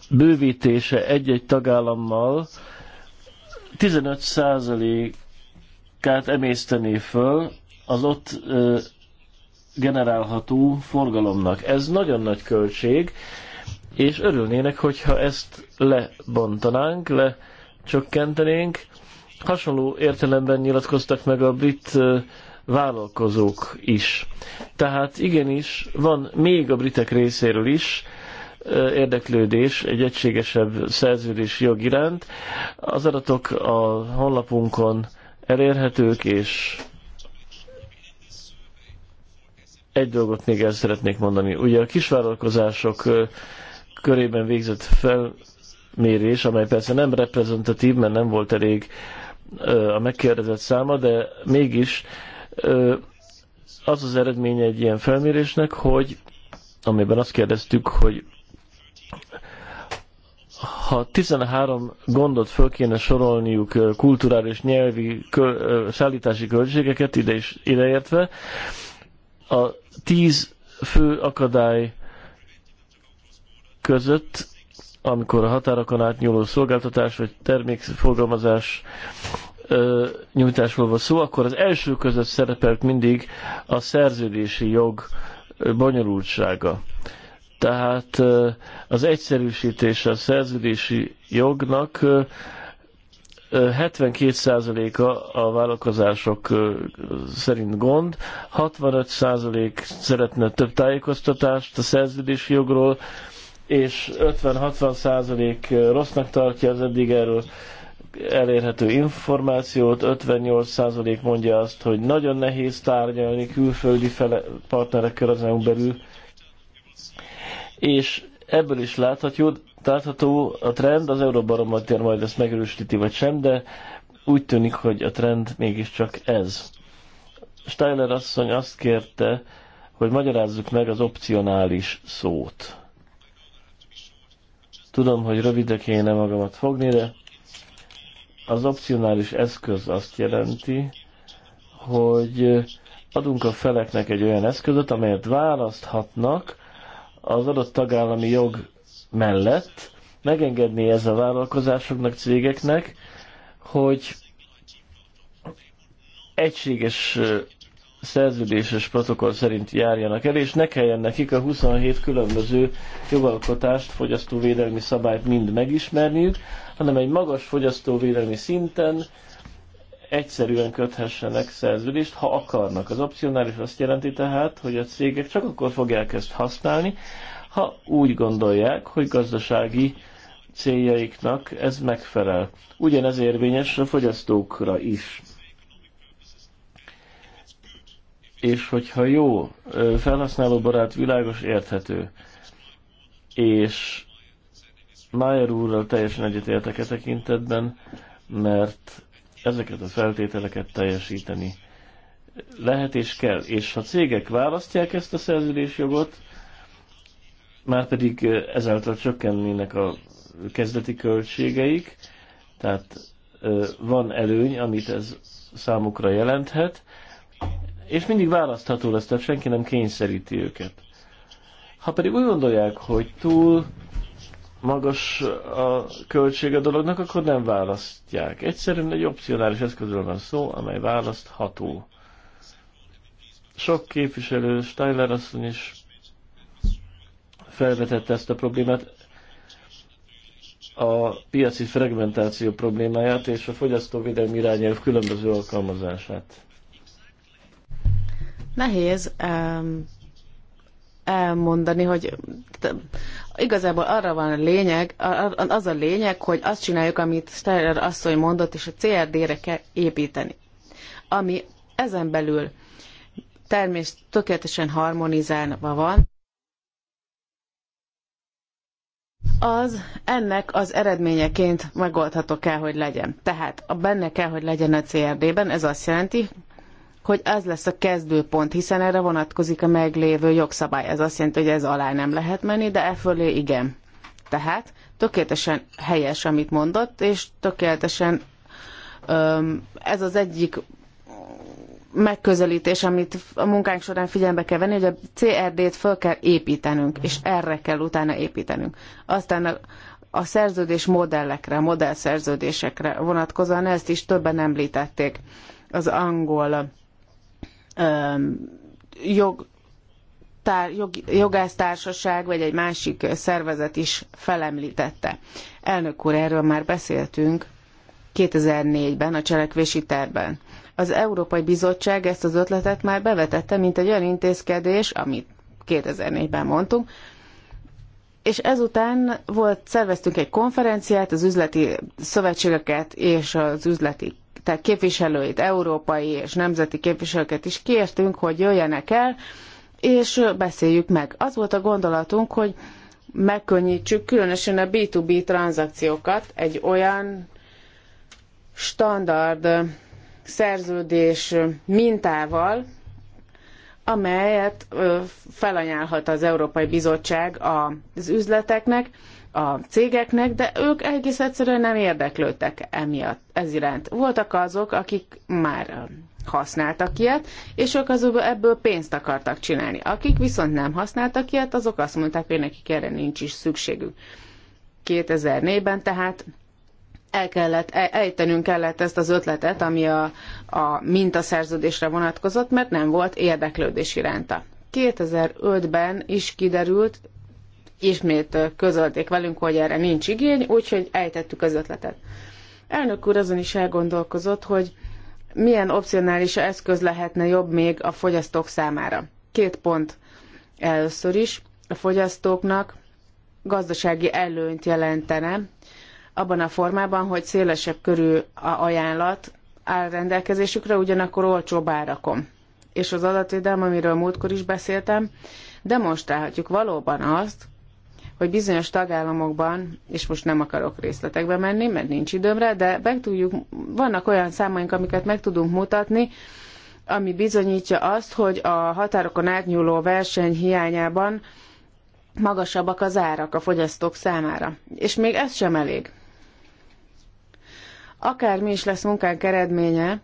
bővítése egy-egy tagállammal 15%-át emésztené föl az ott generálható forgalomnak. Ez nagyon nagy költség, és örülnének, hogyha ezt lebontanánk, lecsökkentenénk. Hasonló értelemben nyilatkoztak meg a brit vállalkozók is. Tehát igenis, van még a britek részéről is érdeklődés egy egységesebb szerződés jog iránt. Az adatok a honlapunkon elérhetők, és egy dolgot még el szeretnék mondani. Ugye a kisvállalkozások körében végzett felmérés, amely persze nem reprezentatív, mert nem volt elég a megkérdezett száma, de mégis az az eredménye egy ilyen felmérésnek, hogy amiben azt kérdeztük, hogy ha 13 gondot föl kéne sorolniuk kulturális, nyelvi, köl, szállítási költségeket ide is ideértve, a 10 fő akadály között, amikor a határokon átnyúló szolgáltatás vagy termékfogalmazás nyújtásról van szó, akkor az első között szerepelt mindig a szerződési jog bonyolultsága. Tehát az egyszerűsítése a szerződési jognak 72%-a a vállalkozások szerint gond, 65% szeretne több tájékoztatást a szerződési jogról, és 50-60% rossznak tartja az eddig erről elérhető információt, 58% mondja azt, hogy nagyon nehéz tárgyalni külföldi fele, partnerekkel az EU belül, és ebből is látható, látható a trend, az Euróbarométer majd ezt megerősíti vagy sem, de úgy tűnik, hogy a trend mégiscsak ez. Steiner asszony azt kérte, hogy magyarázzuk meg az opcionális szót. Tudom, hogy rövidre kéne magamat fogni, de az opcionális eszköz azt jelenti, hogy adunk a feleknek egy olyan eszközöt, amelyet választhatnak, az adott tagállami jog mellett megengedni ez a vállalkozásoknak, cégeknek, hogy egységes szerződéses protokoll szerint járjanak el, és ne kelljen nekik a 27 különböző jogalkotást, fogyasztóvédelmi szabályt mind megismerniük, hanem egy magas fogyasztóvédelmi szinten egyszerűen köthessenek szerződést, ha akarnak. Az opcionális azt jelenti tehát, hogy a cégek csak akkor fogják ezt használni, ha úgy gondolják, hogy gazdasági céljaiknak ez megfelel. Ugyanez érvényes a fogyasztókra is. És hogyha jó, felhasználóbarát, világos, érthető, és Mayer úrral teljesen egyetértek e tekintetben, mert ezeket a feltételeket teljesíteni lehet és kell. És ha cégek választják ezt a szerződésjogot, már pedig ezáltal csökkennének a kezdeti költségeik, tehát van előny, amit ez számukra jelenthet, és mindig választható lesz, tehát senki nem kényszeríti őket. Ha pedig úgy gondolják, hogy túl magas a költsége a dolognak, akkor nem választják. Egyszerűen egy opcionális eszközről van szó, amely választható. Sok képviselő, Steiner asszony is felvetette ezt a problémát, a piaci fragmentáció problémáját és a fogyasztóvédelmi irányelv különböző alkalmazását. Nehéz um, elmondani, hogy igazából arra van a lényeg, az a lényeg, hogy azt csináljuk, amit Steyer asszony mondott, és a CRD-re kell építeni. Ami ezen belül természetesen tökéletesen harmonizálva van, az ennek az eredményeként megoldható kell, hogy legyen. Tehát a benne kell, hogy legyen a CRD-ben, ez azt jelenti, hogy az lesz a kezdőpont, hiszen erre vonatkozik a meglévő jogszabály. Ez azt jelenti, hogy ez alá nem lehet menni, de e fölé igen. Tehát tökéletesen helyes, amit mondott, és tökéletesen öm, ez az egyik megközelítés, amit a munkánk során figyelembe kell venni, hogy a CRD-t föl kell építenünk, és erre kell utána építenünk. Aztán a, a szerződés modellekre, modellszerződésekre vonatkozóan ezt is többen említették. Az angol jog, tár, jog, jogásztársaság vagy egy másik szervezet is felemlítette. Elnök úr, erről már beszéltünk 2004-ben a cselekvési tervben. Az Európai Bizottság ezt az ötletet már bevetette, mint egy olyan intézkedés, amit 2004-ben mondtunk, és ezután volt, szerveztünk egy konferenciát, az üzleti szövetségeket és az üzleti parlamentek képviselőit, európai és nemzeti képviselőket is kértünk, hogy jöjjenek el, és beszéljük meg. Az volt a gondolatunk, hogy megkönnyítsük különösen a B2B tranzakciókat egy olyan standard szerződés mintával, amelyet felajánlhat az Európai Bizottság az üzleteknek, a cégeknek, de ők egész egyszerűen nem érdeklődtek emiatt, ez iránt. Voltak azok, akik már használtak ilyet, és ők azokból ebből pénzt akartak csinálni. Akik viszont nem használtak ilyet, azok azt mondták, hogy nekik erre nincs is szükségük. 2004-ben tehát el kellett, e- ejtenünk kellett ezt az ötletet, ami a, a mintaszerződésre vonatkozott, mert nem volt érdeklődés iránta. 2005-ben is kiderült, ismét közölték velünk, hogy erre nincs igény, úgyhogy ejtettük az ötletet. Elnök úr azon is elgondolkozott, hogy milyen opcionális eszköz lehetne jobb még a fogyasztók számára. Két pont. Először is a fogyasztóknak gazdasági előnyt jelentene, abban a formában, hogy szélesebb körű a ajánlat áll rendelkezésükre, ugyanakkor olcsóbb árakon. És az adatvédelm, amiről múltkor is beszéltem, demonstrálhatjuk valóban azt, hogy bizonyos tagállamokban, és most nem akarok részletekbe menni, mert nincs időmre, de meg tudjuk, vannak olyan számaink, amiket meg tudunk mutatni, ami bizonyítja azt, hogy a határokon átnyúló verseny hiányában magasabbak az árak a fogyasztók számára. És még ez sem elég. Akármi is lesz munkánk eredménye,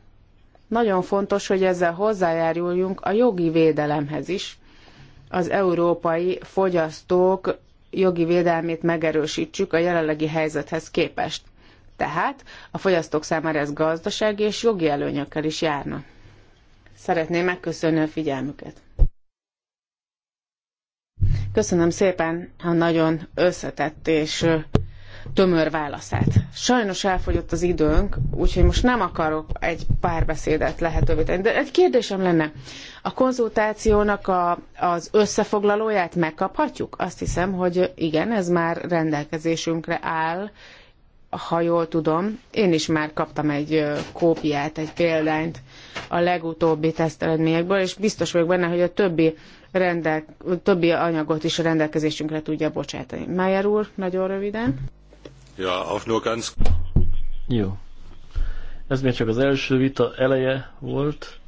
nagyon fontos, hogy ezzel hozzájáruljunk a jogi védelemhez is, az európai fogyasztók jogi védelmét megerősítsük a jelenlegi helyzethez képest. Tehát a fogyasztók számára ez gazdasági és jogi előnyökkel is járna. Szeretném megköszönni a figyelmüket. Köszönöm szépen a nagyon összetett és tömör válaszát. Sajnos elfogyott az időnk, úgyhogy most nem akarok egy párbeszédet lehetővé tenni, de egy kérdésem lenne. A konzultációnak a, az összefoglalóját megkaphatjuk? Azt hiszem, hogy igen, ez már rendelkezésünkre áll, ha jól tudom. Én is már kaptam egy kópiát, egy példányt a legutóbbi teszteredményekből, és biztos vagyok benne, hogy a többi rendel, többi anyagot is a rendelkezésünkre tudja bocsátani. Májer úr, nagyon röviden. Ja, nur ganz... Jó. Ez még csak az első vita eleje volt.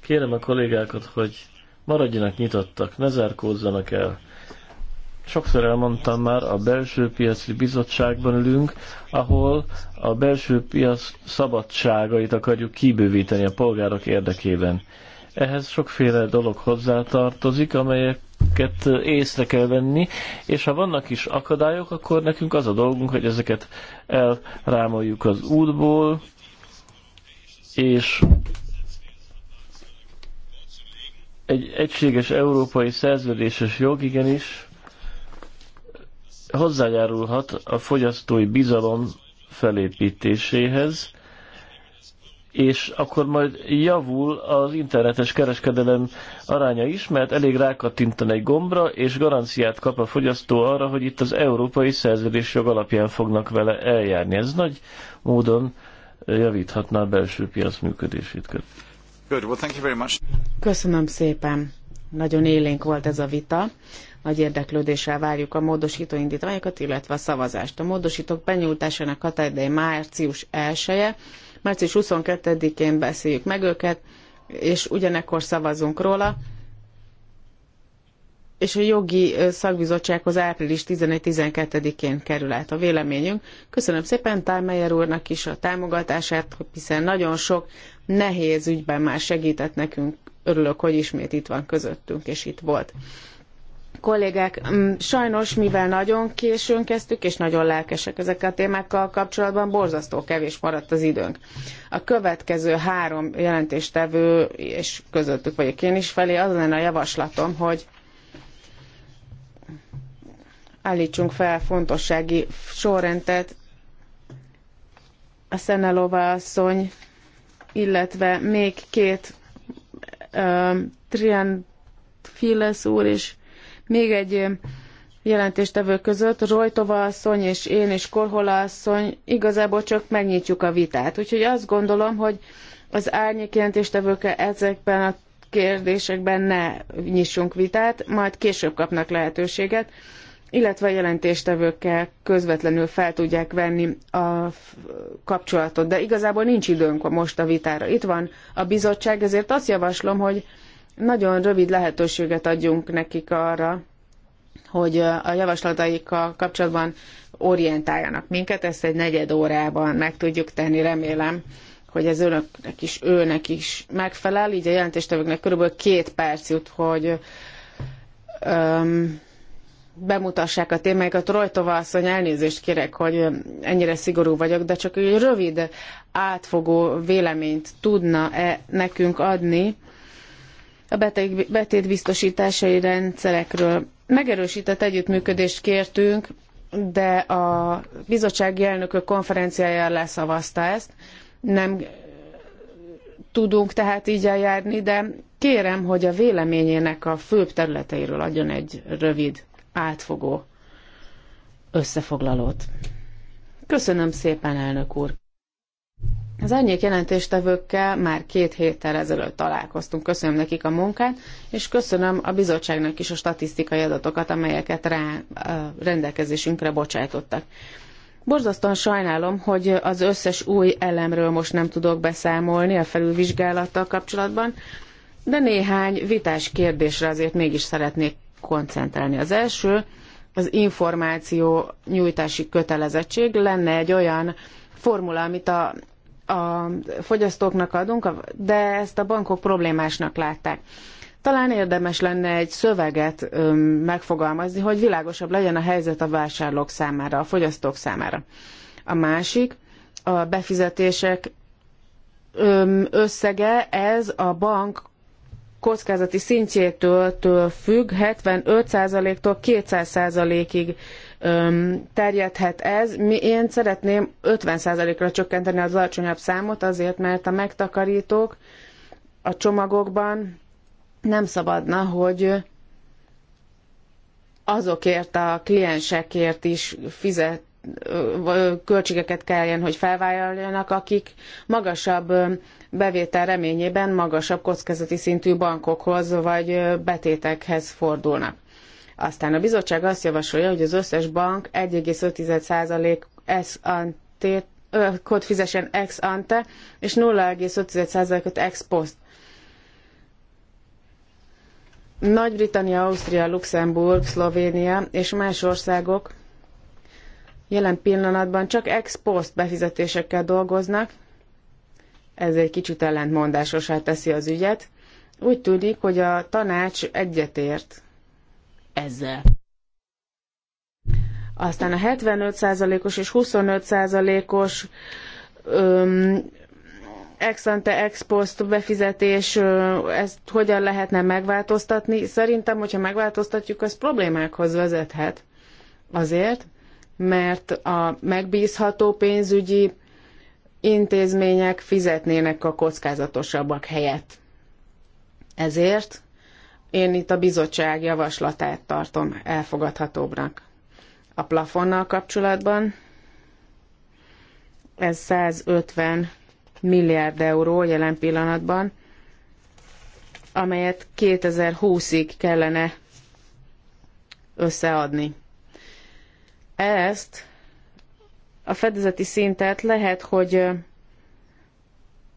Kérem a kollégákat, hogy maradjanak nyitottak, ne zárkózzanak el. Sokszor elmondtam már, a belső piaci bizottságban ülünk, ahol a belső piac szabadságait akarjuk kibővíteni a polgárok érdekében. Ehhez sokféle dolog hozzátartozik, amelyek ezeket észre kell venni, és ha vannak is akadályok, akkor nekünk az a dolgunk, hogy ezeket elrámoljuk az útból, és egy egységes európai szerződéses jog igenis hozzájárulhat a fogyasztói bizalom felépítéséhez, és akkor majd javul az internetes kereskedelem aránya is, mert elég rákattintan egy gombra, és garanciát kap a fogyasztó arra, hogy itt az európai szerződésjog alapján fognak vele eljárni. Ez nagy módon javíthatná a belső piac működését. Good. Well, thank you very much. Köszönöm szépen. Nagyon élénk volt ez a vita. Nagy érdeklődéssel várjuk a módosító indítványokat, illetve a szavazást. A módosítók benyújtásának határideje március 1 -e Március 22-én beszéljük meg őket, és ugyanekkor szavazunk róla és a jogi szakbizottsághoz április 11-12-én kerül át a véleményünk. Köszönöm szépen Tálmeyer úrnak is a támogatását, hiszen nagyon sok nehéz ügyben már segített nekünk. Örülök, hogy ismét itt van közöttünk, és itt volt kollégák, mm, sajnos, mivel nagyon későn kezdtük, és nagyon lelkesek ezekkel a témákkal kapcsolatban, borzasztó kevés maradt az időnk. A következő három jelentéstevő, és közöttük vagyok én is felé, az lenne a javaslatom, hogy állítsunk fel fontossági sorrendet a Szenelova asszony, illetve még két um, Trian Files úr és még egy jelentéstevő között, Rojtova asszony és én és Korhola asszony igazából csak megnyitjuk a vitát. Úgyhogy azt gondolom, hogy az árnyék jelentéstevőkkel ezekben a kérdésekben ne nyissunk vitát, majd később kapnak lehetőséget, illetve a jelentéstevőkkel közvetlenül fel tudják venni a kapcsolatot. De igazából nincs időnk most a vitára. Itt van a bizottság, ezért azt javaslom, hogy nagyon rövid lehetőséget adjunk nekik arra, hogy a javaslataikkal kapcsolatban orientáljanak minket, ezt egy negyed órában meg tudjuk tenni, remélem, hogy ez önöknek is, őnek is megfelel, így a jelentéstevőknek körülbelül két perc jut, hogy öm, bemutassák a témáikat. Rojtova asszony, elnézést kérek, hogy ennyire szigorú vagyok, de csak egy rövid, átfogó véleményt tudna-e nekünk adni a beteg, betétbiztosítási rendszerekről. Megerősített együttműködést kértünk, de a bizottsági elnökök konferenciáján leszavazta ezt. Nem tudunk tehát így eljárni, de kérem, hogy a véleményének a főbb területeiről adjon egy rövid, átfogó összefoglalót. Köszönöm szépen, elnök úr! Az árnyék jelentéstevőkkel már két héttel ezelőtt találkoztunk. Köszönöm nekik a munkát, és köszönöm a bizottságnak is a statisztikai adatokat, amelyeket rá rendelkezésünkre bocsájtottak. Borzasztóan sajnálom, hogy az összes új elemről most nem tudok beszámolni a felülvizsgálattal kapcsolatban, de néhány vitás kérdésre azért mégis szeretnék koncentrálni. Az első, az információ nyújtási kötelezettség lenne egy olyan formula, amit a a fogyasztóknak adunk, de ezt a bankok problémásnak látták. Talán érdemes lenne egy szöveget megfogalmazni, hogy világosabb legyen a helyzet a vásárlók számára, a fogyasztók számára. A másik, a befizetések összege, ez a bank kockázati szintjétől függ, 75%-tól 200%-ig öm, terjedhet ez. Mi, én szeretném 50%-ra csökkenteni az alacsonyabb számot, azért mert a megtakarítók a csomagokban nem szabadna, hogy azokért a kliensekért is fizet, költségeket kelljen, hogy felvállaljanak, akik magasabb bevétel reményében magasabb kockázati szintű bankokhoz vagy betétekhez fordulnak. Aztán a bizottság azt javasolja, hogy az összes bank 1,5% ex ante, kód fizessen ex ante, és 0,5%-ot ex post. Nagy-Britannia, Ausztria, Luxemburg, Szlovénia és más országok jelen pillanatban csak ex post befizetésekkel dolgoznak, ez egy kicsit ellentmondásosá teszi az ügyet. Úgy tűnik, hogy a tanács egyetért ezzel. Aztán a 75%-os és 25%-os ex ante ex post befizetés, ezt hogyan lehetne megváltoztatni? Szerintem, hogyha megváltoztatjuk, az problémákhoz vezethet. Azért, mert a megbízható pénzügyi intézmények fizetnének a kockázatosabbak helyett. Ezért én itt a bizottság javaslatát tartom elfogadhatóbbnak. A plafonnal kapcsolatban ez 150 milliárd euró jelen pillanatban, amelyet 2020-ig kellene összeadni. Ezt a fedezeti szintet lehet, hogy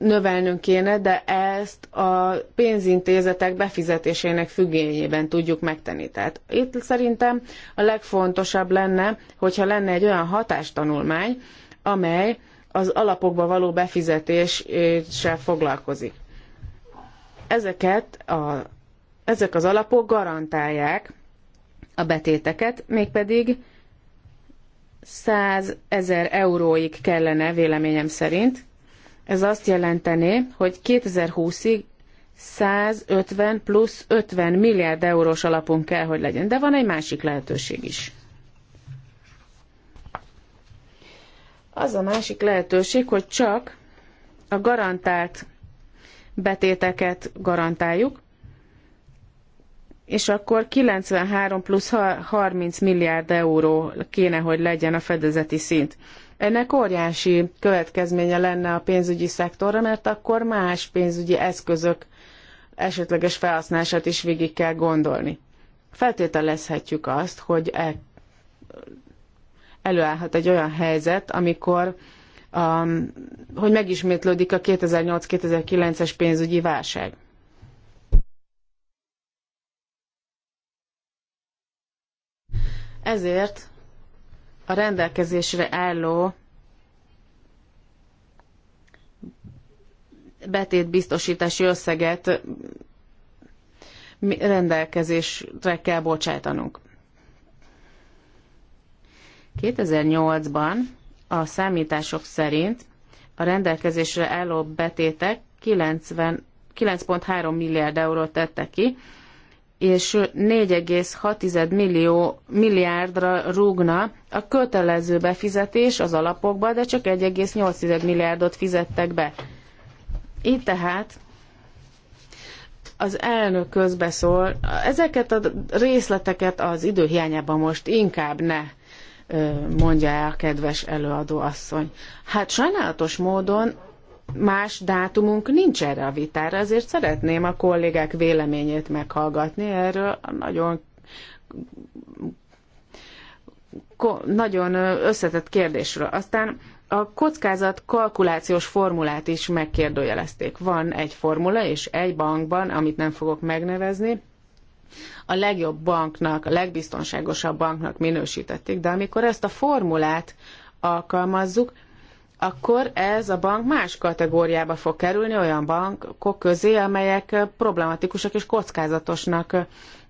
növelnünk kéne, de ezt a pénzintézetek befizetésének függvényében tudjuk megtenni. Tehát itt szerintem a legfontosabb lenne, hogyha lenne egy olyan hatástanulmány, amely az alapokba való befizetéssel foglalkozik. Ezeket a, ezek az alapok garantálják a betéteket, mégpedig 100 ezer euróig kellene véleményem szerint, ez azt jelentené, hogy 2020-ig 150 plusz 50 milliárd eurós alapunk kell, hogy legyen. De van egy másik lehetőség is. Az a másik lehetőség, hogy csak a garantált betéteket garantáljuk, és akkor 93 plusz 30 milliárd euró kéne, hogy legyen a fedezeti szint. Ennek óriási következménye lenne a pénzügyi szektorra, mert akkor más pénzügyi eszközök esetleges felhasználását is végig kell gondolni. Feltételezhetjük azt, hogy e, előállhat egy olyan helyzet, amikor um, hogy megismétlődik a 2008-2009-es pénzügyi válság. Ezért a rendelkezésre álló betétbiztosítási összeget rendelkezésre kell bocsájtanunk. 2008-ban a számítások szerint a rendelkezésre álló betétek 90, 9,3 milliárd eurót tettek ki, és 4,6 millió milliárdra rúgna a kötelező befizetés az alapokba, de csak 1,8 milliárdot fizettek be. Így tehát az elnök közbeszól, ezeket a részleteket az idő hiányában most inkább ne mondja el a kedves előadó asszony. Hát sajnálatos módon más dátumunk nincs erre a vitára, azért szeretném a kollégák véleményét meghallgatni erről a nagyon nagyon összetett kérdésről. Aztán a kockázat kalkulációs formulát is megkérdőjelezték. Van egy formula, és egy bankban, amit nem fogok megnevezni, a legjobb banknak, a legbiztonságosabb banknak minősítették, de amikor ezt a formulát alkalmazzuk, akkor ez a bank más kategóriába fog kerülni olyan bankok közé, amelyek problematikusak és kockázatosnak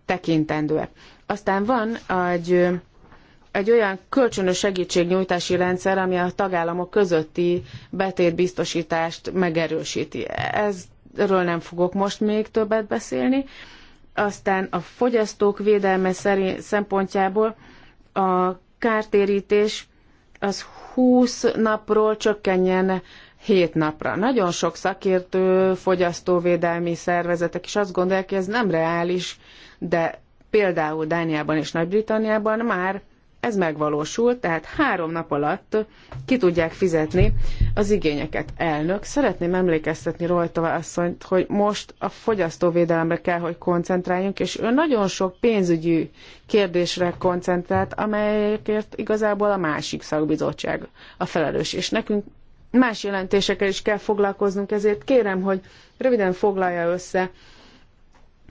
tekintendőek. Aztán van egy, egy olyan kölcsönös segítségnyújtási rendszer, ami a tagállamok közötti betétbiztosítást megerősíti. Ezről nem fogok most még többet beszélni. Aztán a fogyasztók védelme szempontjából a kártérítés az 20 napról csökkenjen 7 napra. Nagyon sok szakértő, fogyasztóvédelmi szervezetek is azt gondolják, hogy ez nem reális, de például Dániában és Nagy-Britanniában már ez megvalósult, tehát három nap alatt ki tudják fizetni az igényeket. Elnök, szeretném emlékeztetni Rojtova asszonyt, hogy most a fogyasztóvédelemre kell, hogy koncentráljunk, és ő nagyon sok pénzügyi kérdésre koncentrált, amelyekért igazából a másik szakbizottság a felelős, és nekünk más jelentésekkel is kell foglalkoznunk, ezért kérem, hogy röviden foglalja össze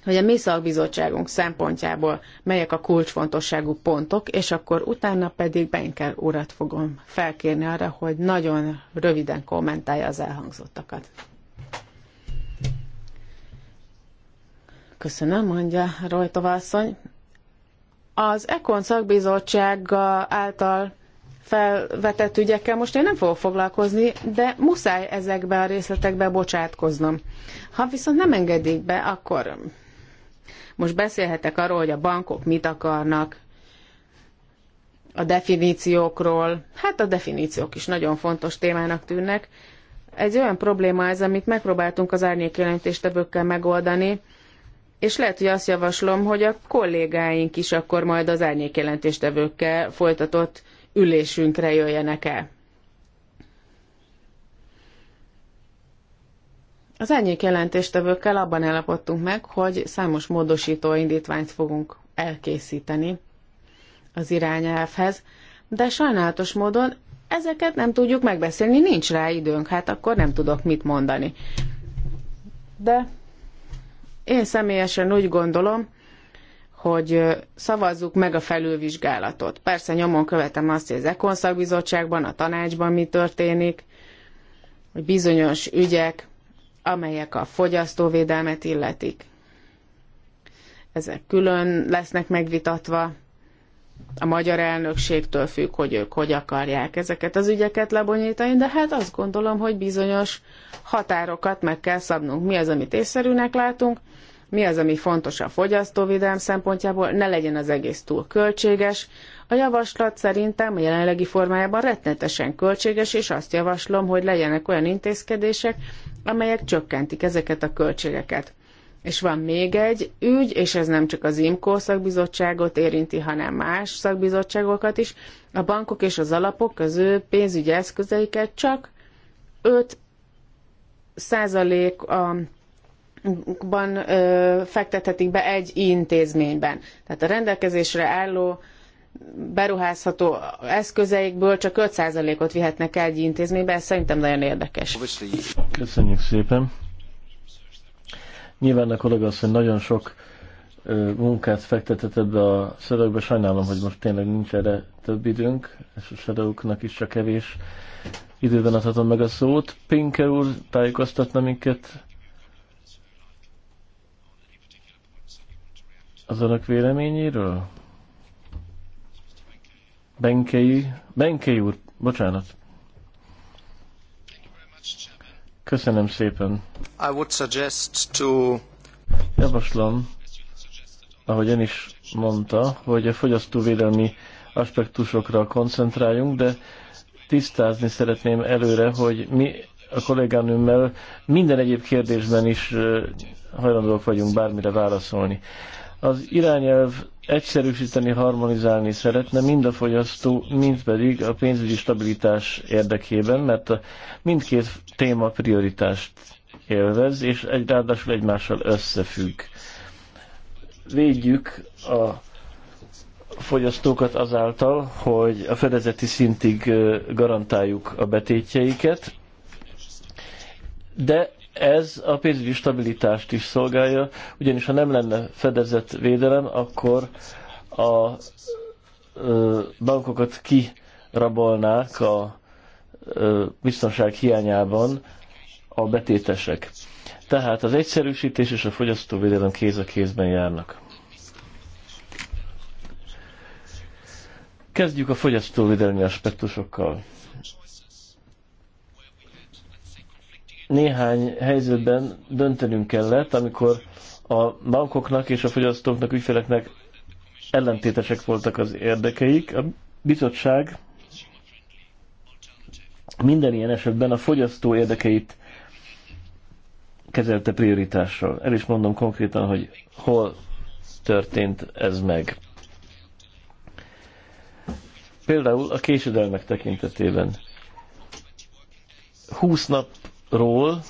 hogy a mi szakbizottságunk szempontjából melyek a kulcsfontosságú pontok, és akkor utána pedig Benkel urat fogom felkérni arra, hogy nagyon röviden kommentálja az elhangzottakat. Köszönöm, mondja Rojtova asszony. Az Ekon szakbizottság által felvetett ügyekkel most én nem fogok foglalkozni, de muszáj ezekbe a részletekbe bocsátkoznom. Ha viszont nem engedik be, akkor most beszélhetek arról, hogy a bankok mit akarnak, a definíciókról. Hát a definíciók is nagyon fontos témának tűnnek. Egy olyan probléma ez, amit megpróbáltunk az árnyékjelentéstevőkkel megoldani, és lehet, hogy azt javaslom, hogy a kollégáink is akkor majd az árnyékjelentéstevőkkel folytatott ülésünkre jöjjenek el. Az árnyék jelentéstevőkkel abban állapodtunk meg, hogy számos módosító indítványt fogunk elkészíteni az irányelvhez, de sajnálatos módon ezeket nem tudjuk megbeszélni, nincs rá időnk, hát akkor nem tudok mit mondani. De én személyesen úgy gondolom, hogy szavazzuk meg a felülvizsgálatot. Persze nyomon követem azt, hogy az Ekonszakbizottságban, a tanácsban mi történik, hogy bizonyos ügyek amelyek a fogyasztóvédelmet illetik. Ezek külön lesznek megvitatva. A magyar elnökségtől függ, hogy ők hogy akarják ezeket az ügyeket lebonyítani, de hát azt gondolom, hogy bizonyos határokat meg kell szabnunk. Mi az, amit észszerűnek látunk, mi az, ami fontos a fogyasztóvédelem szempontjából, ne legyen az egész túl költséges, a javaslat szerintem a jelenlegi formájában rettenetesen költséges, és azt javaslom, hogy legyenek olyan intézkedések, amelyek csökkentik ezeket a költségeket. És van még egy ügy, és ez nem csak az IMCO szakbizottságot érinti, hanem más szakbizottságokat is. A bankok és az alapok az ő pénzügyi eszközeiket csak 5 ban fektethetik be egy intézményben. Tehát a rendelkezésre álló beruházható eszközeikből csak 5%-ot vihetnek el egy intézménybe, ez szerintem nagyon érdekes. Köszönjük szépen. Nyilván a kollega azt, hogy nagyon sok munkát fektetett ebbe a szövegbe, sajnálom, hogy most tényleg nincs erre több időnk, és a shadowknak is csak kevés időben adhatom meg a szót. Pinker úr tájékoztatna minket az önök véleményéről? Benkei, Benkei úr, bocsánat. Köszönöm szépen. I would suggest to... Javaslom, ahogy ön is mondta, hogy a fogyasztóvédelmi aspektusokra koncentráljunk, de tisztázni szeretném előre, hogy mi a kolléganőmmel minden egyéb kérdésben is hajlandóak vagyunk bármire válaszolni. Az irányelv egyszerűsíteni, harmonizálni szeretne mind a fogyasztó, mind pedig a pénzügyi stabilitás érdekében, mert a mindkét téma prioritást élvez, és egy, ráadásul egymással összefügg. Védjük a fogyasztókat azáltal, hogy a fedezeti szintig garantáljuk a betétjeiket, de ez a pénzügyi stabilitást is szolgálja, ugyanis ha nem lenne fedezett védelem, akkor a bankokat kirabolnák a biztonság hiányában a betétesek. Tehát az egyszerűsítés és a fogyasztóvédelem kéz a kézben járnak. Kezdjük a fogyasztóvédelmi aspektusokkal. néhány helyzetben döntenünk kellett, amikor a bankoknak és a fogyasztóknak, ügyfeleknek ellentétesek voltak az érdekeik. A bizottság minden ilyen esetben a fogyasztó érdekeit kezelte prioritással. El is mondom konkrétan, hogy hol történt ez meg. Például a késedelmek tekintetében. 20 nap ról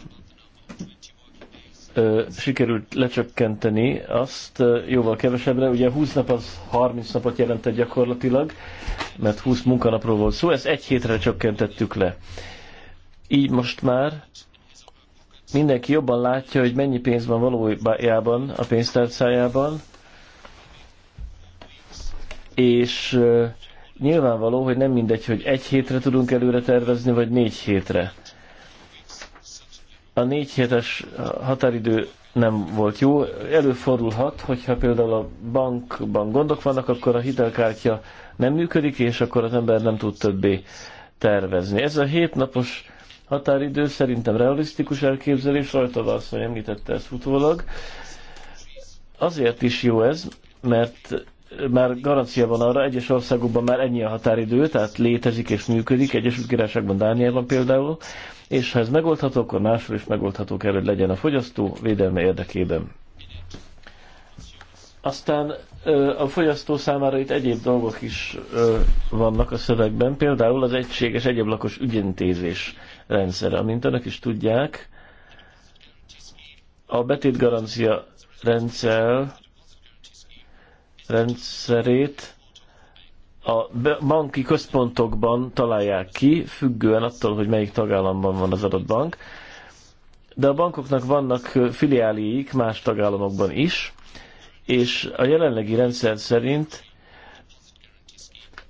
ö, sikerült lecsökkenteni azt ö, jóval kevesebbre. Ugye 20 nap az 30 napot jelentett gyakorlatilag, mert 20 munkanapról volt szó, ezt egy hétre csökkentettük le. Így most már mindenki jobban látja, hogy mennyi pénz van valójában a pénztárcájában, és ö, nyilvánvaló, hogy nem mindegy, hogy egy hétre tudunk előre tervezni, vagy négy hétre a négy hetes határidő nem volt jó. Előfordulhat, hogyha például a bankban gondok vannak, akkor a hitelkártya nem működik, és akkor az ember nem tud többé tervezni. Ez a hétnapos határidő szerintem realisztikus elképzelés, rajta azt, hogy említette ezt utólag. Azért is jó ez, mert már garancia van arra, egyes országokban már ennyi a határidő, tehát létezik és működik, Egyesült Királyságban, Dániában például, és ha ez megoldható, akkor másról is megoldható kell, hogy legyen a fogyasztó védelme érdekében. Aztán a fogyasztó számára itt egyéb dolgok is vannak a szövegben, például az egységes lakos ügyintézés rendszere. Amint önök is tudják, a betétgarancia rendszer rendszerét a banki központokban találják ki, függően attól, hogy melyik tagállamban van az adott bank, de a bankoknak vannak filiáliik más tagállamokban is, és a jelenlegi rendszer szerint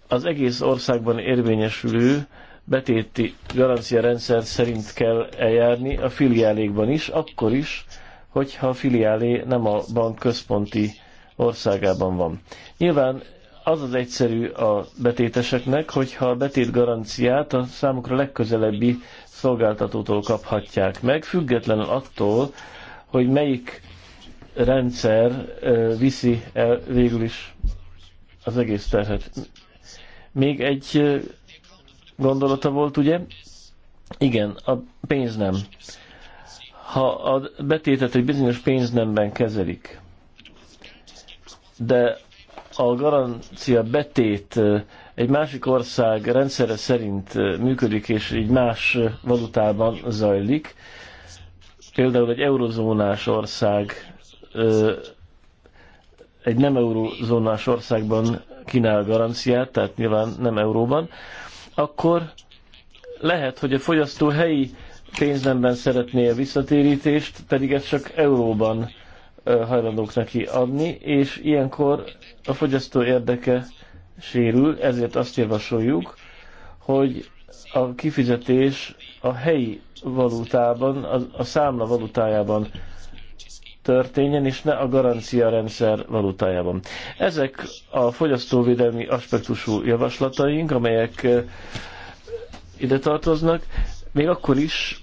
az egész országban érvényesülő betéti garancia rendszer szerint kell eljárni a filiálékban is, akkor is, hogyha a filiálé nem a bank központi országában van. Nyilván az az egyszerű a betéteseknek, hogyha a betét garanciát a számukra legközelebbi szolgáltatótól kaphatják meg, függetlenül attól, hogy melyik rendszer viszi el végül is az egész terhet. Még egy gondolata volt, ugye? Igen, a pénz nem. Ha a betétet egy bizonyos pénznemben kezelik, de a garancia betét egy másik ország rendszere szerint működik, és így más valutában zajlik, például egy eurozónás ország egy nem eurozónás országban kínál garanciát, tehát nyilván nem euróban, akkor lehet, hogy a fogyasztó helyi pénznemben szeretné a visszatérítést, pedig ez csak euróban hajlandók neki adni, és ilyenkor a fogyasztó érdeke sérül, ezért azt javasoljuk, hogy a kifizetés a helyi valutában, a, a számla valutájában történjen, és ne a garancia rendszer valutájában. Ezek a fogyasztóvédelmi aspektusú javaslataink, amelyek ide tartoznak, még akkor is,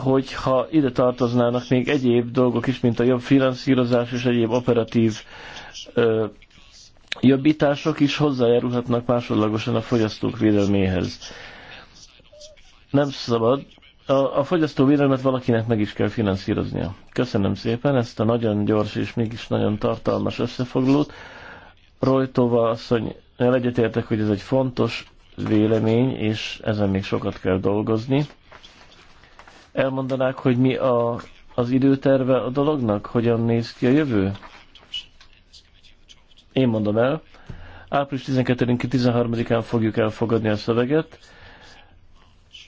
hogyha ide tartoznának még egyéb dolgok is, mint a jobb finanszírozás és egyéb operatív ö, jobbítások is hozzájárulhatnak másodlagosan a fogyasztók védelméhez. Nem szabad. A, a védelmet valakinek meg is kell finanszíroznia. Köszönöm szépen ezt a nagyon gyors és mégis nagyon tartalmas összefoglalót. Rojtova asszony, egyetértek, hogy ez egy fontos vélemény, és ezen még sokat kell dolgozni elmondanák, hogy mi a, az időterve a dolognak? Hogyan néz ki a jövő? Én mondom el. Április 12-13-án fogjuk elfogadni a szöveget.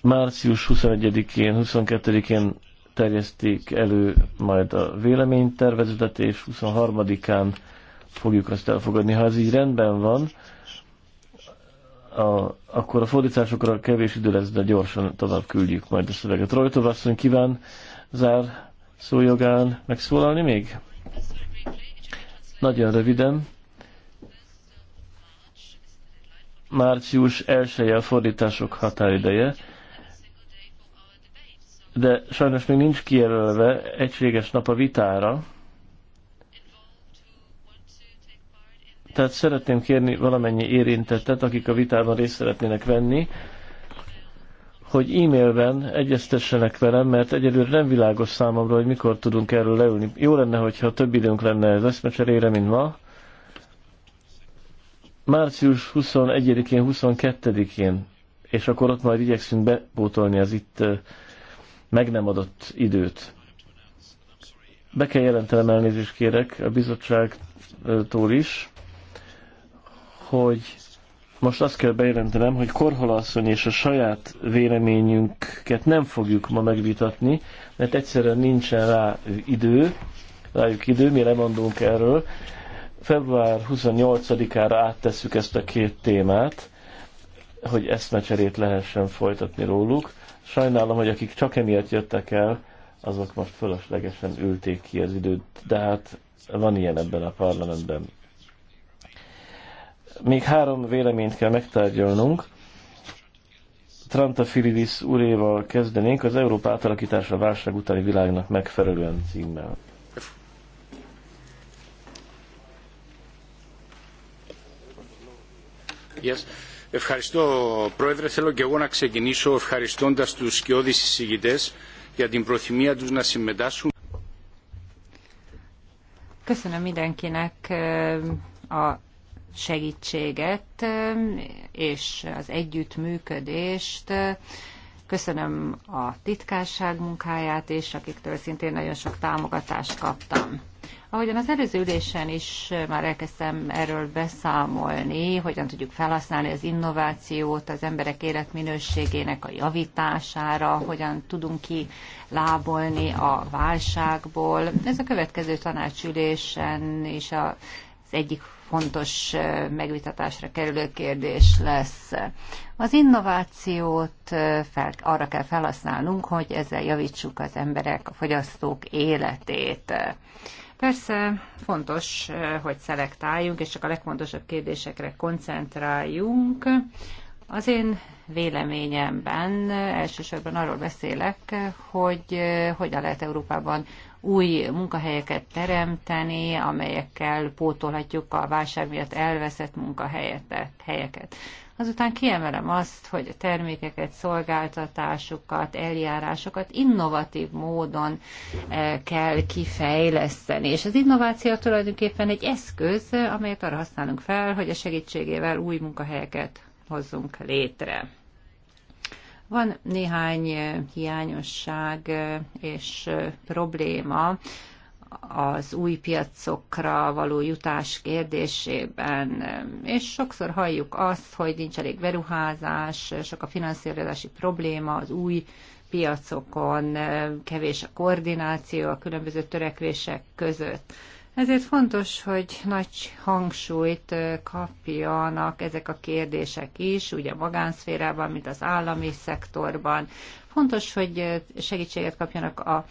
Március 21-én, 22-én terjesztik elő majd a véleménytervezetet, és 23-án fogjuk azt elfogadni. Ha ez így rendben van, a, akkor a fordításokra kevés idő lesz, de gyorsan tovább küldjük majd a szöveget. Rojtov asszony kíván zár szójogán megszólalni még? Nagyon röviden. Március 1 a fordítások határideje, de sajnos még nincs kijelölve egységes nap a vitára, Tehát szeretném kérni valamennyi érintettet, akik a vitában részt szeretnének venni, hogy e-mailben egyeztessenek velem, mert egyelőre nem világos számomra, hogy mikor tudunk erről leülni. Jó lenne, hogyha több időnk lenne ez eszmecserére, mint ma. Március 21-én, 22-én, és akkor ott majd igyekszünk bepótolni az itt meg nem adott időt. Be kell jelentenem elnézést kérek a bizottságtól is, hogy most azt kell bejelentenem, hogy Korhalasszony és a saját véleményünket nem fogjuk ma megvitatni, mert egyszerűen nincsen rá idő, rájuk idő, mi lemondunk erről. Február 28-ára áttesszük ezt a két témát, hogy eszmecserét lehessen folytatni róluk. Sajnálom, hogy akik csak emiatt jöttek el, azok most fölöslegesen ülték ki az időt, de hát van ilyen ebben a parlamentben még három véleményt kell megtárgyalnunk. Tranta Trantafilidis úréval kezdenénk az Európa átalakítása válság utáni világnak megfelelően címmel. Yes. Ευχαριστώ Πρόεδρε. Θέλω και εγώ να ξεκινήσω ευχαριστώντας τους σκιώδεις εισηγητές για την προθυμία τους να συμμετάσχουν. Köszönöm mindenkinek a segítséget és az együttműködést. Köszönöm a titkárság munkáját, és akiktől szintén nagyon sok támogatást kaptam. Ahogyan az előző ülésen is már elkezdtem erről beszámolni, hogyan tudjuk felhasználni az innovációt az emberek életminőségének a javítására, hogyan tudunk ki lábolni a válságból. Ez a következő tanácsülésen és a egyik fontos megvitatásra kerülő kérdés lesz. Az innovációt fel, arra kell felhasználnunk, hogy ezzel javítsuk az emberek, a fogyasztók életét. Persze fontos, hogy szelektáljunk, és csak a legfontosabb kérdésekre koncentráljunk. Az én véleményemben elsősorban arról beszélek, hogy hogyan lehet Európában új munkahelyeket teremteni, amelyekkel pótolhatjuk a válság miatt elveszett munkahelyeket. Azután kiemelem azt, hogy a termékeket, szolgáltatásokat, eljárásokat innovatív módon eh, kell kifejleszteni. És az innováció tulajdonképpen egy eszköz, amelyet arra használunk fel, hogy a segítségével új munkahelyeket hozzunk létre. Van néhány hiányosság és probléma az új piacokra való jutás kérdésében, és sokszor halljuk azt, hogy nincs elég beruházás, sok a finanszírozási probléma az új piacokon, kevés a koordináció a különböző törekvések között. Ezért fontos, hogy nagy hangsúlyt kapjanak ezek a kérdések is, ugye a magánszférában, mint az állami szektorban. Fontos, hogy segítséget kapjanak a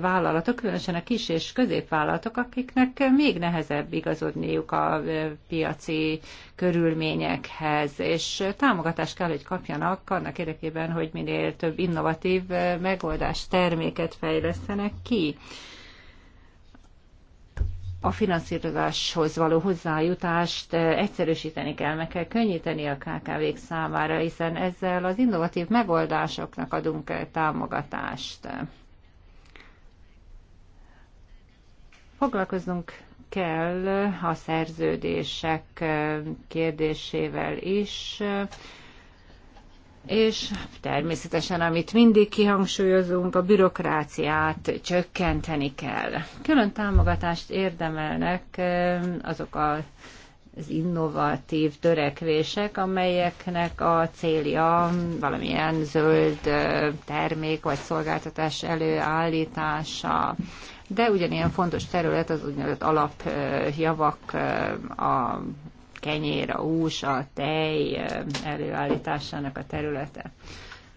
vállalatok, különösen a kis és középvállalatok, akiknek még nehezebb igazodniuk a piaci körülményekhez, és támogatást kell, hogy kapjanak annak érdekében, hogy minél több innovatív megoldás terméket fejlesztenek ki a finanszírozáshoz való hozzájutást eh, egyszerűsíteni kell, meg kell könnyíteni a KKV-k számára, hiszen ezzel az innovatív megoldásoknak adunk eh, támogatást. Foglalkoznunk kell a szerződések eh, kérdésével is, és természetesen, amit mindig kihangsúlyozunk, a bürokráciát csökkenteni kell. Külön támogatást érdemelnek azok a az innovatív törekvések, amelyeknek a célja valamilyen zöld termék vagy szolgáltatás előállítása, de ugyanilyen fontos terület az úgynevezett alapjavak, a kenyér, a hús, a tej előállításának a területe.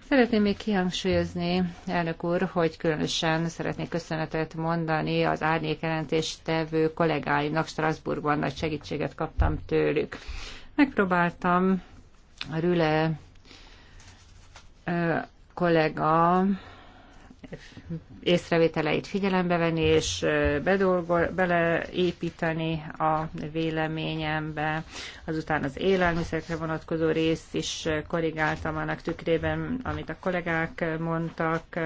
Szeretném még kihangsúlyozni, elnök úr, hogy különösen szeretnék köszönetet mondani az tevő kollégáimnak Strasbourgban, nagy segítséget kaptam tőlük. Megpróbáltam a Rüle kollega észrevételeit figyelembe venni, és bedolgol, beleépíteni a véleményembe. Azután az élelmiszerekre vonatkozó részt is korrigáltam annak tükrében, amit a kollégák mondtak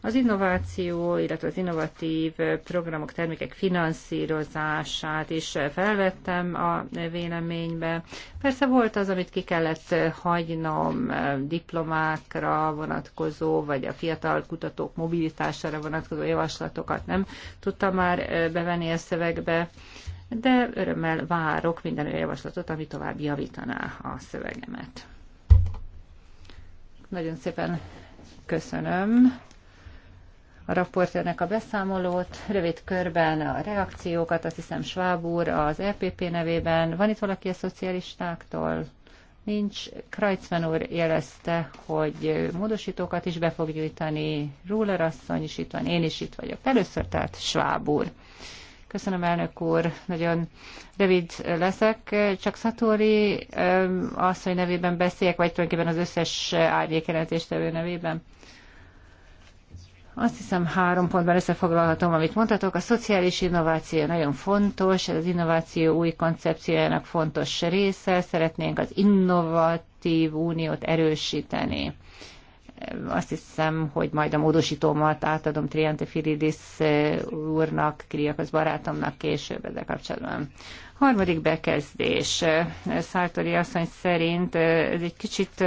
az innováció, illetve az innovatív programok, termékek finanszírozását is felvettem a véleménybe. Persze volt az, amit ki kellett hagynom diplomákra vonatkozó, vagy a fiatal kutatók mobilitására vonatkozó javaslatokat nem tudtam már bevenni a szövegbe, de örömmel várok minden olyan javaslatot, ami tovább javítaná a szövegemet. Nagyon szépen köszönöm a raportőrnek a beszámolót, rövid körben a reakciókat, azt hiszem Schwab úr az EPP nevében. Van itt valaki a szocialistáktól? Nincs. Krajcven úr jelezte, hogy módosítókat is be fog gyűjteni. Ruler asszony is itt van, én is itt vagyok. Először tehát Schwab úr. Köszönöm, elnök úr. Nagyon rövid leszek. Csak Szatóri asszony nevében beszéljek, vagy tulajdonképpen az összes árnyékjelentéstevő nevében. Azt hiszem három pontban összefoglalhatom, amit mondhatok. A szociális innováció nagyon fontos, ez az innováció új koncepciójának fontos része. Szeretnénk az innovatív uniót erősíteni. Azt hiszem, hogy majd a módosítómat átadom Triante Filidis eh, úrnak, az barátomnak később ezzel kapcsolatban. Harmadik bekezdés. Eh, Szártori asszony szerint eh, ez egy kicsit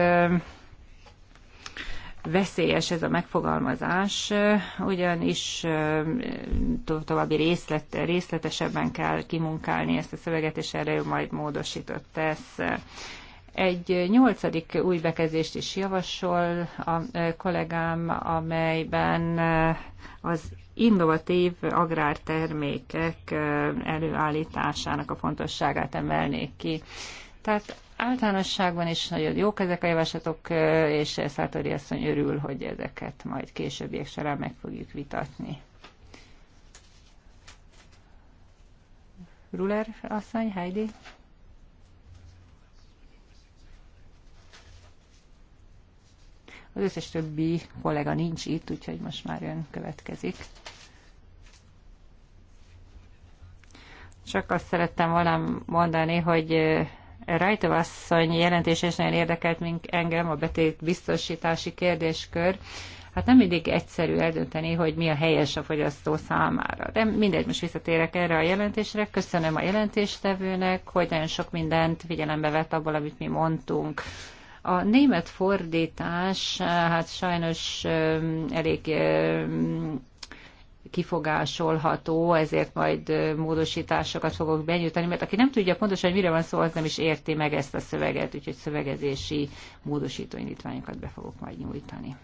veszélyes ez a megfogalmazás, ugyanis további részlet, részletesebben kell kimunkálni ezt a szöveget, és erre ő majd módosított tesz. Egy nyolcadik új bekezdést is javasol a kollégám, amelyben az innovatív agrártermékek előállításának a fontosságát emelnék ki. Tehát általánosságban is nagyon jók ezek a javaslatok, és Szátori asszony örül, hogy ezeket majd későbbiek során meg fogjuk vitatni. Ruler asszony, Heidi. Az összes többi kollega nincs itt, úgyhogy most már ön következik. Csak azt szerettem volna mondani, hogy Rajtov asszony jelentése is nagyon érdekelt mink, engem a betét biztosítási kérdéskör. Hát nem mindig egyszerű eldönteni, hogy mi a helyes a fogyasztó számára. De mindegy, most visszatérek erre a jelentésre. Köszönöm a jelentéstevőnek, hogy nagyon sok mindent figyelembe vett abból, amit mi mondtunk. A német fordítás hát sajnos elég kifogásolható, ezért majd módosításokat fogok benyújtani, mert aki nem tudja pontosan, hogy mire van szó, az nem is érti meg ezt a szöveget, úgyhogy szövegezési módosító indítványokat be fogok majd nyújtani.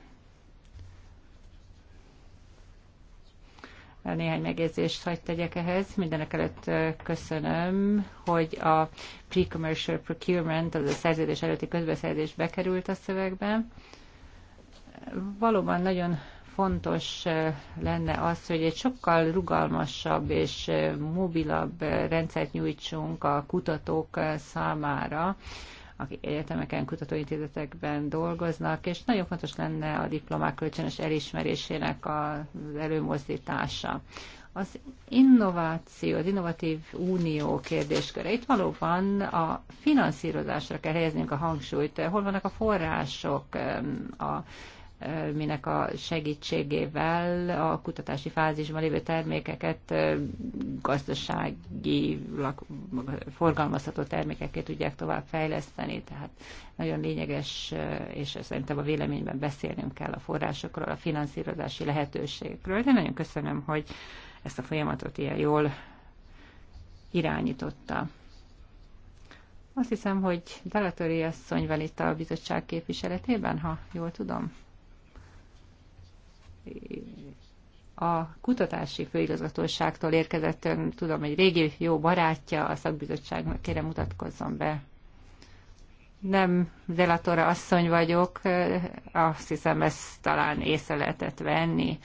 néhány megjegyzést hagyd tegyek ehhez. Mindenek előtt köszönöm, hogy a pre-commercial procurement, az a szerződés előtti közbeszerzés bekerült a szövegben. Valóban nagyon fontos lenne az, hogy egy sokkal rugalmasabb és mobilabb rendszert nyújtsunk a kutatók számára, akik egyetemeken, kutatóintézetekben dolgoznak, és nagyon fontos lenne a diplomák kölcsönös elismerésének az előmozdítása. Az innováció, az innovatív unió kérdésköre. Itt valóban a finanszírozásra kell helyeznünk a hangsúlyt. Hol vannak a források, a minek a segítségével a kutatási fázisban lévő termékeket gazdasági forgalmazható termékeket tudják tovább fejleszteni, tehát nagyon lényeges, és szerintem a véleményben beszélnünk kell a forrásokról, a finanszírozási lehetőségekről, de nagyon köszönöm, hogy ezt a folyamatot ilyen jól irányította. Azt hiszem, hogy Dalatori asszony van itt a bizottság képviseletében, ha jól tudom a kutatási főigazgatóságtól érkezett, tudom, egy régi jó barátja a szakbizottságnak, kérem mutatkozzon be. Nem Delatora asszony vagyok, azt hiszem ezt talán észre lehetett venni.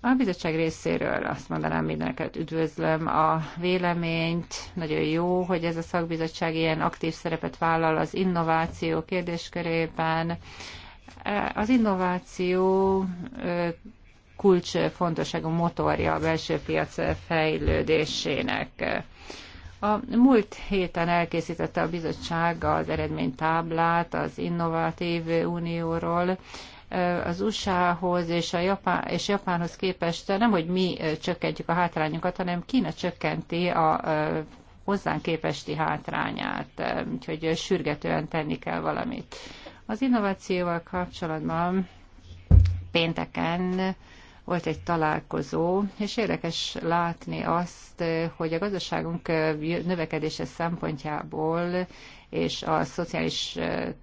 A bizottság részéről azt mondanám mindeneket üdvözlöm a véleményt. Nagyon jó, hogy ez a szakbizottság ilyen aktív szerepet vállal az innováció kérdéskörében az innováció kulcs, fontosságú motorja a belső piac fejlődésének. A múlt héten elkészítette a bizottság az eredménytáblát az Innovatív Unióról, az USA-hoz és, a Japán, és Japánhoz képest nem, hogy mi csökkentjük a hátrányunkat, hanem Kína csökkenti a hozzánk képesti hátrányát, úgyhogy sürgetően tenni kell valamit. Az innovációval kapcsolatban pénteken volt egy találkozó, és érdekes látni azt, hogy a gazdaságunk növekedése szempontjából és a szociális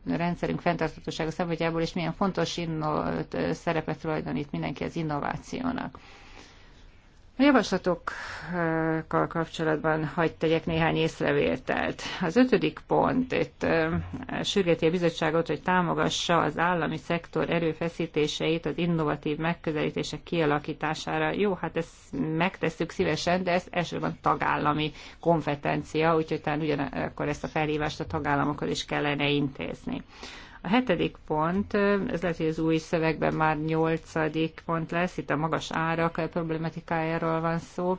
rendszerünk fenntarthatósága szempontjából is milyen fontos inno- szerepet tulajdonít mindenki az innovációnak. A javaslatokkal kapcsolatban hagyd tegyek néhány észrevételt. Az ötödik pont itt sürgeti a bizottságot, hogy támogassa az állami szektor erőfeszítéseit az innovatív megközelítések kialakítására. Jó, hát ezt megtesszük szívesen, de ez elsősorban tagállami kompetencia, úgyhogy talán ugyanakkor ezt a felhívást a tagállamokhoz is kellene intézni. A hetedik pont, ez lehet, hogy az új szövegben már nyolcadik pont lesz, itt a magas árak problematikájáról van szó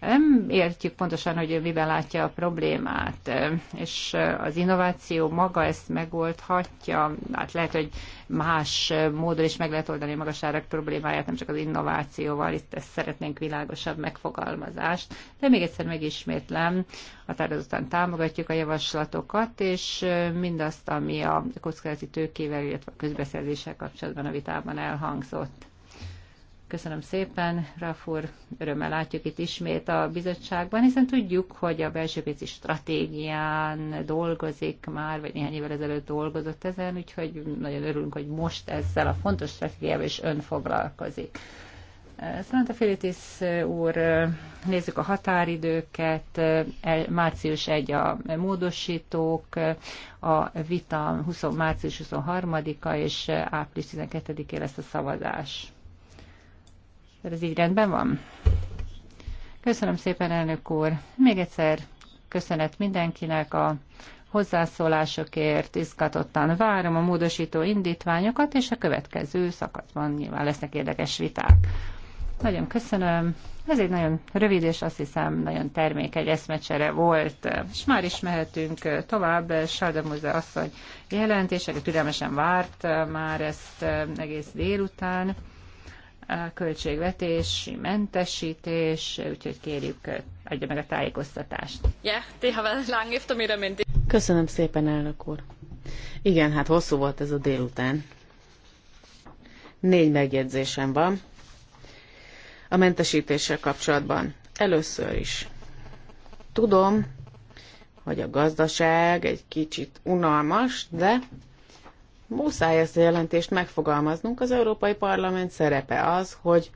nem értjük pontosan, hogy ő miben látja a problémát, és az innováció maga ezt megoldhatja, hát lehet, hogy más módon is meg lehet oldani a magas problémáját, nem csak az innovációval, itt ezt szeretnénk világosabb megfogalmazást, de még egyszer megismétlem, határozottan támogatjuk a javaslatokat, és mindazt, ami a kockázati tőkével, illetve a közbeszerzéssel kapcsolatban a vitában elhangzott. Köszönöm szépen, Rafur, örömmel látjuk itt ismét a bizottságban, hiszen tudjuk, hogy a belsőpiaci stratégián dolgozik már, vagy néhány évvel ezelőtt dolgozott ezen, úgyhogy nagyon örülünk, hogy most ezzel a fontos stratégiával is ön foglalkozik. Szerintem Félitis úr, nézzük a határidőket, március 1 a módosítók, a vita 20, március 23-a és április 12-é lesz a szavazás. Ez így rendben van? Köszönöm szépen, elnök úr. Még egyszer köszönet mindenkinek a hozzászólásokért, izgatottan várom a módosító indítványokat, és a következő szakaszban nyilván lesznek érdekes viták. Nagyon köszönöm. Ez egy nagyon rövid és azt hiszem nagyon termékeny eszmecsere volt. És már is mehetünk tovább. Sáldamúze asszony jelentéseket türelmesen várt eh, már ezt eh, egész délután költségvetési mentesítés, úgyhogy kérjük, adja meg a tájékoztatást. lang Köszönöm szépen, elnök úr. Igen, hát hosszú volt ez a délután. Négy megjegyzésem van a mentesítéssel kapcsolatban. Először is tudom, hogy a gazdaság egy kicsit unalmas, de Muszáj ezt a jelentést megfogalmaznunk. Az Európai Parlament szerepe az, hogy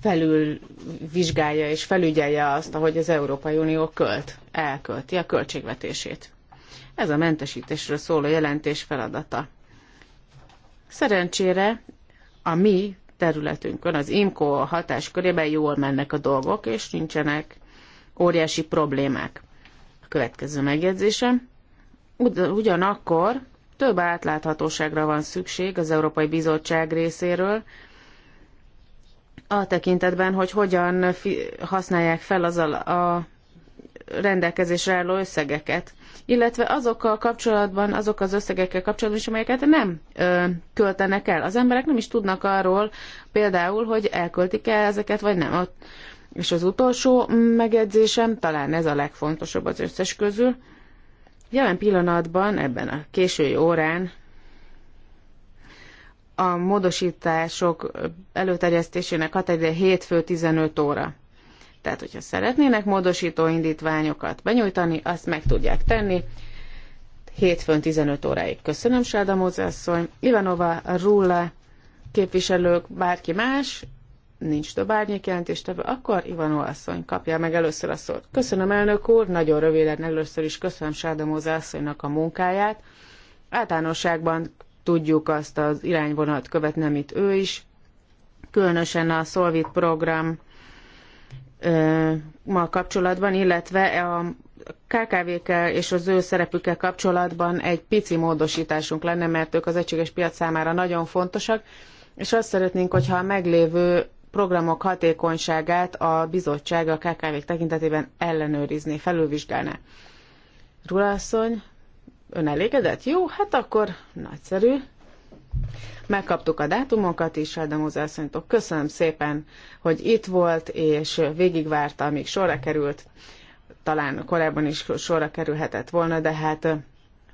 felül vizsgálja és felügyelje azt, ahogy az Európai Unió költ, elkölti a költségvetését. Ez a mentesítésről szóló jelentés feladata. Szerencsére a mi területünkön, az IMCO hatáskörében jól mennek a dolgok, és nincsenek óriási problémák. A következő megjegyzésem. Ugyanakkor több átláthatóságra van szükség az Európai Bizottság részéről, a tekintetben, hogy hogyan használják fel az a rendelkezésre álló összegeket, illetve azokkal kapcsolatban, azok az összegekkel kapcsolatban is, amelyeket nem ö, költenek el. Az emberek nem is tudnak arról például, hogy elköltik-e ezeket, vagy nem. És az utolsó megjegyzésem, talán ez a legfontosabb az összes közül, Jelen pillanatban, ebben a késői órán a módosítások előterjesztésének határideje hétfő 15 óra. Tehát, hogyha szeretnének módosító indítványokat benyújtani, azt meg tudják tenni. Hétfőn 15 óráig. Köszönöm, Sáda Mózeasszony, Ivanova, Rulla, képviselők, bárki más, nincs több árnyékjelentést, akkor Ivanó asszony kapja meg először a szót. Köszönöm, elnök úr, nagyon röviden először is köszönöm Sárdamóza asszonynak a munkáját. Általánosságban tudjuk azt az irányvonalat követni, amit ő is. Különösen a Solvit program ma kapcsolatban, illetve a KKV-kkel és az ő szerepükkel kapcsolatban egy pici módosításunk lenne, mert ők az egységes piac számára nagyon fontosak, és azt szeretnénk, hogyha a meglévő programok hatékonyságát a bizottság a kkv tekintetében ellenőrizni, felülvizsgálná. Rulasszony, ön elégedett? Jó, hát akkor nagyszerű. Megkaptuk a dátumokat is, Adam Ozászonytól. Köszönöm szépen, hogy itt volt, és végigvárta, amíg sorra került. Talán korábban is sorra kerülhetett volna, de hát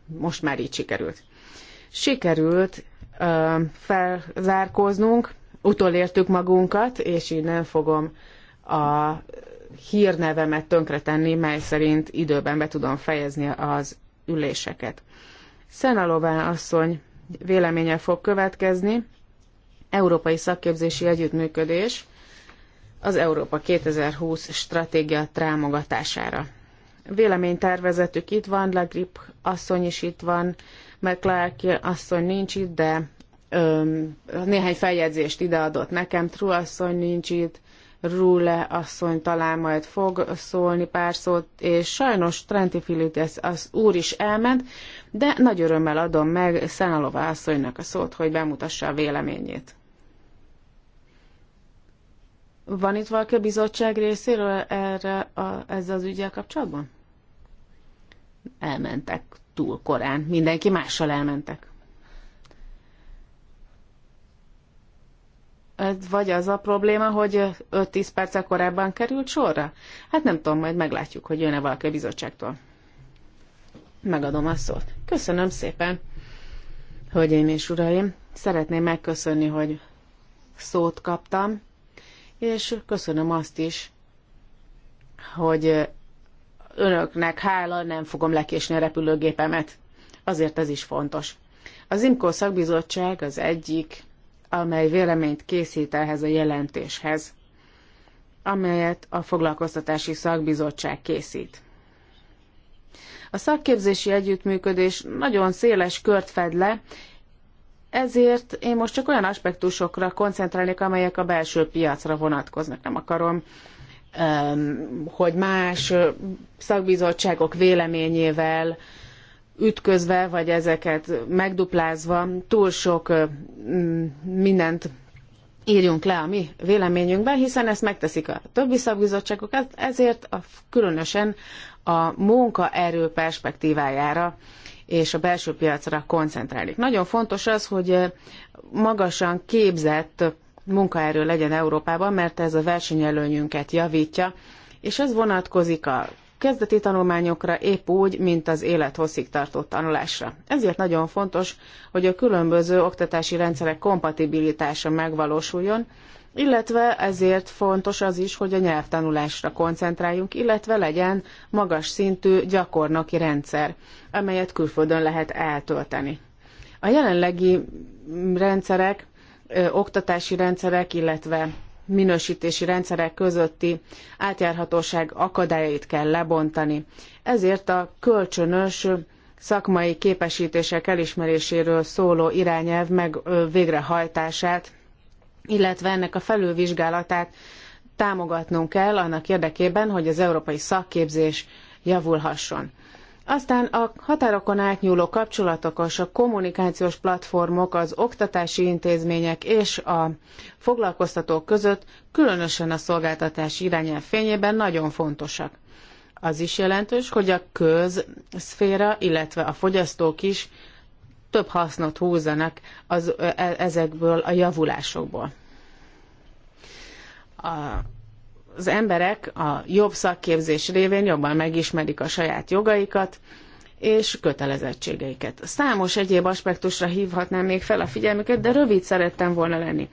most már így sikerült. Sikerült uh, felzárkóznunk, utolértük magunkat, és így nem fogom a hírnevemet tönkretenni, mely szerint időben be tudom fejezni az üléseket. Szenalová asszony véleménye fog következni, Európai Szakképzési Együttműködés az Európa 2020 stratégia támogatására. Véleménytervezetük itt van, Legrip asszony is itt van, McClark asszony nincs itt, de néhány feljegyzést ideadott nekem, Truasszony nincs itt, Rule asszony talán majd fog szólni pár szót, és sajnos Trenti Filides az úr is elment, de nagy örömmel adom meg Szenalova asszonynak a szót, hogy bemutassa a véleményét. Van itt valaki a bizottság részéről erre a, ezzel az ügyel kapcsolatban? Elmentek túl korán, mindenki mással elmentek. vagy az a probléma, hogy 5-10 perc korábban került sorra? Hát nem tudom, majd meglátjuk, hogy jön-e valaki a bizottságtól. Megadom a szót. Köszönöm szépen, hölgyeim és uraim. Szeretném megköszönni, hogy szót kaptam, és köszönöm azt is, hogy önöknek hála nem fogom lekésni a repülőgépemet. Azért ez is fontos. Az IMCO szakbizottság az egyik amely véleményt készít ehhez a jelentéshez, amelyet a Foglalkoztatási Szakbizottság készít. A szakképzési együttműködés nagyon széles kört fed le, ezért én most csak olyan aspektusokra koncentrálnék, amelyek a belső piacra vonatkoznak. Nem akarom, um, hogy más szakbizottságok véleményével ütközve, vagy ezeket megduplázva túl sok mindent írjunk le a mi véleményünkben, hiszen ezt megteszik a többi szakbizottságok, ezért a, különösen a munkaerő perspektívájára és a belső piacra koncentrálik. Nagyon fontos az, hogy magasan képzett munkaerő legyen Európában, mert ez a versenyelőnyünket javítja, és ez vonatkozik a kezdeti tanulmányokra épp úgy, mint az élethosszig tartó tanulásra. Ezért nagyon fontos, hogy a különböző oktatási rendszerek kompatibilitása megvalósuljon, illetve ezért fontos az is, hogy a nyelvtanulásra koncentráljunk, illetve legyen magas szintű gyakornoki rendszer, amelyet külföldön lehet eltölteni. A jelenlegi rendszerek, ö, oktatási rendszerek, illetve minősítési rendszerek közötti átjárhatóság akadályait kell lebontani. Ezért a kölcsönös szakmai képesítések elismeréséről szóló irányelv meg végrehajtását, illetve ennek a felülvizsgálatát támogatnunk kell annak érdekében, hogy az európai szakképzés javulhasson. Aztán a határokon átnyúló kapcsolatok, a kommunikációs platformok, az oktatási intézmények és a foglalkoztatók között, különösen a szolgáltatás irányelv fényében nagyon fontosak. Az is jelentős, hogy a közszféra, illetve a fogyasztók is több hasznot húzzanak az, e, ezekből a javulásokból. A az emberek a jobb szakképzés révén jobban megismerik a saját jogaikat és kötelezettségeiket. Számos egyéb aspektusra hívhatnám még fel a figyelmüket, de rövid szerettem volna lenni.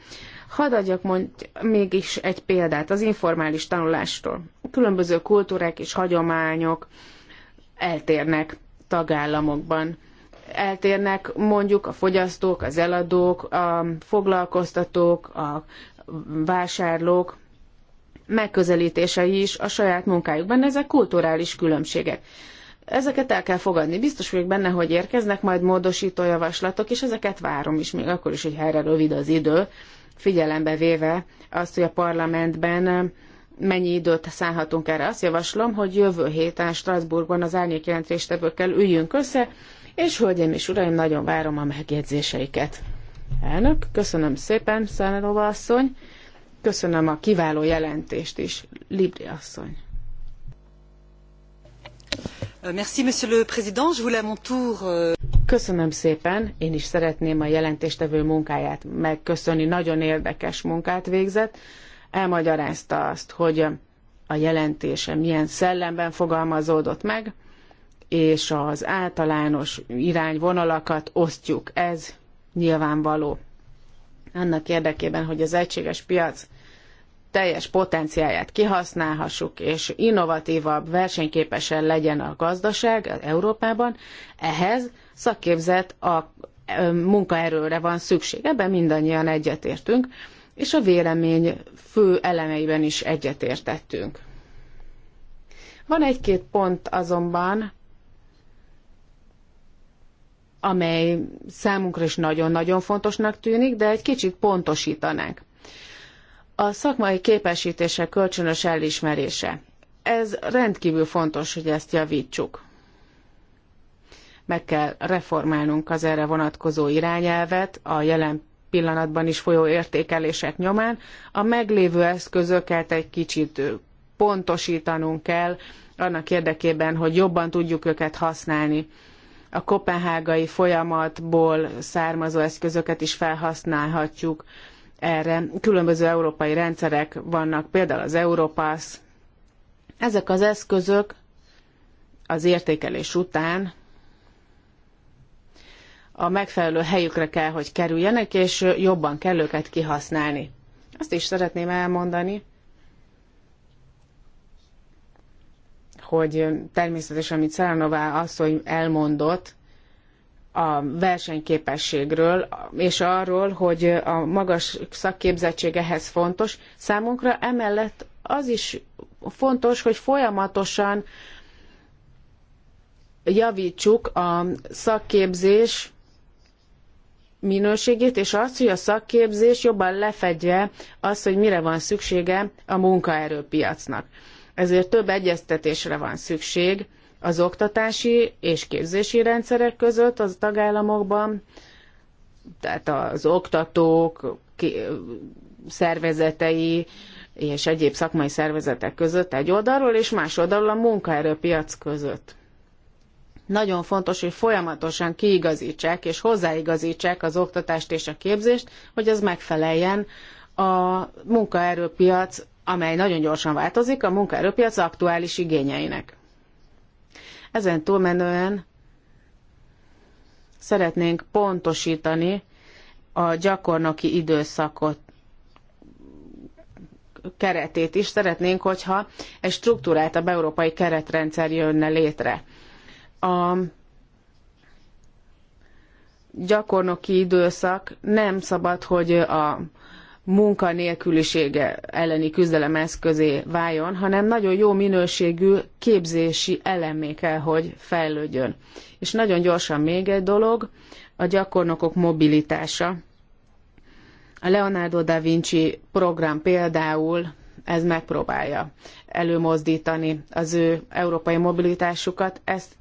Hadd adjak mondj mégis egy példát az informális tanulásról. Különböző kultúrák és hagyományok eltérnek tagállamokban. Eltérnek mondjuk a fogyasztók, az eladók, a foglalkoztatók, a vásárlók, megközelítései is a saját munkájukban. Ezek kulturális különbségek. Ezeket el kell fogadni. Biztos vagyok benne, hogy érkeznek majd módosító javaslatok, és ezeket várom is, még akkor is, hogy erre rövid az idő, figyelembe véve azt, hogy a parlamentben mennyi időt szállhatunk erre. Azt javaslom, hogy jövő héten Strasbourgban az árnyékjelentéstevőkkel üljünk össze, és hölgyeim és uraim, nagyon várom a megjegyzéseiket. Elnök, köszönöm szépen, Szánelova asszony. Köszönöm a kiváló jelentést is, Libri asszony. Euh, merci, monsieur le président. Je voulais à mon tour... Euh, Köszönöm szépen, én is szeretném a jelentéstevő munkáját megköszönni, nagyon érdekes munkát végzett. Elmagyarázta azt, hogy a jelentése milyen szellemben fogalmazódott meg, és az általános irányvonalakat osztjuk, ez nyilvánvaló annak érdekében, hogy az egységes piac teljes potenciáját kihasználhassuk, és innovatívabb, versenyképesen legyen a gazdaság Európában, ehhez szakképzett a munkaerőre van szükség. Ebben mindannyian egyetértünk, és a vélemény fő elemeiben is egyetértettünk. Van egy-két pont azonban, amely számunkra is nagyon-nagyon fontosnak tűnik, de egy kicsit pontosítanánk. A szakmai képesítése kölcsönös elismerése. Ez rendkívül fontos, hogy ezt javítsuk. Meg kell reformálnunk az erre vonatkozó irányelvet a jelen pillanatban is folyó értékelések nyomán. A meglévő eszközöket egy kicsit pontosítanunk kell annak érdekében, hogy jobban tudjuk őket használni a kopenhágai folyamatból származó eszközöket is felhasználhatjuk erre. Különböző európai rendszerek vannak, például az Europass. Ezek az eszközök az értékelés után a megfelelő helyükre kell, hogy kerüljenek, és jobban kell őket kihasználni. Azt is szeretném elmondani, hogy természetesen, amit Szelenová asszony elmondott, a versenyképességről, és arról, hogy a magas szakképzettség ehhez fontos. Számunkra emellett az is fontos, hogy folyamatosan javítsuk a szakképzés minőségét, és azt, hogy a szakképzés jobban lefedje azt, hogy mire van szüksége a munkaerőpiacnak. Ezért több egyeztetésre van szükség az oktatási és képzési rendszerek között az tagállamokban, tehát az oktatók szervezetei és egyéb szakmai szervezetek között egy oldalról, és más oldalról a munkaerőpiac között nagyon fontos, hogy folyamatosan kiigazítsák és hozzáigazítsák az oktatást és a képzést, hogy az megfeleljen a munkaerőpiac amely nagyon gyorsan változik a munkaerőpiac aktuális igényeinek. Ezen túlmenően szeretnénk pontosítani a gyakornoki időszakot keretét is. Szeretnénk, hogyha egy struktúrát a európai keretrendszer jönne létre. A gyakornoki időszak nem szabad, hogy a munkanélkülisége elleni küzdelem eszközé váljon, hanem nagyon jó minőségű képzési elemé kell, hogy fejlődjön. És nagyon gyorsan még egy dolog, a gyakornokok mobilitása. A Leonardo da Vinci program például ez megpróbálja előmozdítani az ő európai mobilitásukat, ezt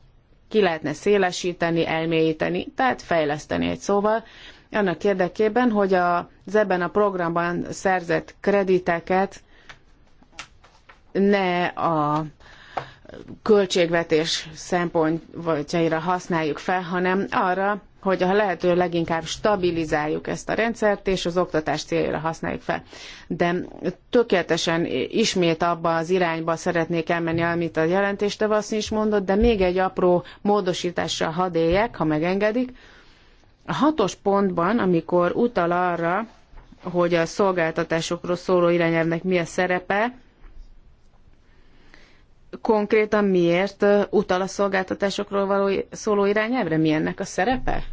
ki lehetne szélesíteni, elmélyíteni, tehát fejleszteni egy szóval, annak érdekében, hogy az ebben a programban szerzett krediteket ne a költségvetés szempontjaira használjuk fel, hanem arra, hogy a lehető leginkább stabilizáljuk ezt a rendszert, és az oktatás céljára használjuk fel. De tökéletesen ismét abba az irányba szeretnék elmenni, amit a jelentéstevő azt is mondott, de még egy apró módosítással hadd éljek, ha megengedik. A hatos pontban, amikor utal arra, hogy a szolgáltatásokról szóló irányelvnek mi a szerepe, konkrétan miért utal a szolgáltatásokról való szóló irányelvre? Mi ennek a szerepe?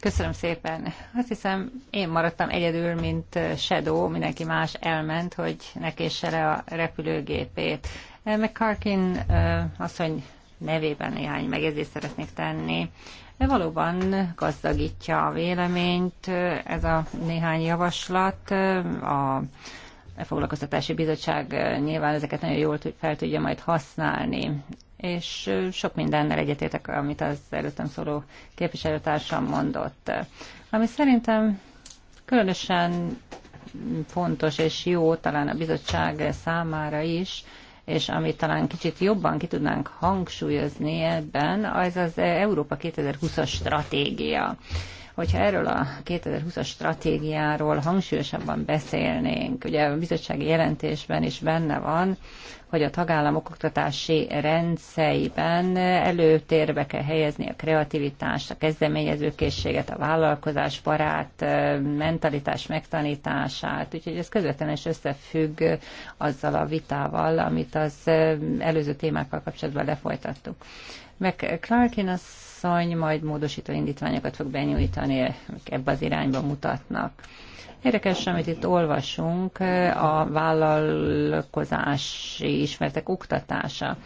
Köszönöm szépen. Azt hiszem, én maradtam egyedül, mint uh, Shadow, mindenki más elment, hogy ne le a repülőgépét. Uh, McCarkin uh, asszony nevében néhány megjegyzést szeretnék tenni. De valóban gazdagítja a véleményt ez a néhány javaslat. A foglalkoztatási bizottság nyilván ezeket nagyon jól fel tudja majd használni. És sok mindennel egyetértek, amit az előttem szóló képviselőtársam mondott. Ami szerintem különösen fontos és jó talán a bizottság számára is, és amit talán kicsit jobban ki tudnánk hangsúlyozni ebben, az az Európa 2020-as stratégia. Hogyha erről a 2020-as stratégiáról hangsúlyosabban beszélnénk, ugye a bizottsági jelentésben is benne van, hogy a tagállamok oktatási rendszeiben előtérbe kell helyezni a kreativitást, a kezdeményezőkészséget, a vállalkozás barát mentalitás megtanítását, úgyhogy ez közvetlenül is összefügg azzal a vitával, amit az előző témákkal kapcsolatban lefolytattuk. Meg Clarkin az asszony majd módosító indítványokat fog benyújtani, amik ebbe az irányba mutatnak. Érdekes, amit itt olvasunk, a vállalkozási ismertek oktatása.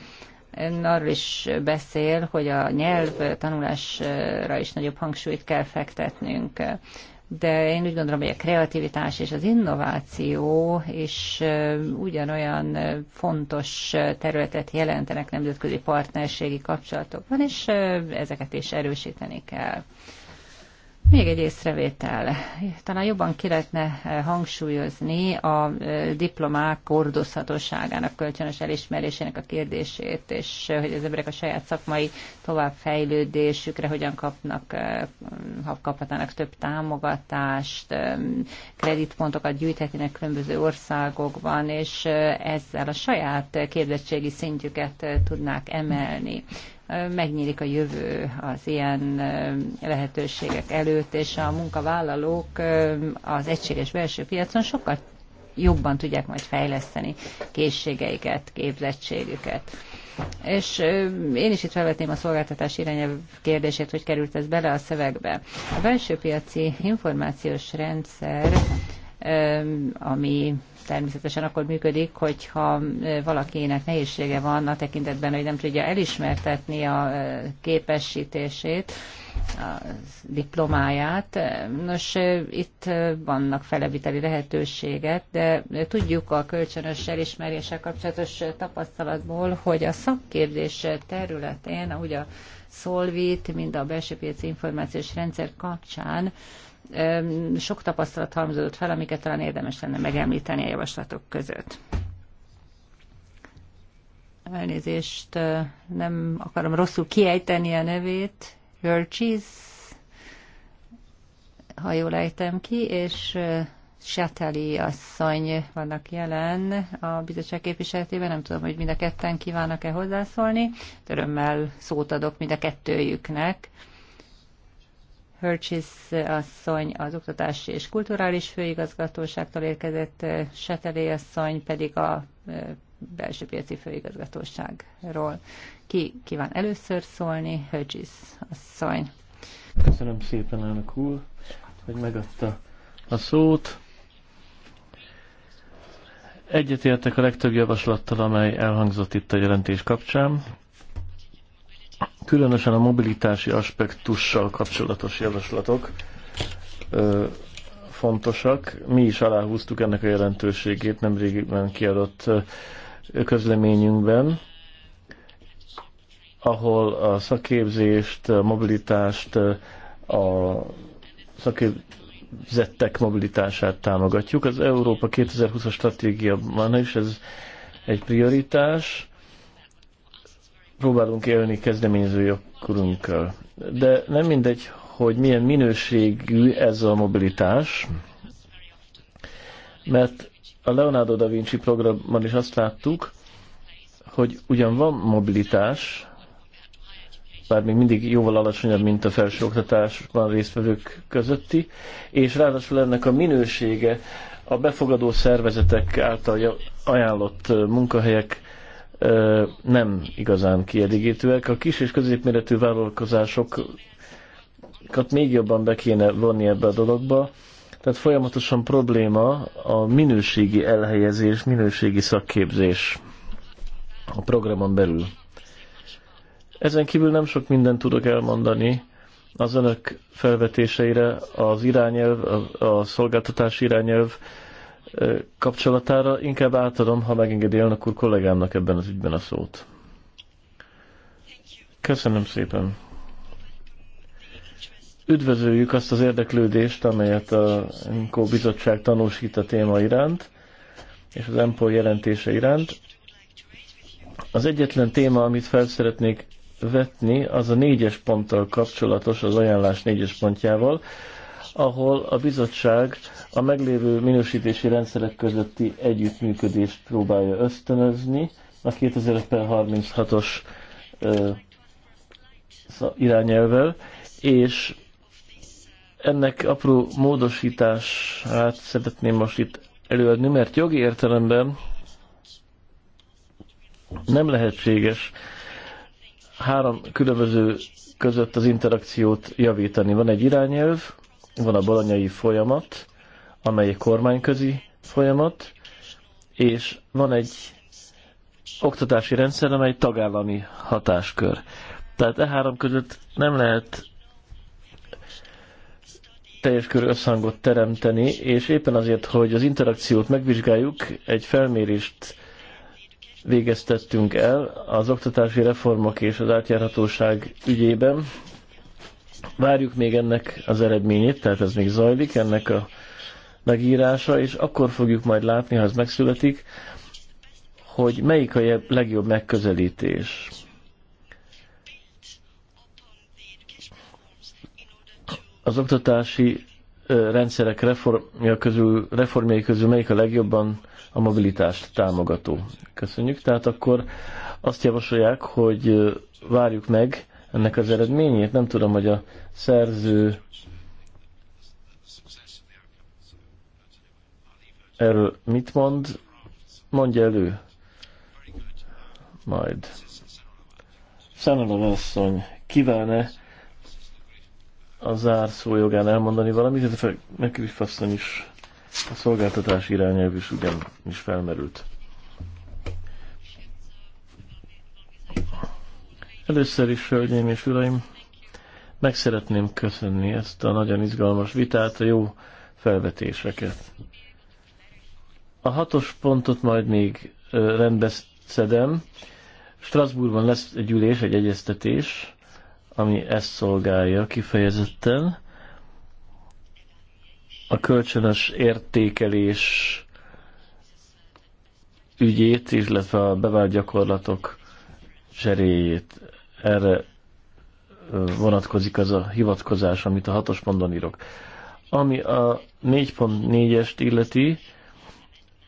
Ön arról is beszél, hogy a nyelv tanulásra is nagyobb hangsúlyt kell fektetnünk de én úgy gondolom, hogy a kreativitás és az innováció is ugyanolyan fontos területet jelentenek nemzetközi partnerségi kapcsolatokban, és ezeket is erősíteni kell. Még egy észrevétel. Talán jobban ki lehetne eh, hangsúlyozni a eh, diplomák kordozhatóságának, kölcsönös elismerésének a kérdését, és eh, hogy az emberek a saját szakmai továbbfejlődésükre hogyan kapnak, ha kaphatnának több támogatást, kreditpontokat gyűjthetnének különböző országokban, és ezzel a saját képzettségi szintjüket tudnák emelni megnyílik a jövő az ilyen lehetőségek előtt, és a munkavállalók az egységes belső piacon sokkal jobban tudják majd fejleszteni készségeiket, képzettségüket. És én is itt felvetném a szolgáltatás irányelv kérdését, hogy került ez bele a szövegbe. A belső piaci információs rendszer, ami természetesen akkor működik, hogyha valakinek nehézsége van a tekintetben, hogy nem tudja elismertetni a képesítését, a diplomáját. Nos, itt vannak feleviteli lehetőségek, de tudjuk a kölcsönös elismeréssel kapcsolatos tapasztalatból, hogy a szakképzés területén, ahogy a Szolvit, mind a belső piaci információs rendszer kapcsán sok tapasztalat halmozódott fel, amiket talán érdemes lenne megemlíteni a javaslatok között. Elnézést, nem akarom rosszul kiejteni a nevét. Hörcsiz, ha jól ejtem ki, és Seteli asszony vannak jelen a bizottság képviseletében. Nem tudom, hogy mind a ketten kívánnak-e hozzászólni. Örömmel szót adok mind a kettőjüknek. Hörcsis asszony az Oktatási és Kulturális Főigazgatóságtól érkezett, Seteli asszony pedig a belső piaci főigazgatóságról. Ki kíván először szólni? Hörcsis asszony. Köszönöm szépen, elnök úr, hogy megadta a szót. Egyetértek a legtöbb javaslattal, amely elhangzott itt a jelentés kapcsán különösen a mobilitási aspektussal kapcsolatos javaslatok ö, fontosak. Mi is aláhúztuk ennek a jelentőségét nemrégiben kiadott közleményünkben, ahol a szakképzést, a mobilitást, a szakképzettek mobilitását támogatjuk. Az Európa 2020-as van, is ez egy prioritás próbálunk élni kezdeményező jogkörünkkel. De nem mindegy, hogy milyen minőségű ez a mobilitás, mert a Leonardo da Vinci programban is azt láttuk, hogy ugyan van mobilitás, bár még mindig jóval alacsonyabb, mint a felsőoktatásban résztvevők közötti, és ráadásul ennek a minősége a befogadó szervezetek által ajánlott munkahelyek nem igazán kielégítőek. A kis és középméretű vállalkozásokat még jobban be kéne vonni ebbe a dologba. Tehát folyamatosan probléma a minőségi elhelyezés, minőségi szakképzés a programon belül. Ezen kívül nem sok mindent tudok elmondani az önök felvetéseire, az irányelv, a, a szolgáltatás irányelv, kapcsolatára. Inkább átadom, ha megengedi elnök úr kollégámnak ebben az ügyben a szót. Köszönöm szépen. Üdvözöljük azt az érdeklődést, amelyet a NKO bizottság tanúsít a téma iránt, és az MPO jelentése iránt. Az egyetlen téma, amit fel szeretnék vetni, az a négyes ponttal kapcsolatos, az ajánlás négyes pontjával, ahol a bizottság a meglévő minősítési rendszerek közötti együttműködést próbálja ösztönözni a 2036-os irányelvvel, és ennek apró módosítását szeretném most itt előadni, mert jogi értelemben nem lehetséges három különböző között az interakciót javítani. Van egy irányelv, van a bolonyai folyamat, amely egy kormányközi folyamat, és van egy oktatási rendszer, amely tagállami hatáskör. Tehát e három között nem lehet teljes körű összhangot teremteni, és éppen azért, hogy az interakciót megvizsgáljuk, egy felmérést végeztettünk el az oktatási reformok és az átjárhatóság ügyében Várjuk még ennek az eredményét, tehát ez még zajlik, ennek a megírása, és akkor fogjuk majd látni, ha ez megszületik, hogy melyik a legjobb megközelítés. Az oktatási rendszerek reformja közül, reformjai közül melyik a legjobban a mobilitást támogató. Köszönjük. Tehát akkor azt javasolják, hogy várjuk meg ennek az eredményét. Nem tudom, hogy a szerző erről mit mond, mondja elő majd. Szenelon asszony kíván-e a zárszó jogán elmondani valamit, de megkívül asszony is a szolgáltatás irányelv is ugyanis felmerült. Először is, hölgyeim és uraim, meg szeretném köszönni ezt a nagyon izgalmas vitát, a jó felvetéseket. A hatos pontot majd még rendbe szedem. Strasbourgban lesz egy ülés, egy egyeztetés, ami ezt szolgálja kifejezetten. A kölcsönös értékelés ügyét, illetve a bevált gyakorlatok cseréjét erre vonatkozik az a hivatkozás, amit a hatos ponton írok. Ami a 4.4-est illeti,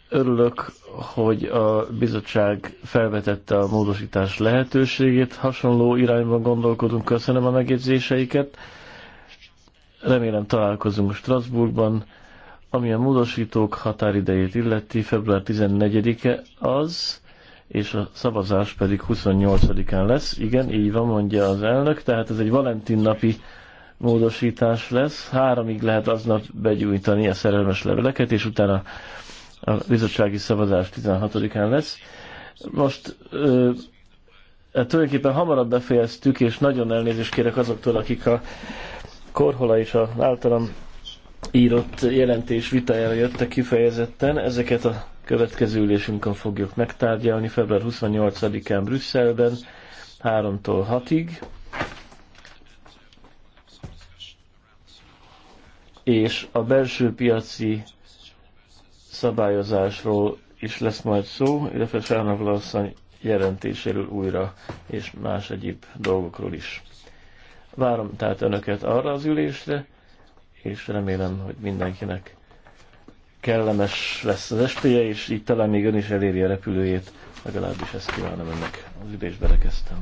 örülök, hogy a bizottság felvetette a módosítás lehetőségét, hasonló irányban gondolkodunk, köszönöm a megjegyzéseiket. Remélem találkozunk Strasbourgban, ami a módosítók határidejét illeti, február 14-e az, és a szavazás pedig 28-án lesz. Igen, így van, mondja az elnök, tehát ez egy Valentin napi módosítás lesz. Háromig lehet aznap begyújtani a szerelmes leveleket, és utána a bizottsági szavazás 16-án lesz. Most ö, e, tulajdonképpen hamarabb befejeztük, és nagyon elnézést kérek azoktól, akik a Korhola és a általam írott jelentés vitájára jöttek kifejezetten. Ezeket a következő ülésünkön fogjuk megtárgyalni, február 28-án Brüsszelben, 3-tól 6-ig. És a belső piaci szabályozásról is lesz majd szó, illetve Sárnavla asszony jelentéséről újra, és más egyéb dolgokról is. Várom tehát Önöket arra az ülésre, és remélem, hogy mindenkinek kellemes lesz az estéje, és így talán még ön is eléri a repülőjét. Legalábbis ezt kívánom önnek. Az üdésbe rekeztem.